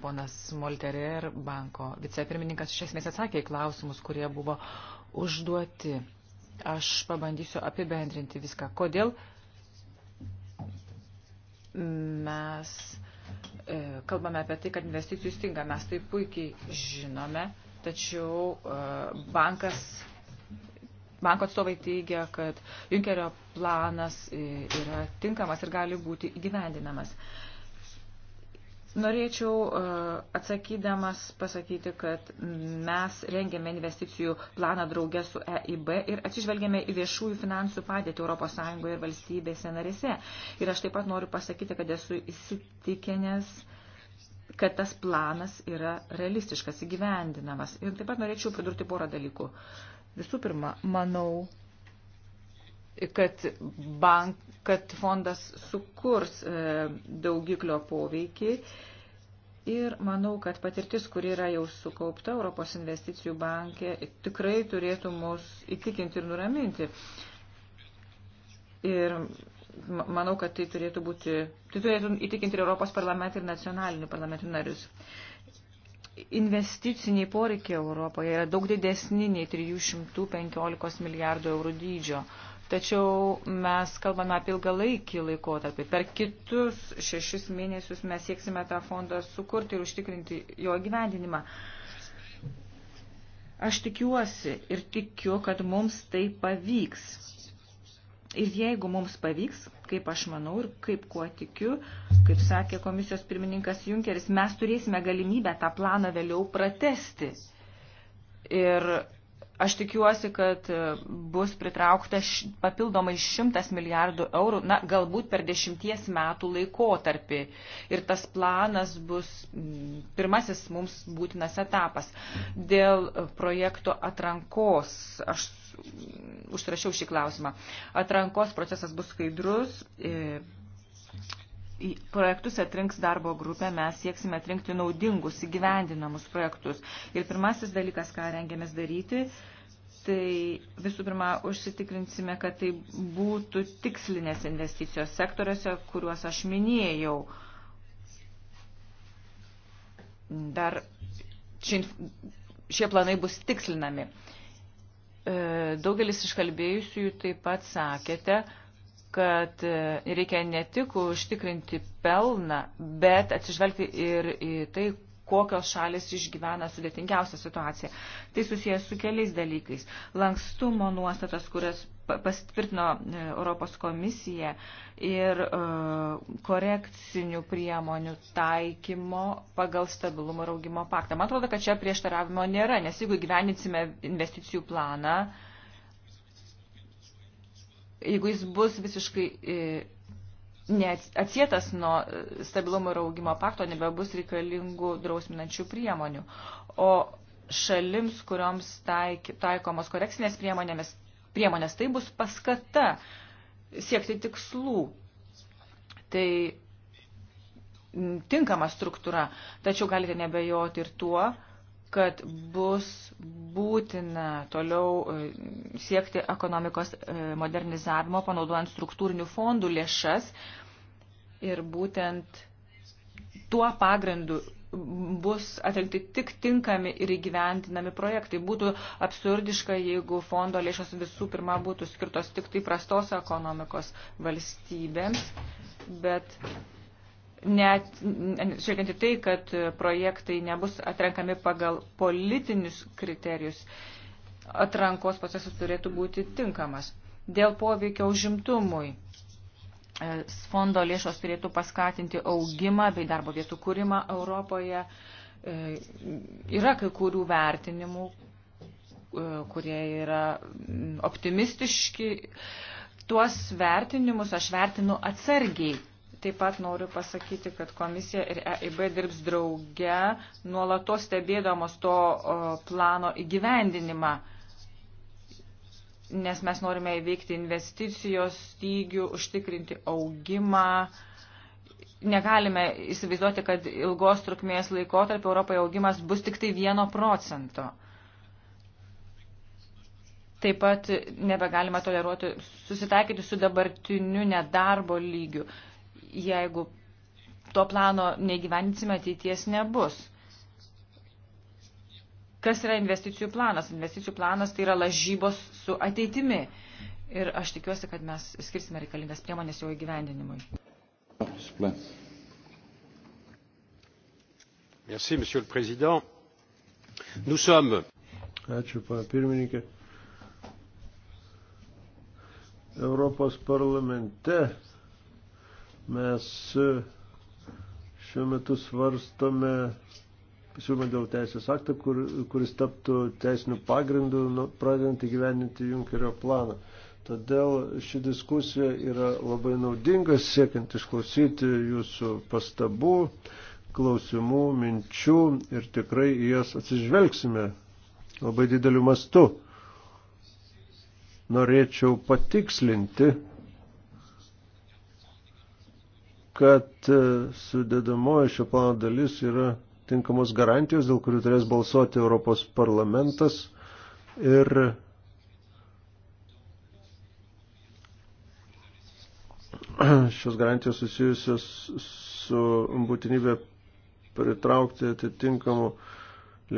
Ponas Molterer, banko vicepirmininkas, iš esmės atsakė į klausimus, kurie buvo užduoti. Aš pabandysiu apibendrinti viską. Kodėl mes E, kalbame apie tai, kad investicijų stinga. Mes tai puikiai žinome, tačiau e, bankas, banko atstovai teigia, kad Junkerio planas e, yra tinkamas ir gali būti įgyvendinamas. Norėčiau e, atsakydamas pasakyti, kad mes rengėme investicijų planą draugę su EIB ir atsižvelgėme į viešųjų finansų padėtį ES ir valstybėse narėse. Ir aš taip pat noriu pasakyti, kad esu įsitikinęs kad tas planas yra realistiškas, įgyvendinamas. Ir taip pat norėčiau pridurti porą dalykų. Visų pirma, manau, kad, bank, kad fondas sukurs e, daugiklio poveikį. Ir manau, kad patirtis, kuri yra jau sukaupta Europos investicijų bankė, tikrai turėtų mus įtikinti ir nuraminti. Ir manau, kad tai turėtų, būti, tai turėtų įtikinti ir Europos parlamentą ir nacionalinių parlamentų narius. Investiciniai poreikiai Europoje yra daug didesni nei 315 milijardų eurų dydžio Tačiau mes kalbame apie ilgalaikį laikotarpį. Per kitus šešis mėnesius mes sieksime tą fondą sukurti ir užtikrinti jo gyvendinimą. Aš tikiuosi ir tikiu, kad mums tai pavyks. Ir jeigu mums pavyks, kaip aš manau ir kaip kuo tikiu, kaip sakė komisijos pirmininkas Junkeris, mes turėsime galimybę tą planą vėliau pratesti. Ir Aš tikiuosi, kad e, bus pritraukta papildomai 100 milijardų eurų, na, galbūt per dešimties metų laikotarpį. Ir tas planas bus pirmasis mums būtinas etapas. Dėl e, projekto atrankos, aš užsirašiau šį klausimą, atrankos procesas bus skaidrus, e, į projektus atrinks darbo grupė, mes sieksime atrinkti naudingus, įgyvendinamus projektus. Ir pirmasis dalykas, ką rengiamės daryti, tai visų pirma, užsitikrinsime, kad tai būtų tikslinės investicijos sektoriuose, kuriuos aš minėjau. Dar ši, šie planai bus tikslinami. E, daugelis iškalbėjusiųjų taip pat sakėte, kad e, reikia ne tik užtikrinti pelną, bet atsižvelgti ir į tai, kokios šalis išgyvena sudėtingiausią situaciją. Tai susijęs su keliais dalykais. Lankstumo nuostatas, kurias pasitvirtino e, Europos komisija ir e, korekcinių priemonių taikymo pagal stabilumo ir augimo paktą. Man atrodo, kad čia prieštaravimo nėra, nes jeigu gyveninsime investicijų planą, jeigu jis bus visiškai e, atsietas nuo e, stabilumo ir augimo pakto, nebebus reikalingų drausminančių priemonių. O šalims, kurioms taik, taikomos korekcinės priemonės, priemonės, tai bus paskata siekti tikslų. Tai tinkama struktūra, tačiau galite nebejoti ir tuo, kad bus būtina toliau e, siekti ekonomikos e, modernizavimo, panaudojant struktūrinių fondų lėšas. Ir būtent tuo pagrindu bus atlikti tik tinkami ir įgyventinami projektai. Būtų absurdiška, jeigu fondo lėšos visų pirma būtų skirtos tik tai prastos ekonomikos valstybėms, bet net žiūrint į tai, kad projektai nebus atrenkami pagal politinius kriterijus, atrankos procesas turėtų būti tinkamas. Dėl poveikio užimtumui e, fondo lėšos turėtų paskatinti augimą bei darbo vietų kūrimą Europoje. E, yra kai kurių vertinimų, e, kurie yra optimistiški. Tuos vertinimus aš vertinu atsargiai Taip pat noriu pasakyti, kad komisija ir EIB dirbs drauge, nuolatos stebėdamos to plano įgyvendinimą, nes mes norime įveikti investicijos stygių, užtikrinti augimą. Negalime įsivaizduoti, kad ilgos trukmės laikotarpio Europoje augimas bus tik tai vieno procento. Taip pat nebegalima toleruoti, susitaikyti su dabartiniu nedarbo lygiu jeigu to plano neįgyvendinsime, ateities nebus. Kas yra investicijų planas? Investicijų planas tai yra lažybos su ateitimi. Ir aš tikiuosi, kad mes skirsime reikalingas priemonės jo įgyvendinimui. Merci, monsieur le président. Nous sommes. Ačiū, pana pirmininkė. Europos parlamente Mes e, šiuo metu svarstome pasiūlymą dėl teisės aktą, kur, kuris taptų teisiniu pagrindu, nu, pradedant įgyveninti Junkerio planą. Todėl ši diskusija yra labai naudinga, siekiant išklausyti jūsų pastabų, klausimų, minčių ir tikrai į jas atsižvelgsime labai dideliu mastu. Norėčiau patikslinti kad e, sudėdamoji šio plano dalis yra tinkamos garantijos, dėl kurių turės balsuoti Europos parlamentas ir [CLEARS THROAT] šios garantijos susijusios su būtinybė pritraukti atitinkamų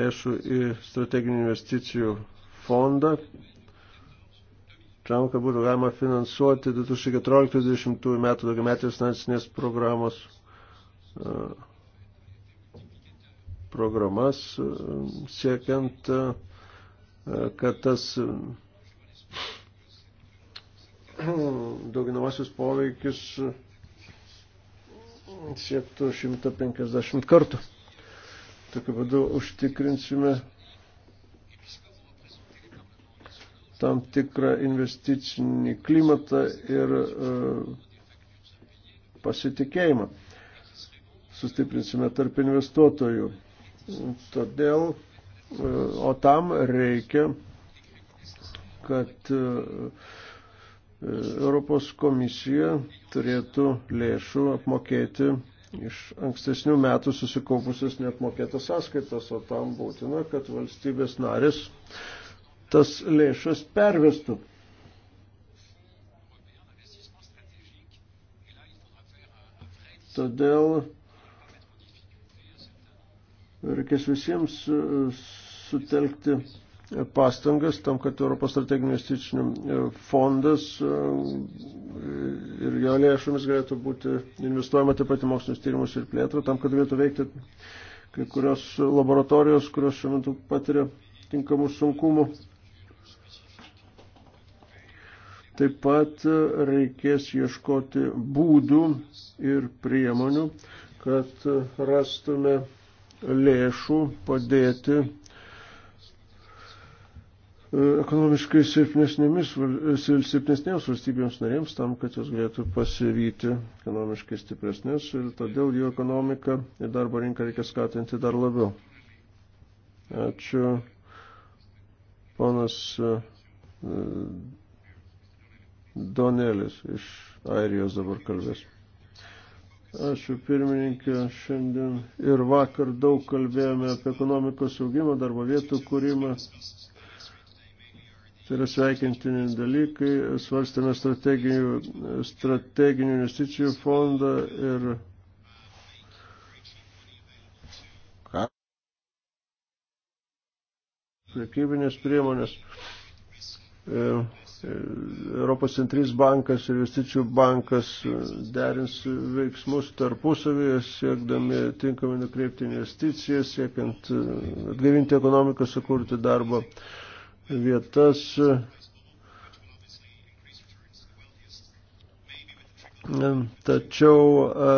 lėšų į strateginių investicijų fondą tam, kad būtų galima finansuoti 2014-2020 metų daugiametės finansinės programos e, programas, e, siekiant, e, kad tas [CLEARS THROAT] dauginamasis poveikis siektų 150 kartų. Tokiu būdu užtikrinsime tam tikrą investicinį klimatą ir e, pasitikėjimą. Sustiprinsime tarp investuotojų. Todėl, e, o tam reikia, kad e, Europos komisija turėtų lėšų apmokėti iš ankstesnių metų susikaupusios neapmokėtas sąskaitas, o tam būtina, kad valstybės narės tas lėšas pervestų. Todėl reikės visiems uh, sutelkti pastangas tam, kad Europos strateginio investicinio uh, fondas uh, ir jo lėšomis galėtų būti investuojama taip pat į mokslinius tyrimus ir plėtrą, tam, kad galėtų veikti kai kurios laboratorijos, kurios šiuo metu patiria tinkamų sunkumų. Taip pat reikės ieškoti būdų ir priemonių, kad rastume lėšų padėti ekonomiškai silpnesnėms valstybėms narėms tam, kad jos galėtų pasivyti ekonomiškai stipresnės ir todėl jų ekonomiką ir darbo rinką reikia skatinti dar labiau. Ačiū, ponas e, Donelis iš Airijos dabar kalbės. Ačiū pirmininkė, šiandien ir vakar daug kalbėjome apie ekonomikos augimą, darbo vietų kūrimą. Tai yra sveikintini dalykai, svarstėme strateginių, strateginių investicijų fondą ir priekybinės priemonės. E, Europos centrinis bankas ir investicijų bankas derins veiksmus tarpusavėje, siekdami tinkamai nukreipti investicijas, siekiant e, atgaivinti ekonomiką, sukurti darbo vietas. Tačiau e,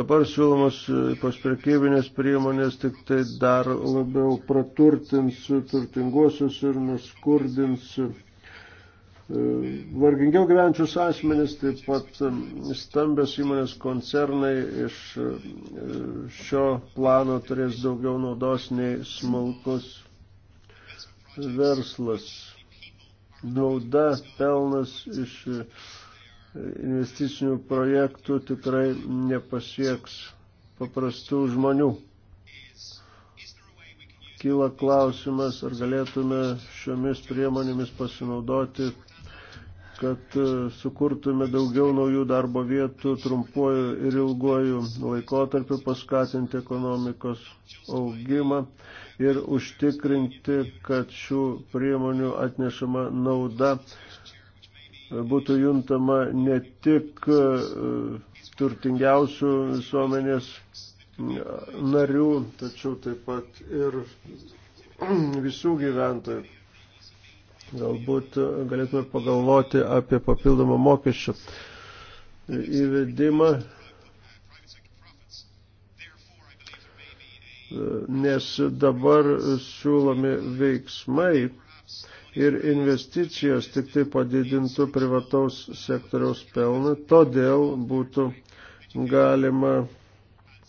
dabar siūlomos pasprekybinės priemonės tik tai dar labiau praturtins turtinguosius ir nuskurdins vargingiau gyvenčius asmenys, taip pat um, stambios įmonės koncernai iš uh, šio plano turės daugiau naudos nei smulkus verslas. Nauda, pelnas iš uh, investicinių projektų tikrai nepasieks paprastų žmonių kyla klausimas, ar galėtume šiomis priemonėmis pasinaudoti kad e, sukurtume daugiau naujų darbo vietų trumpuoju ir ilguoju laikotarpiu, paskatinti ekonomikos augimą ir užtikrinti, kad šių priemonių atnešama nauda būtų juntama ne tik e, turtingiausių visuomenės narių, tačiau taip pat ir [CLEARS THROAT] visų gyventojų. Galbūt galėtume pagalvoti apie papildomą mokesčių įvedimą, nes dabar siūlomi veiksmai ir investicijos tik tai padidintų privataus sektoriaus pelną, todėl būtų galima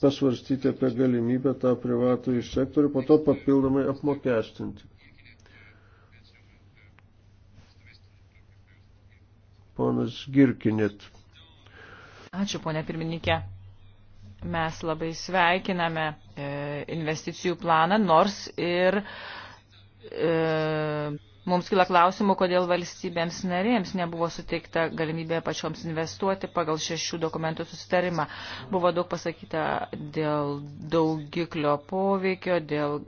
pasvarstyti apie galimybę tą privatų iš sektorių po to papildomai apmokestinti. ponas Girkinit. Ačiū, ponė pirmininkė. Mes labai sveikiname e, investicijų planą, nors ir e, mums kila klausimų, kodėl valstybėms narėms nebuvo suteikta galimybė pačioms investuoti pagal šešių dokumentų susitarimą. Buvo daug pasakyta dėl daugiklio poveikio, dėl e,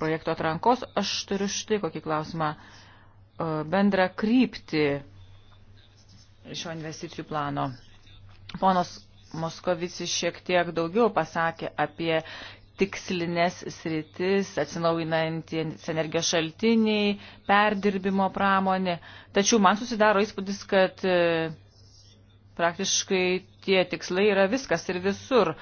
projekto atrankos. Aš turiu štai kokį klausimą. E, bendrą kryptį šio investicijų plano. Ponos Moskovicis šiek tiek daugiau pasakė apie tikslinės sritis, atsinaujinantis energijos šaltiniai, perdirbimo pramonė. Tačiau man susidaro įspūdis, kad e, praktiškai tie tikslai yra viskas ir visur.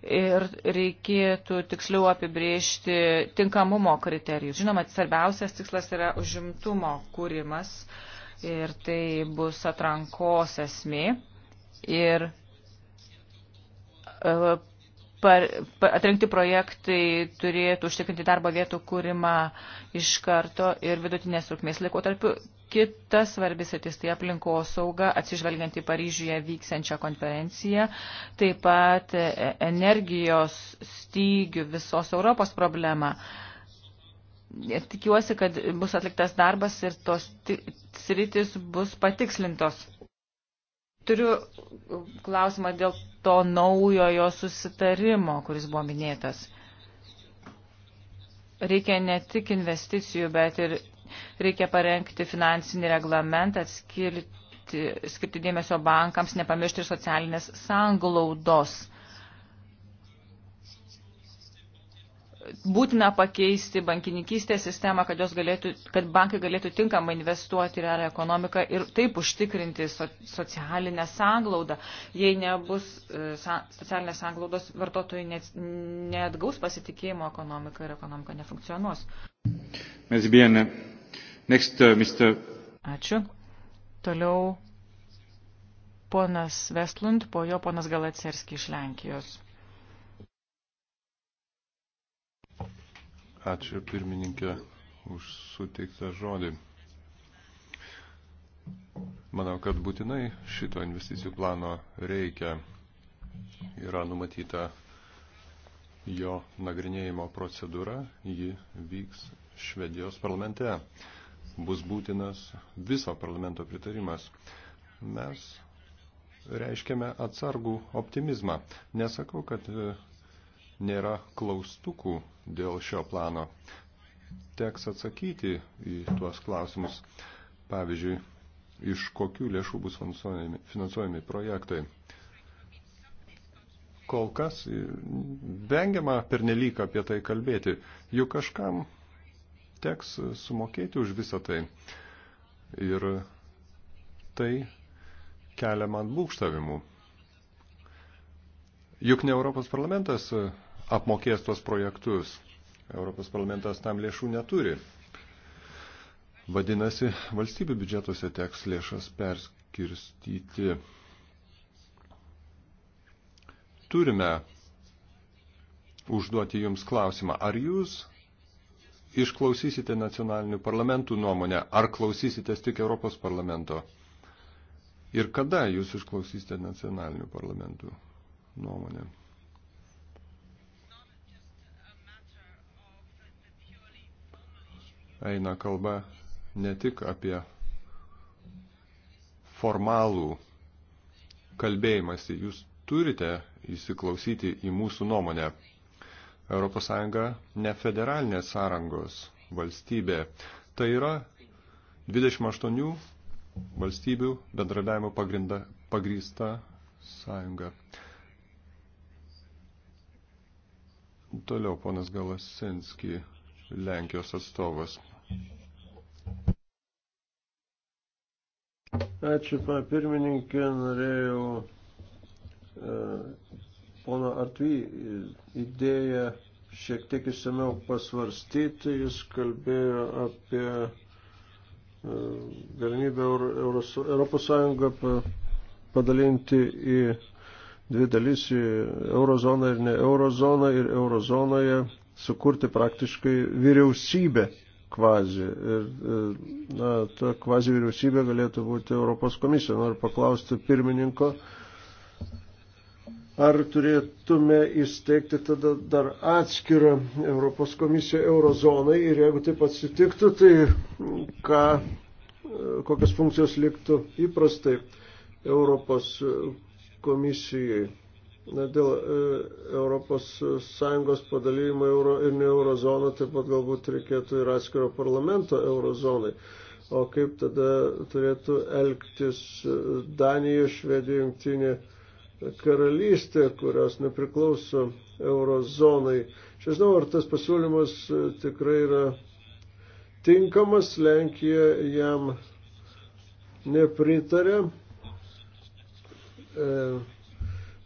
Ir reikėtų tiksliau apibriežti tinkamumo kriterijus. Žinoma, svarbiausias tikslas yra užimtumo kūrimas. Uh, ir tai bus atrankos esmė. Ir e, par, par, atrinkti projektai turėtų užtikrinti darbo vietų kūrimą iš karto ir vidutinės trukmės laikotarpiu. Kita svarbi sritis tai aplinkosauga, atsižvelgiant į Paryžiuje vyksiančią konferenciją, taip pat e, energijos stygių visos Europos problemą. Uh, ir tikiuosi, kad bus atliktas darbas ir tos sritis bus patikslintos. Turiu klausimą dėl to naujojo susitarimo, kuris buvo minėtas. Reikia ne tik investicijų, bet ir reikia parengti finansinį reglamentą, atskirti, skirti dėmesio bankams, nepamiršti ir socialinės sanglaudos. būtina pakeisti bankininkystės sistemą, kad, galėtų, kad bankai galėtų tinkamai investuoti į realią ekonomiką ir taip užtikrinti so, socialinę sanglaudą. Jei nebus e, sa, socialinės sanglaudos, vartotojai net, netgaus pasitikėjimo ekonomiką ir ekonomika nefunkcionuos. Mes bijame. Next, uh, Mr. Ačiū. Toliau ponas Vestlund, po jo ponas Galacerski iš Lenkijos. Ačiū pirmininkė už suteiktą žodį. Manau, kad būtinai šito investicijų plano reikia. Yra numatyta jo nagrinėjimo procedūra, ji vyks Švedijos parlamente. Bus būtinas viso parlamento pritarimas. Mes reiškiame atsargų optimizmą. Nesakau, kad e, nėra klaustukų dėl šio plano. Teks atsakyti į tuos klausimus. Pavyzdžiui, iš kokių lėšų bus finansuojami, finansuojami projektai. Kol kas vengiama pernelyg apie tai kalbėti, juk kažkam teks sumokėti už visą tai. Ir tai kelia man būkštavimų. Juk ne Europos parlamentas apmokės tuos projektus. Europos parlamentas tam lėšų neturi. Vadinasi, valstybių biudžetuose teks lėšas perskirstyti. Turime užduoti Jums klausimą, ar Jūs išklausysite nacionalinių parlamentų nuomonę, ar klausysitės tik Europos parlamento? Ir kada Jūs išklausysite nacionalinių parlamentų nuomonę? eina kalba ne tik apie formalų kalbėjimąsi. Jūs turite įsiklausyti į mūsų nuomonę. ES ne federalinės sąrangos valstybė. Tai yra 28 valstybių bendradarbiavimo pagrįsta sąjunga. Toliau ponas Galasinski, Lenkijos atstovas. Ačiū, pana pirmininkė, norėjau e, pono Artvy idėją šiek tiek išsameu pasvarstyti. Jis kalbėjo apie e, galimybę Euros, Europos Sąjungą padalinti į dvi dalis į eurozoną ir ne eurozoną ir eurozonoje sukurti praktiškai vyriausybę kvazi. Ir na, ta kvazi vyriausybė galėtų būti Europos komisija. Noriu paklausti pirmininko, ar turėtume įsteigti tada dar atskirą Europos komisiją eurozonai ir jeigu taip atsitiktų, tai ką, kokias funkcijos liktų įprastai Europos komisijai dėl ES padalymo euro ir ne eurozoną, taip pat galbūt reikėtų ir atskiro parlamento eurozonai. O kaip tada turėtų elgtis Danija, Švedija, Junktinė karalystė, kurios nepriklauso eurozonai. Čia žinau, ar tas pasiūlymas tikrai yra tinkamas, Lenkija jam nepritarė. E,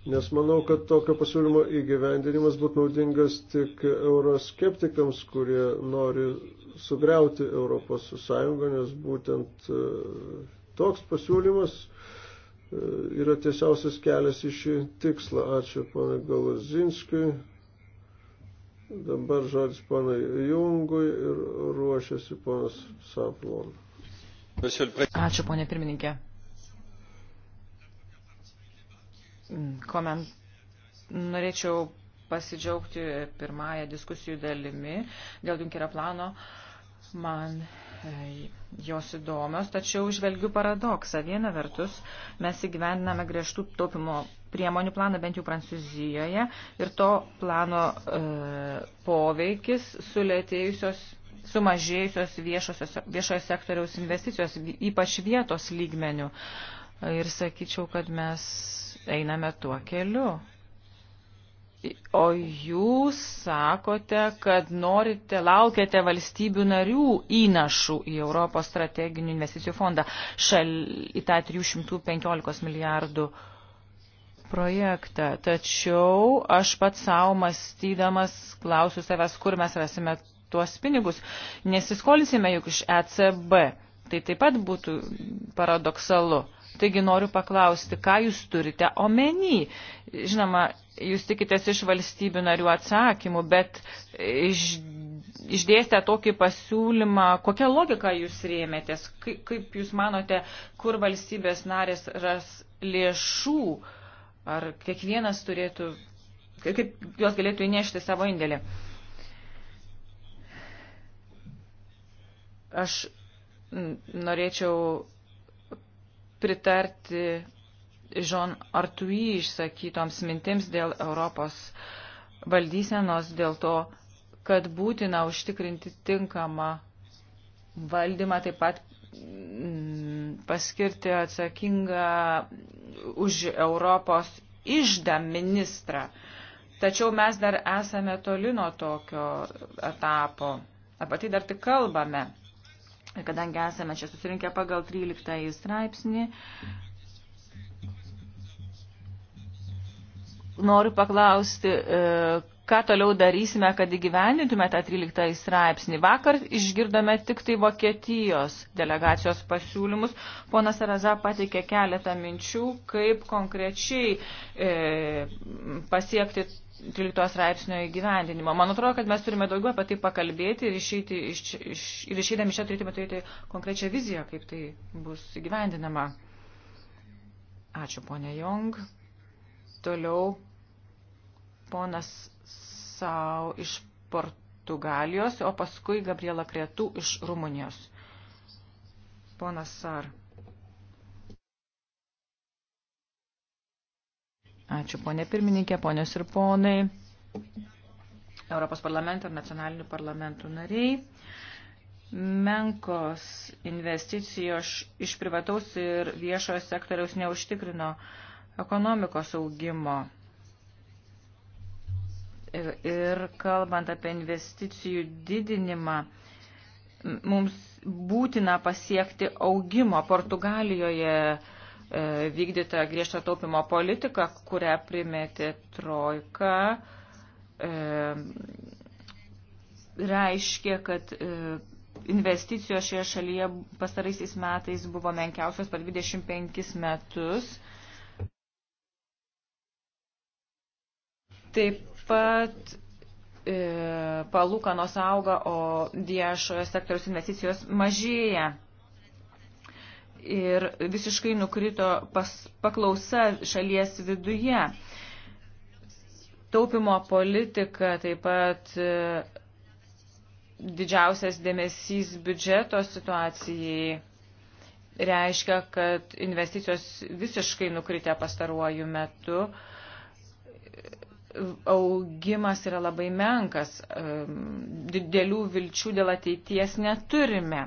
nes manau, kad tokio pasiūlymo įgyvendinimas būtų naudingas tik euroskeptikams, kurie nori sugriauti Europos Sąjungą, nes būtent e, toks pasiūlymas e, yra tiesiausias kelias į šį tikslą. Ačiū ponai Galazinskui. Dabar žodis ponai Jungui ir ruošiasi ponas Saplon. Ačiū ponė pirmininkė. koment... norėčiau pasidžiaugti pirmąją diskusijų dalimi dėl Junkerio plano. Man e, jos įdomios, tačiau žvelgiu paradoksą. Viena vertus, mes įgyvendiname griežtų taupimo priemonių planą, bent jau Prancūzijoje, ir to plano e, poveikis sulėtėjusios sumažėjusios viešojo sektoriaus investicijos, ypač vietos lygmenių. E, Ir sakyčiau, kad mes einame tuo keliu. O jūs sakote, kad norite, laukiate valstybių narių įnašų į Europos strateginių investicijų fondą šal, į tą 315 milijardų projektą. Tačiau aš pats savo mąstydamas klausiu savęs, kur mes rasime tuos pinigus. Nesiskolinsime juk iš ECB. Tai taip pat būtų paradoksalu. Taigi noriu paklausti, ką jūs turite omeny? Žinoma, jūs tikitės iš valstybių narių atsakymų, bet iš, išdėstę tokį pasiūlymą, kokią logiką jūs rėmėtės, kaip, kaip jūs manote, kur valstybės narės ras lėšų, ar kiekvienas turėtų, kaip jos galėtų įnešti savo indėlį. Aš norėčiau pritarti Žon Artui išsakytoms mintims dėl Europos valdysenos, dėl to, kad būtina užtikrinti tinkamą valdymą, taip pat mm, paskirti atsakingą už Europos išdą ministrą. Tačiau mes dar esame toli nuo tokio etapo. Apie tai dar tik kalbame kadangi esame čia susirinkę pagal 13 straipsnį, noriu paklausti, e, ką toliau darysime, kad įgyvendintume tą 13 straipsnį. Vakar išgirdome tik tai Vokietijos delegacijos pasiūlymus. Ponas Araza pateikė keletą minčių, kaip konkrečiai e, pasiekti 13 straipsnio įgyvendinimo. Man atrodo, kad mes turime daugiau apie tai pakalbėti ir, išeiti, iš, iš, ir išeidami čia turėtume turėti konkrečią viziją, kaip tai bus įgyvendinama. Ačiū, ponė Jong. Toliau ponas Tikau iš Portugalijos, o paskui Gabriela Kretų iš Rumunijos. Ponas Sar. Ačiū, ponė pirmininkė, ponios ir ponai, Europos parlamento ir nacionalinių parlamentų nariai. Menkos investicijos iš privataus ir viešojo sektoriaus neužtikrino ekonomikos augimo Ir kalbant apie investicijų didinimą, mums būtina pasiekti augimo. Portugalijoje e, vykdyta griežto taupimo politika, kurią primėtė Trojka, e, reiškia, kad e, investicijos šioje šalyje pastaraisiais metais buvo menkiausios per 25 metus. Taip pat e, palūkanos auga, o viešojo sektoriaus investicijos mažėja. Ir visiškai nukrito pas, paklausa šalies viduje. Taupimo politika taip pat e, didžiausias dėmesys biudžeto situacijai reiškia, kad investicijos visiškai nukritė pastaruoju metu. E, augimas yra labai menkas, didelių vilčių dėl ateities neturime.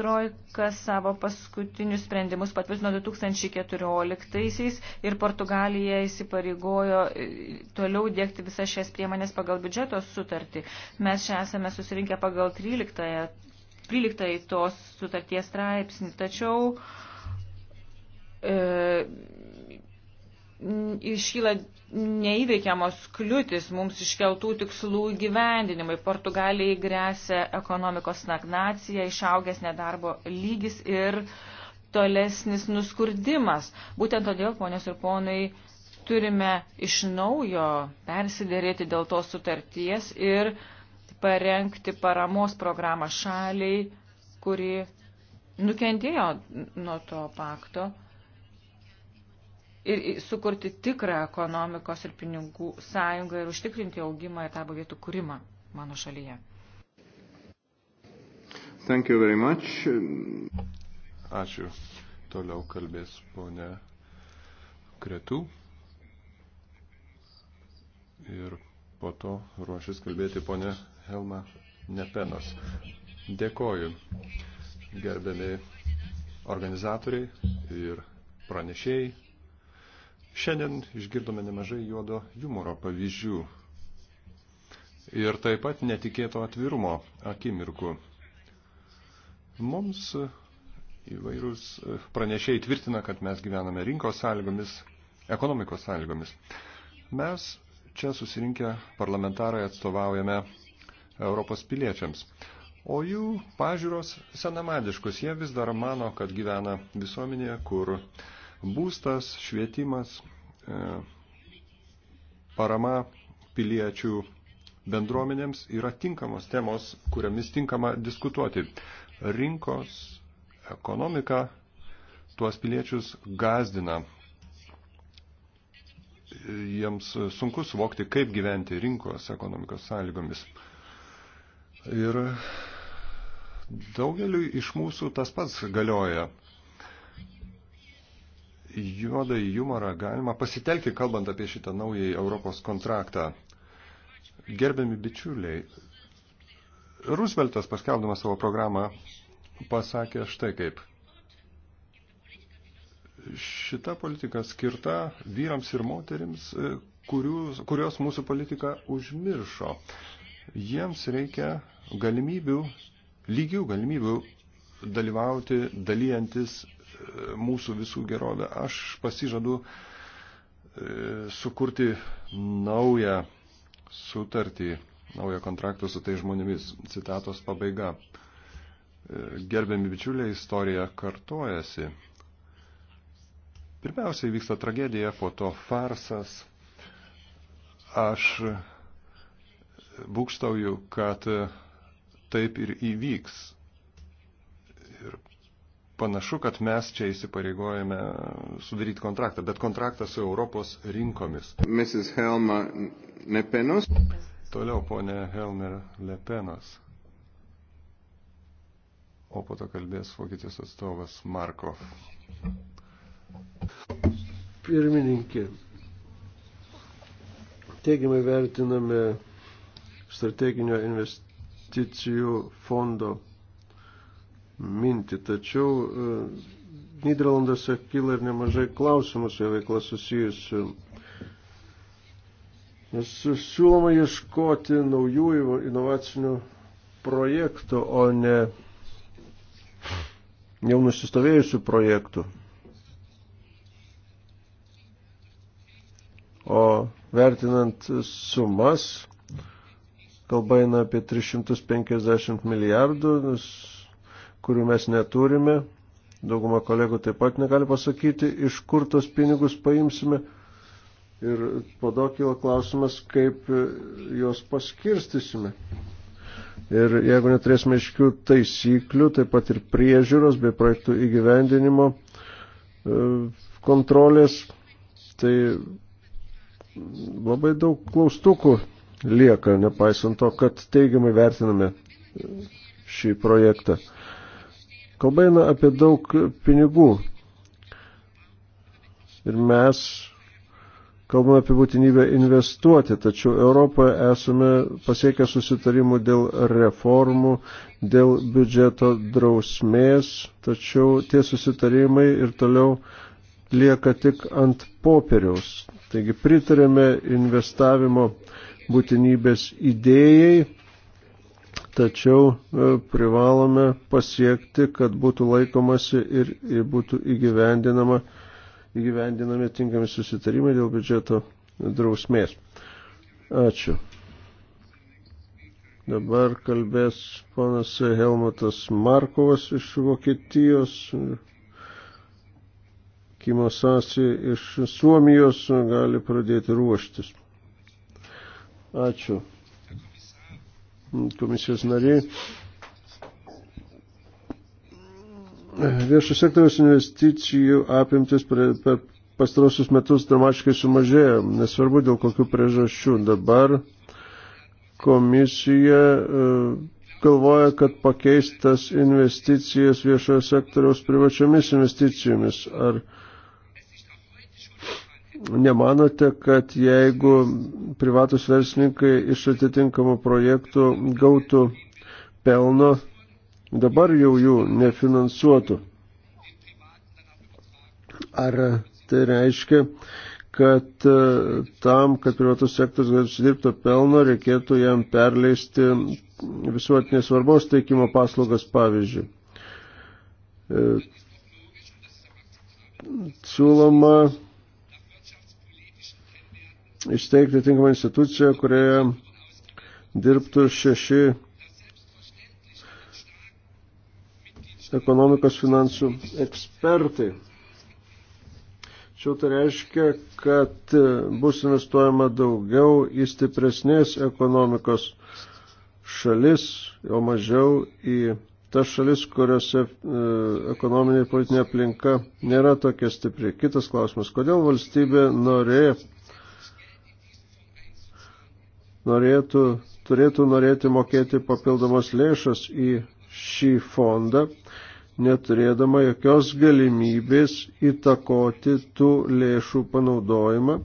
Trojka savo paskutinius sprendimus patvirtino 2014-aisiais ir Portugalija įsipareigojo e, toliau dėkti visas šias priemonės pagal biudžeto sutartį. Mes čia esame susirinkę pagal 13-ąją 13 tos sutarties straipsnį, tačiau e, iškyla neįveikiamos kliūtis mums iškeltų tikslų gyvendinimui. Portugalijai grėsia ekonomikos stagnacija, išaugęs nedarbo lygis ir tolesnis nuskurdimas. Būtent todėl, ponios ir ponai, turime iš naujo persiderėti dėl tos sutarties ir parengti paramos programą šaliai, kuri nukentėjo nuo to pakto ir sukurti tikrą ekonomikos ir pinigų sąjungą ir užtikrinti augimą ir darbo vietų kūrimą mano šalyje. Thank you very much. Ačiū. Toliau kalbės ponė Kretų. Ir po to ruošis kalbėti ponė Helma Nepenos. Dėkoju gerbiami organizatoriai ir pranešėjai. Šiandien išgirdome nemažai juodo humoro pavyzdžių ir taip pat netikėto atvirumo akimirkų. Mums įvairūs pranešėjai tvirtina, kad mes gyvename rinkos sąlygomis, ekonomikos sąlygomis. Mes čia susirinkę parlamentarai atstovaujame Europos piliečiams. O jų pažiūros senamadiškus, jie vis dar mano, kad gyvena visuomenėje, kur uh, Būstas, švietimas, e, parama piliečių bendruomenėms yra tinkamos temos, kuriamis tinkama diskutuoti. Rinkos ekonomika tuos piliečius gazdina. Jiems sunku suvokti, kaip gyventi rinkos ekonomikos sąlygomis. Ir daugeliu iš mūsų tas pats galioja juodai humorą galima pasitelkti, kalbant apie šitą naują Europos kontraktą. Gerbiami bičiuliai, Rooseveltas paskelbdamas savo programą pasakė štai kaip. Šita politika skirta vyrams ir moterims, e, kurius, kurios mūsų politika užmiršo. Jiems reikia galimybių, lygių galimybių dalyvauti, dalyjantis mūsų visų gerovę. Aš pasižadu e, sukurti naują sutartį, naują kontraktą su tai žmonėmis. Citatos pabaiga. E, gerbiami bičiuliai, istorija kartojasi. Pirmiausiai vyksta tragedija, po to farsas. Aš būkštauju, kad taip ir įvyks. Ir Panašu, kad mes čia įsipareigojame sudaryti kontraktą, bet kontraktą su Europos rinkomis. Mrs. Helma Lepenos. Toliau ponė Helmer Lepenos. O po to kalbės Vokietijos atstovas Markov. Pirmininkė, teigiamai vertiname strateginio investicijų fondo mintį. Tačiau e, Niderlanduose kyla ir nemažai klausimų su jo veikla susijusių. Nes siūloma ieškoti naujų inovacinių projektų, o ne jau nusistovėjusių projektų. O vertinant sumas, kalba eina apie 350 milijardų, kurių mes neturime. Dauguma kolegų taip pat negali pasakyti, iš kur tos pinigus paimsime. Ir po to kyla klausimas, kaip juos paskirstysime. Ir jeigu neturėsime iškių taisyklių, taip pat ir priežiūros bei projektų įgyvendinimo e, kontrolės, tai labai daug klaustukų lieka, nepaisant to, kad teigiamai vertiname šį projektą. Kalba eina apie daug pinigų. Ir mes kalbame apie būtinybę investuoti, tačiau Europoje esame pasiekę susitarimų dėl reformų, dėl biudžeto drausmės, tačiau tie susitarimai ir toliau lieka tik ant popieriaus. Taigi pritarėme investavimo būtinybės idėjai, tačiau e, privalome pasiekti, kad būtų laikomasi ir būtų įgyvendinama, įgyvendinami tinkami susitarimai dėl biudžeto drausmės. Ačiū. Dabar kalbės ponas Helmutas Markovas iš Vokietijos, Kimo Sasi iš Suomijos gali pradėti ruoštis. Ačiū komisijos nariai. Viešo sektoriaus investicijų apimtis per, per pastarosius metus dramatiškai sumažėjo, nesvarbu dėl kokių priežasčių. Dabar komisija e, galvoja, kad pakeistas investicijas viešojo sektoriaus privačiomis investicijomis. Ar nemanote, kad jeigu privatus verslininkai iš atitinkamų projektų gautų pelno, dabar jau jų nefinansuotų? Ar tai reiškia, kad e, tam, kad privatus sektorius galėtų sudirbti pelno, reikėtų jam perleisti visuotinės svarbos teikimo paslaugas, pavyzdžiui. E, siūloma įsteigti tinkamą instituciją, kurioje dirbtų šeši ekonomikos finansų ekspertai. Čia tai reiškia, kad bus investuojama daugiau į stipresnės ekonomikos šalis, o mažiau į tas šalis, kuriuose e, ekonominė ir politinė aplinka nėra tokia stipri. Kitas klausimas, kodėl valstybė norėjo norėtų, turėtų norėti mokėti papildomas lėšas į šį fondą, neturėdama jokios galimybės įtakoti tų lėšų panaudojimą,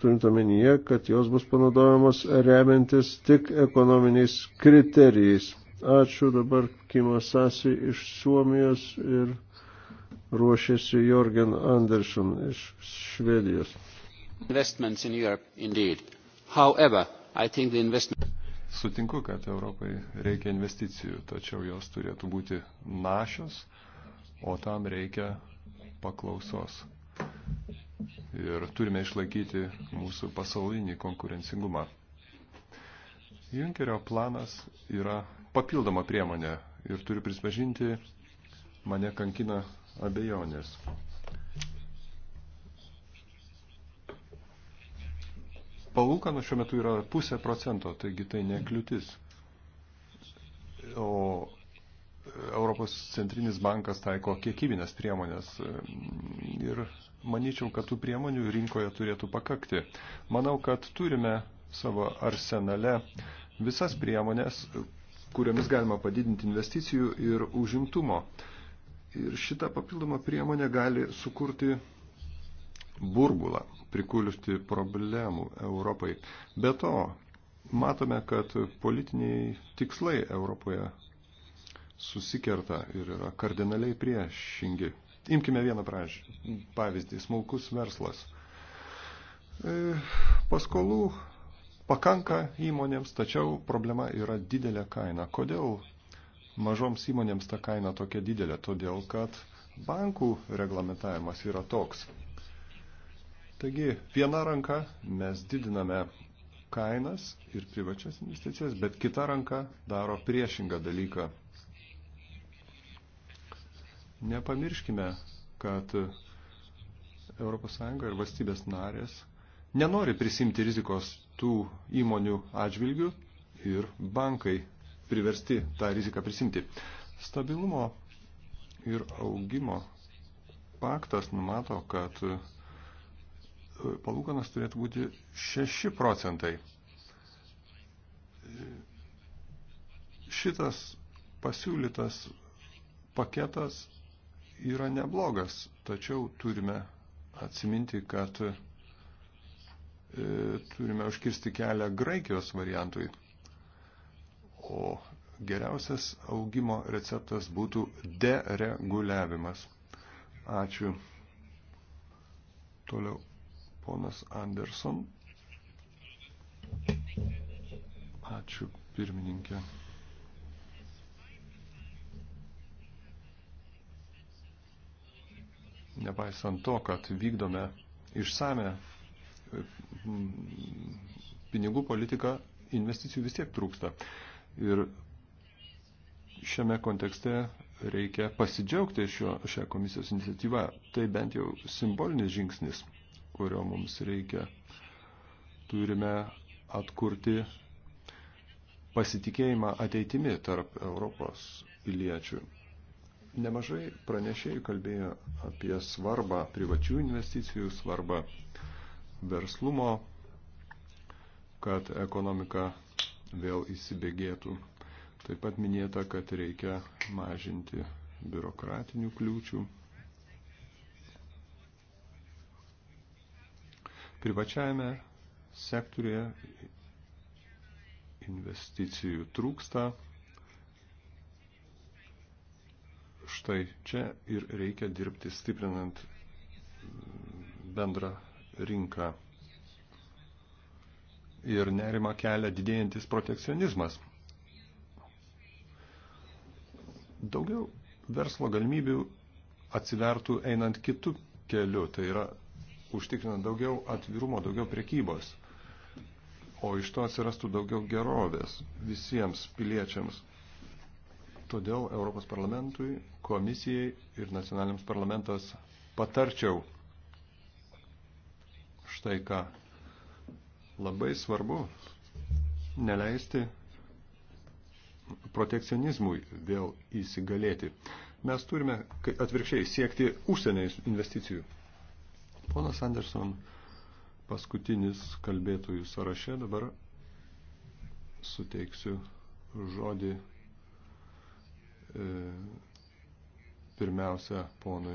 turint omenyje, kad jos bus panaudojamos remiantis tik ekonominiais kriterijais. Ačiū dabar Kimo Sasi iš Suomijos ir ruošiasi Jorgen Andersson iš Švedijos. Investments in Europe, indeed. However, investment... Sutinku, kad Europai reikia investicijų, tačiau jos turėtų būti našios, o tam reikia paklausos. Ir turime išlaikyti mūsų pasaulinį konkurencingumą. Junkerio planas yra papildoma priemonė ir turiu prispažinti, mane kankina abejonės. palūkanų šiuo metu yra pusė procento, taigi tai nekliūtis. O e, Europos centrinis bankas taiko kiekybinės priemonės e, ir manyčiau, kad tų priemonių rinkoje turėtų pakakti. Manau, kad turime savo arsenale visas priemonės, kuriomis galima padidinti investicijų ir užimtumo. Ir šitą papildomą priemonę gali sukurti burbulą, prikulti problemų Europai. Be to, matome, kad politiniai tikslai Europoje susikerta ir yra kardinaliai priešingi. Imkime vieną pavyzdį – smulkus verslas. E, paskolų pakanka įmonėms, tačiau problema yra didelė kaina. Kodėl mažoms įmonėms ta kaina tokia didelė? Todėl, kad bankų reglamentavimas yra toks – Taigi, viena ranka mes didiname kainas ir privačias investicijas, bet kita ranka daro priešingą dalyką. Nepamirškime, kad ES ir valstybės narės nenori prisimti rizikos tų įmonių atžvilgių ir bankai priversti tą riziką prisimti. Stabilumo ir augimo paktas numato, kad palūkanas turėtų būti 6 procentai. Šitas pasiūlytas paketas yra neblogas, tačiau turime atsiminti, kad e, turime užkirsti kelią Graikijos variantui. O geriausias augimo receptas būtų dereguliavimas. Ačiū. Toliau ponas Anderson. Ačiū pirmininkė. Nepaisant to, kad vykdome išsame mm, pinigų politiką, investicijų vis tiek trūksta. Ir šiame kontekste reikia pasidžiaugti šio, šią komisijos iniciatyvą. Tai bent jau simbolinis žingsnis kurio mums reikia. Turime atkurti pasitikėjimą ateitimi tarp Europos piliečių. Nemažai pranešėjų kalbėjo apie svarbą privačių investicijų, svarbą verslumo, kad ekonomika vėl įsibėgėtų. Taip pat minėta, kad reikia mažinti biurokratinių kliūčių. privačiajame sektorėje investicijų trūksta. Štai čia ir reikia dirbti stiprinant bendrą rinką. Ir nerima kelia didėjantis protekcionizmas. Daugiau verslo galimybių atsivertų einant kitų keliu, tai yra užtikrina daugiau atvirumo, daugiau prekybos, o iš to atsirastų daugiau gerovės visiems piliečiams. Todėl Europos parlamentui, komisijai ir nacionaliniams parlamentas patarčiau štai ką. Labai svarbu neleisti protekcionizmui vėl įsigalėti. Mes turime atvirkščiai siekti užsienio investicijų. Ponas Anderson, paskutinis kalbėtojų sąraše, dabar suteiksiu žodį e, pirmiausia ponui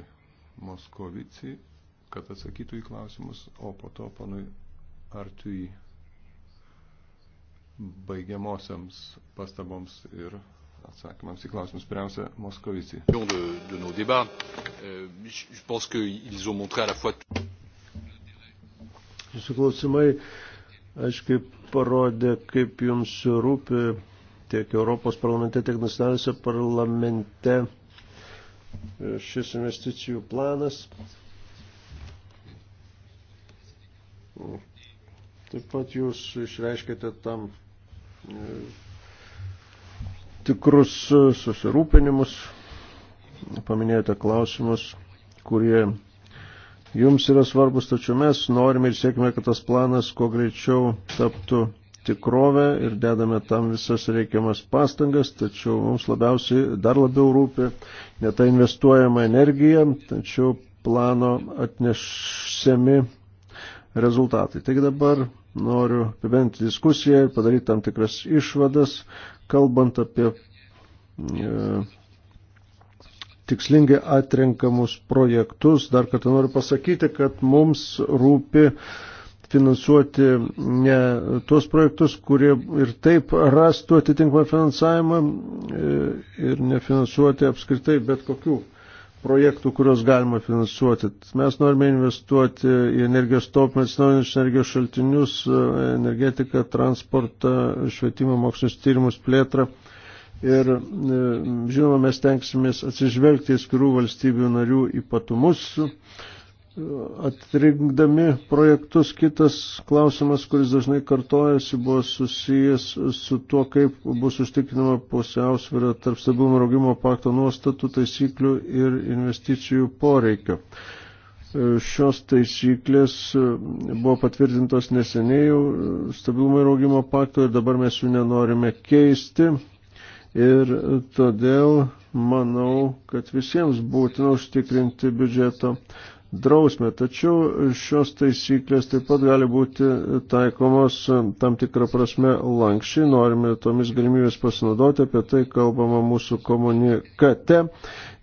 Moskovici, kad atsakytų į klausimus, o po to ponui Artui baigiamosiams pastaboms ir atsakymams į klausimus. Pirmiausia, Moskovici. Euh, Jūsų klausimai aiškiai parodė, kaip jums rūpi tiek Europos parlamente, tiek nacionalinėse parlamente šis investicijų planas. Taip pat jūs išreiškite tam tikrus susirūpinimus, paminėjote klausimus, kurie jums yra svarbus, tačiau mes norime ir siekime, kad tas planas kuo greičiau taptų tikrovę ir dedame tam visas reikiamas pastangas, tačiau mums labiausiai dar labiau rūpi ne ta investuojama energija, tačiau plano atnešami rezultatai. Taigi dabar noriu apibendrinti diskusiją ir padaryti tam tikras išvadas, kalbant apie e, tikslingai atrenkamus projektus. Dar kartą noriu pasakyti, kad mums rūpi finansuoti ne tuos projektus, kurie ir taip rastų atitinkamą finansavimą e, ir nefinansuoti apskritai bet kokių projektų, kuriuos galima finansuoti. Mes norime investuoti į energijos taupimą, atsinaujinančius energijos šaltinius, energetiką, transportą, švietimą, mokslinius tyrimus, plėtrą. Ir e, žinoma, mes tenksimės atsižvelgti į skirų valstybių narių ypatumus atrinkdami projektus. Kitas klausimas, kuris dažnai kartojasi, buvo susijęs su tuo, kaip bus užtikrinama pusiausvyrą tarp stabilumo augimo pakto nuostatų, taisyklių ir investicijų poreikio. Šios taisyklės buvo patvirtintos neseniai stabilumo ir augimo pakto ir dabar mes jų nenorime keisti. Ir todėl manau, kad visiems būtina užtikrinti biudžeto drausmę. Tačiau šios taisyklės taip pat gali būti taikomos um, tam tikrą prasme lankščiai. Norime tomis galimybės pasinaudoti, apie tai kalbama mūsų komunikate.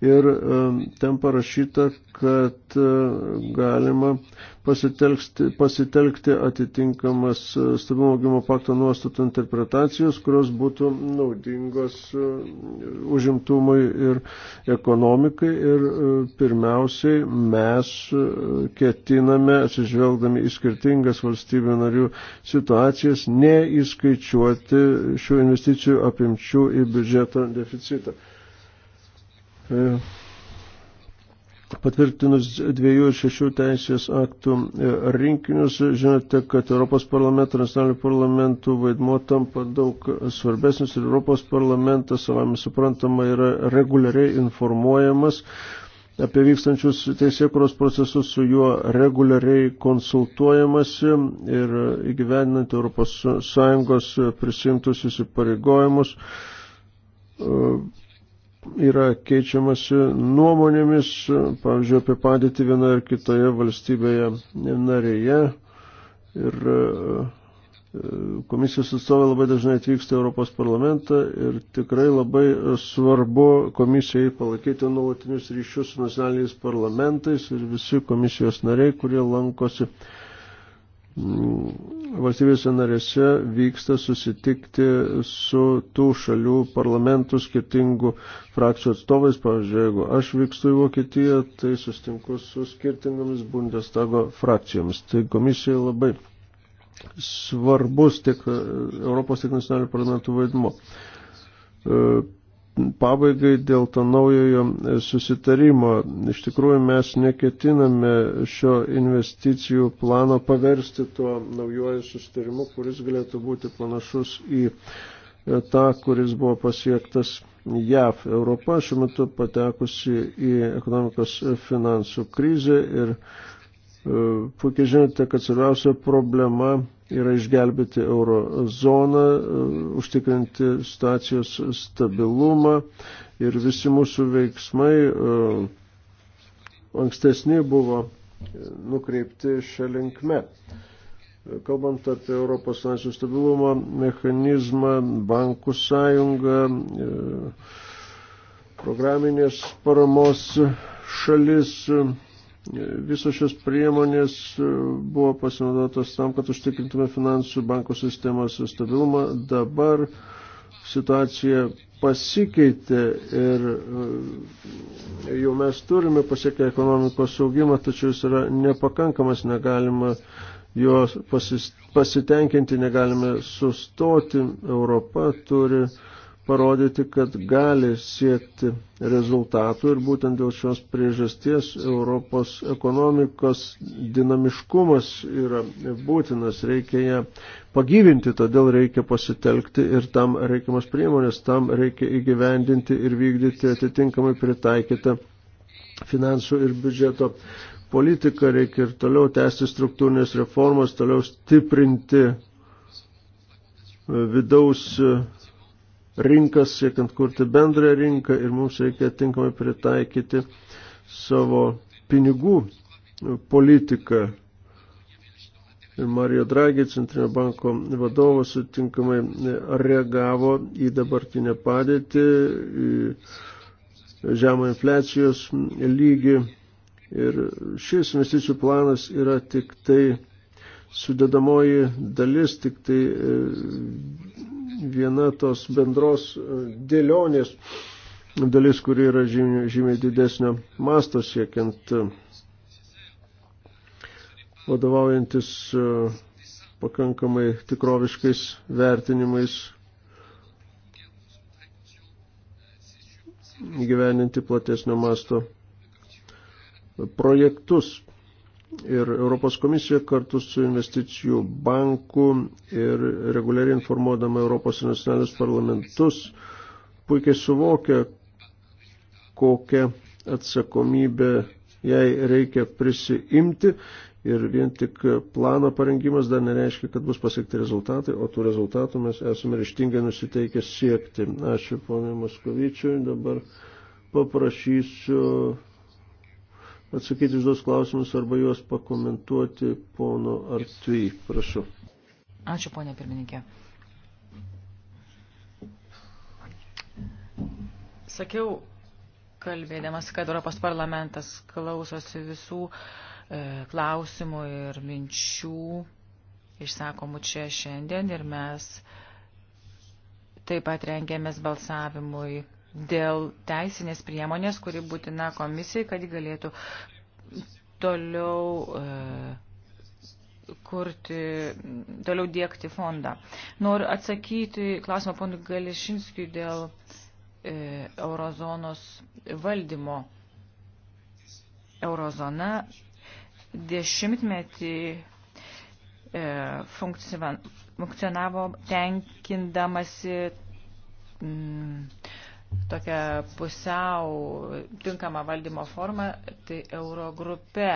Ir um, ten parašyta, kad uh, galima pasitelkti, pasitelkti atitinkamas e, stabilumo augimo pakto nuostatų interpretacijos, kurios būtų naudingos e, užimtumui ir ekonomikai. Ir e, pirmiausiai mes ketiname, atsižvelgdami į skirtingas valstybių narių situacijas, neįskaičiuoti šių investicijų apimčių į biudžeto deficitą. E patvirtinus dviejų ir šešių teisės aktų e, rinkinius, žinote, kad Europos parlamento, nacionalinių parlamentų vaidmuo tampa daug svarbesnis ir Europos parlamentas, savame suprantama, yra reguliariai informuojamas apie vykstančius teisėkuros procesus su juo reguliariai konsultuojamasi ir įgyvendinant ES prisimtus įsipareigojimus. Uh, yra keičiamasi nuomonėmis, pavyzdžiui, apie padėtį vienoje ar kitoje valstybėje narėje. Ir e, komisijos atstovai labai dažnai atvyksta Europos parlamentą ir tikrai labai svarbu komisijai palaikyti nuolatinius ryšius su nacionaliniais parlamentais ir visi komisijos nariai, kurie lankosi Mm, valstybėse narėse vyksta susitikti su tų šalių parlamentų skirtingų frakcijų atstovais. Pavyzdžiui, jeigu aš vykstu į Vokietiją, tai susitinku su skirtingomis Bundestago frakcijomis. Tai komisijai labai svarbus tiek e, Europos, tiek nacionalinių parlamentų vaidmo. E, pabaigai dėl to naujojo susitarimo. Iš tikrųjų mes neketiname šio investicijų plano paversti tuo naujojo susitarimu, kuris galėtų būti panašus į tą, kuris buvo pasiektas JAV. Europa šiuo metu patekusi į ekonomikos finansų krizę ir e, puikiai žinote, kad svarbiausia problema yra išgelbėti euro zoną, e, užtikrinti stacijos stabilumą ir visi mūsų veiksmai e, ankstesni buvo nukreipti šią linkme. Kalbant apie Europos nacijų stabilumo mechanizmą, bankų sąjungą, e, programinės paramos šalis, Visos šios priemonės e, buvo pasinaudotos tam, kad užtikrintume finansų bankų sistemos stabilumą. Dabar situacija pasikeitė ir e, jau mes turime pasiekę ekonomikos saugimą, tačiau jis yra nepakankamas, negalima jo pasitenkinti, negalime sustoti. Europa turi uh, parodyti, kad gali siekti rezultatų ir būtent dėl šios priežasties Europos ekonomikos dinamiškumas yra būtinas, reikia ją pagyvinti, todėl reikia pasitelkti ir tam reikiamas priemonės, tam reikia įgyvendinti ir vykdyti atitinkamai pritaikytą finansų ir biudžeto politiką, reikia ir toliau tęsti struktūrinės reformas, toliau stiprinti vidaus rinkas, siekiant kurti bendrą rinką ir mums reikia tinkamai pritaikyti savo pinigų politiką. Ir Mario Draghi, Centrinio banko vadovas, sutinkamai reagavo į dabartinę padėtį, į žemą infliacijos lygį. Ir šis investicijų planas yra tik tai sudedamoji dalis, tik tai viena tos bendros e, dėlionės dalis, kuri yra žymiai, žymiai didesnio masto siekiant e, vadovaujantis e, pakankamai tikroviškais vertinimais gyveninti platesnio masto projektus ir Europos komisija kartu su investicijų banku ir reguliariai informuodama Europos nacionalinius parlamentus puikiai suvokia, kokią atsakomybę jai reikia prisiimti ir vien tik plano parengimas dar nereiškia, kad bus pasiekti rezultatai, o tų rezultatų mes esame ryštingai nusiteikę siekti. Ačiū ponui Moskovičiui, dabar paprašysiu atsakyti iš tos klausimus arba juos pakomentuoti pono Artvy. Prašau. Ačiū, ponė pirmininkė. Sakiau, kalbėdamas, kad Europos parlamentas klausosi visų e, klausimų ir minčių išsakomų čia šiandien ir mes taip pat rengėmės balsavimui dėl teisinės priemonės, kuri būtina komisijai, kad galėtų toliau e, kurti, toliau dėkti fondą. Noriu atsakyti klausimą ponui Gališinskijui dėl e, eurozonos valdymo. Eurozona dešimtmetį e, funkcionavo tenkindamasi m, tokią pusiau tinkamą valdymo formą, tai Eurogrupe.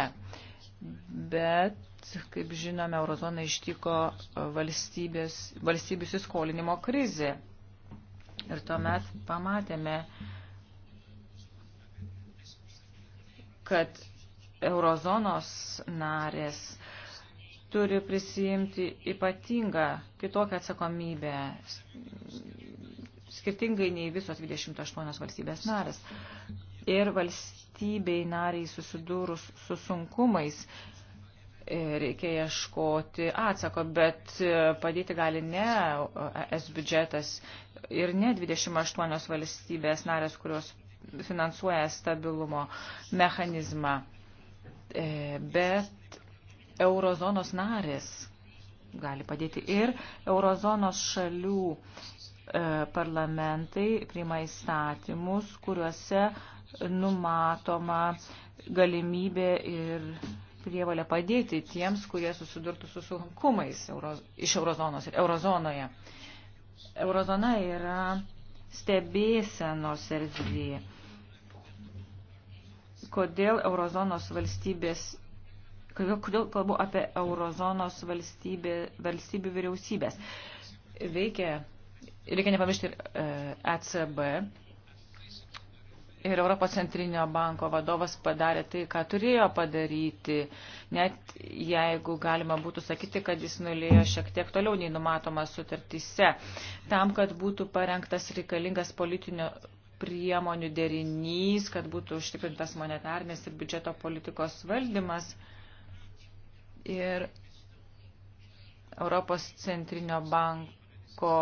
Bet, kaip žinome, Eurozona ištiko valstybių įsiskolinimo krizė. Ir tuomet pamatėme, kad Eurozonos narės turi prisijimti ypatingą kitokią atsakomybę skirtingai nei visos 28 valstybės narės. Ir valstybei nariai susidūrus su sunkumais e, reikia ieškoti atsako, bet e, padėti gali ne es biudžetas ir ne 28 valstybės narės, kurios finansuoja stabilumo mechanizmą, e, bet eurozonos narės gali padėti ir eurozonos šalių E, parlamentai priima įstatymus, kuriuose numatoma galimybė ir prievalė padėti tiems, kurie susidurtų su sunkumais euro, iš eurozonos ir eurozonoje. Eurozona yra stebėsenos erdvė. Kodėl eurozonos valstybės, kodėl kalbu apie eurozonos valstybė, valstybių vyriausybės? Veikia Reikia nepamiršti ir ECB. E ir Europos centrinio banko vadovas padarė tai, ką turėjo padaryti, net jeigu galima būtų sakyti, kad jis nulėjo šiek tiek toliau nei numatoma sutartyse, tam, kad būtų parengtas reikalingas politinio priemonių derinys, kad būtų užtikrintas monetarnės ir biudžeto politikos valdymas. Ir Europos centrinio banko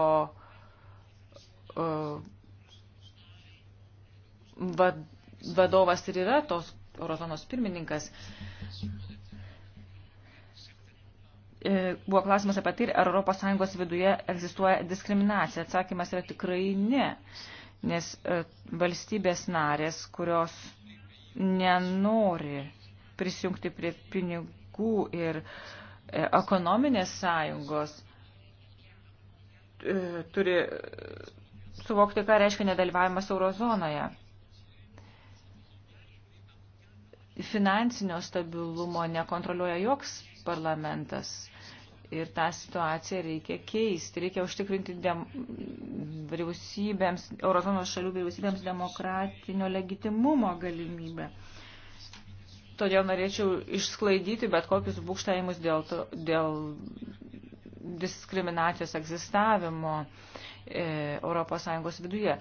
vadovas ir yra tos Eurozonos pirmininkas. E, buvo klausimas apie tai, ar ES viduje egzistuoja diskriminacija. Atsakymas yra tikrai ne, nes e, valstybės narės, kurios nenori prisijungti prie pinigų ir e, ekonominės sąjungos, turi suvokti, ką reiškia nedalyvavimas eurozonoje. Finansinio stabilumo nekontroliuoja joks parlamentas. Ir tą situaciją reikia keisti, reikia užtikrinti dem, vyriausybėms, eurozonos šalių vyriausybėms demokratinio legitimumo galimybę. Todėl norėčiau išsklaidyti bet kokius būkštavimus dėl, to, dėl diskriminacijos egzistavimo ES viduje.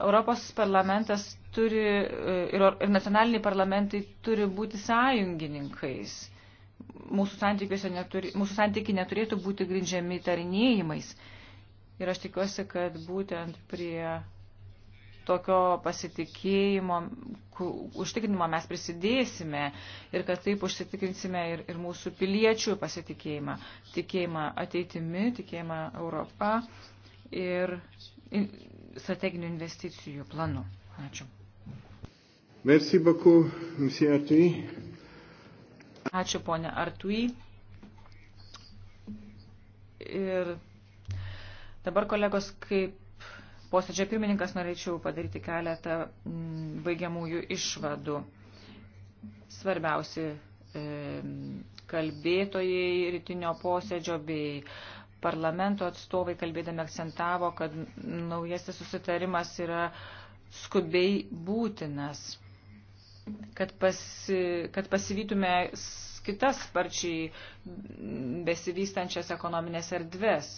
Europos parlamentas turi e, ir, ir nacionaliniai parlamentai turi būti sąjungininkais. Mūsų, neturi, mūsų santykiai neturėtų būti grindžiami tarnėjimais. Ir aš tikiuosi, kad būtent prie tokio pasitikėjimo užtikrinimo mes prisidėsime ir kad taip užsitikrinsime ir, ir mūsų piliečių pasitikėjimą, tikėjimą ateitimi, tikėjimą Europą ir strateginių investicijų planu. Ačiū. Merci beaucoup, monsieur Artui. Ačiū, ponė Artui. Ir dabar, kolegos, kaip posėdžio pirmininkas, norėčiau padaryti keletą mm, baigiamųjų išvadų. Svarbiausi kalbėtojai rytinio posėdžio bei parlamento atstovai kalbėdami akcentavo, kad naujasis susitarimas yra skubiai būtinas, kad, pasi, kad pasivytume kitas sparčiai besivystančias ekonominės erdvės.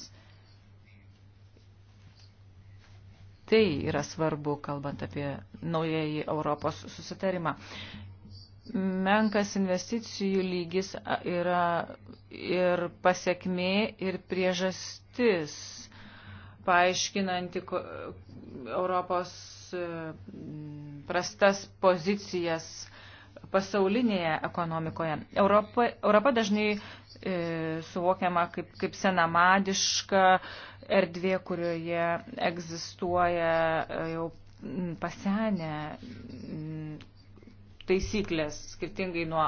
Tai yra svarbu, kalbant apie naująjį Europos susitarimą menkas investicijų lygis yra ir pasiekmė, ir priežastis, paaiškinanti Europos e, prastas pozicijas pasaulinėje ekonomikoje. Europa, Europa dažnai e, suvokiama kaip, kaip senamadiška erdvė, kurioje egzistuoja e, jau pasenę taisyklės, skirtingai nuo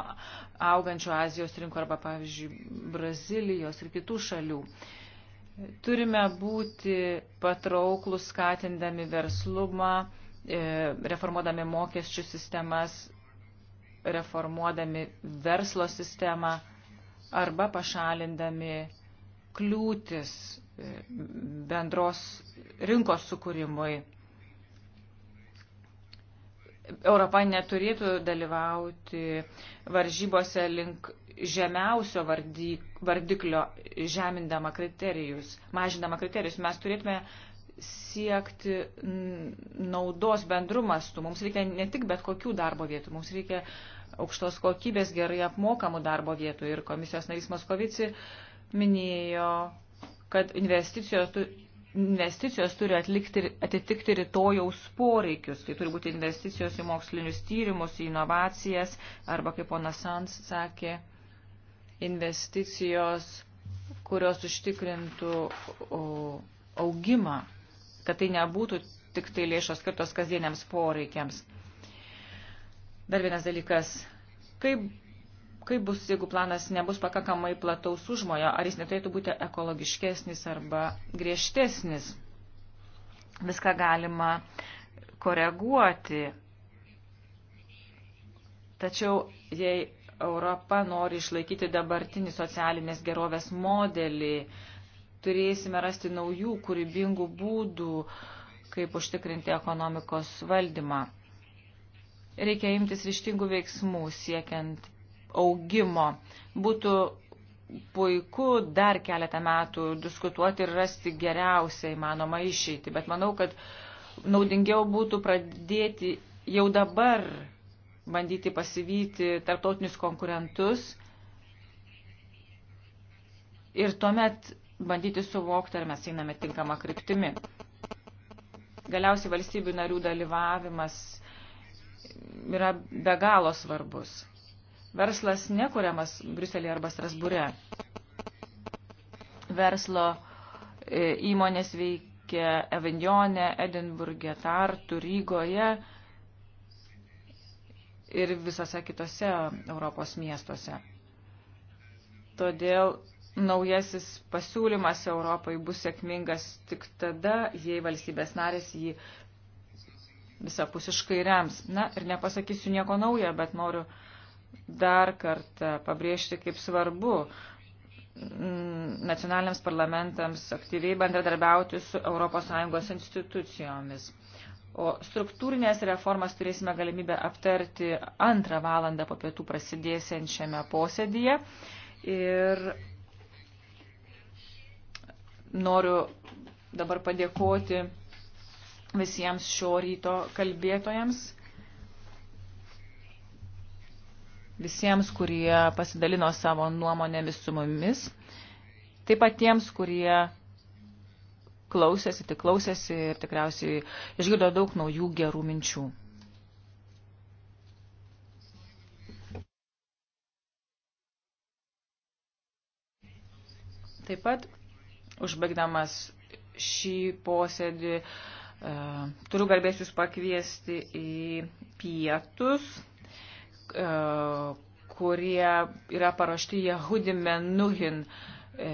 augančio Azijos rinko arba, pavyzdžiui, Brazilijos ir kitų šalių. Turime būti patrauklus, skatindami verslumą, e, reformuodami mokesčių sistemas, reformuodami verslo sistemą arba pašalindami kliūtis e, bendros rinkos sukūrimui Europa neturėtų dalyvauti varžybose link žemiausio vardy, vardiklio, žemindama kriterijus, mažindama kriterijus. Mes turėtume siekti naudos bendrumastų. Mums reikia ne tik bet kokių darbo vietų, mums reikia aukštos kokybės gerai apmokamų darbo vietų. Ir komisijos narys Moskovici minėjo, kad investicijos investicijos turi atlikti, atitikti rytojaus poreikius. Tai turi būti investicijos į mokslinius tyrimus, į inovacijas arba, kaip ponas Sans sakė, investicijos, kurios užtikrintų augimą, kad tai nebūtų tik tai lėšos skirtos kasdieniams poreikiams. Dar vienas dalykas. Kaip kaip bus, jeigu planas nebus pakankamai plataus užmojo, ar jis neturėtų būti ekologiškesnis arba griežtesnis. Viską galima koreguoti. Tačiau, jei Europa nori išlaikyti dabartinį socialinės gerovės modelį, turėsime rasti naujų kūrybingų būdų, kaip užtikrinti ekonomikos valdymą. Reikia imtis ryštingų veiksmų, siekiant augimo. Būtų puiku dar keletą metų diskutuoti ir rasti geriausią įmanomą išeitį, bet manau, kad naudingiau būtų pradėti jau dabar bandyti pasivyti tarptautinius konkurentus ir tuomet bandyti suvokti, ar mes einame tinkamą kryptimi. Galiausiai valstybių narių dalyvavimas yra be galo svarbus. Verslas nekuriamas Briuselėje arba Strasbūre. Verslo e, įmonės veikia Avignone, Edinburgė, Tartu, Rygoje ir visose kitose Europos miestuose. Todėl naujasis pasiūlymas Europai bus sėkmingas tik tada, jei valstybės narės jį visapusiškai rems. Na ir nepasakysiu nieko naujo, bet noriu dar kartą pabrėžti, kaip svarbu nacionaliniams parlamentams aktyviai bendradarbiauti su ES institucijomis. O struktūrinės reformas turėsime galimybę aptarti antrą valandą po pietų prasidėsiančiame posėdyje. Ir noriu dabar padėkoti visiems šio ryto kalbėtojams. visiems, kurie pasidalino savo nuomonėmis su mumis, taip pat tiems, kurie klausėsi, tik klausėsi ir tikriausiai išgirdo daug naujų gerų minčių. Taip pat, užbaigdamas šį posėdį, e, turiu garbės jūs pakviesti į pietus. E, kurie yra paruošti Jehudim Menuhin e,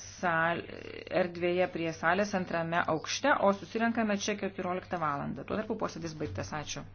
sal, erdvėje prie salės antrame aukšte, o susirenkame čia 14 valandą. Tuo tarpu posėdis baigtas. Ačiū.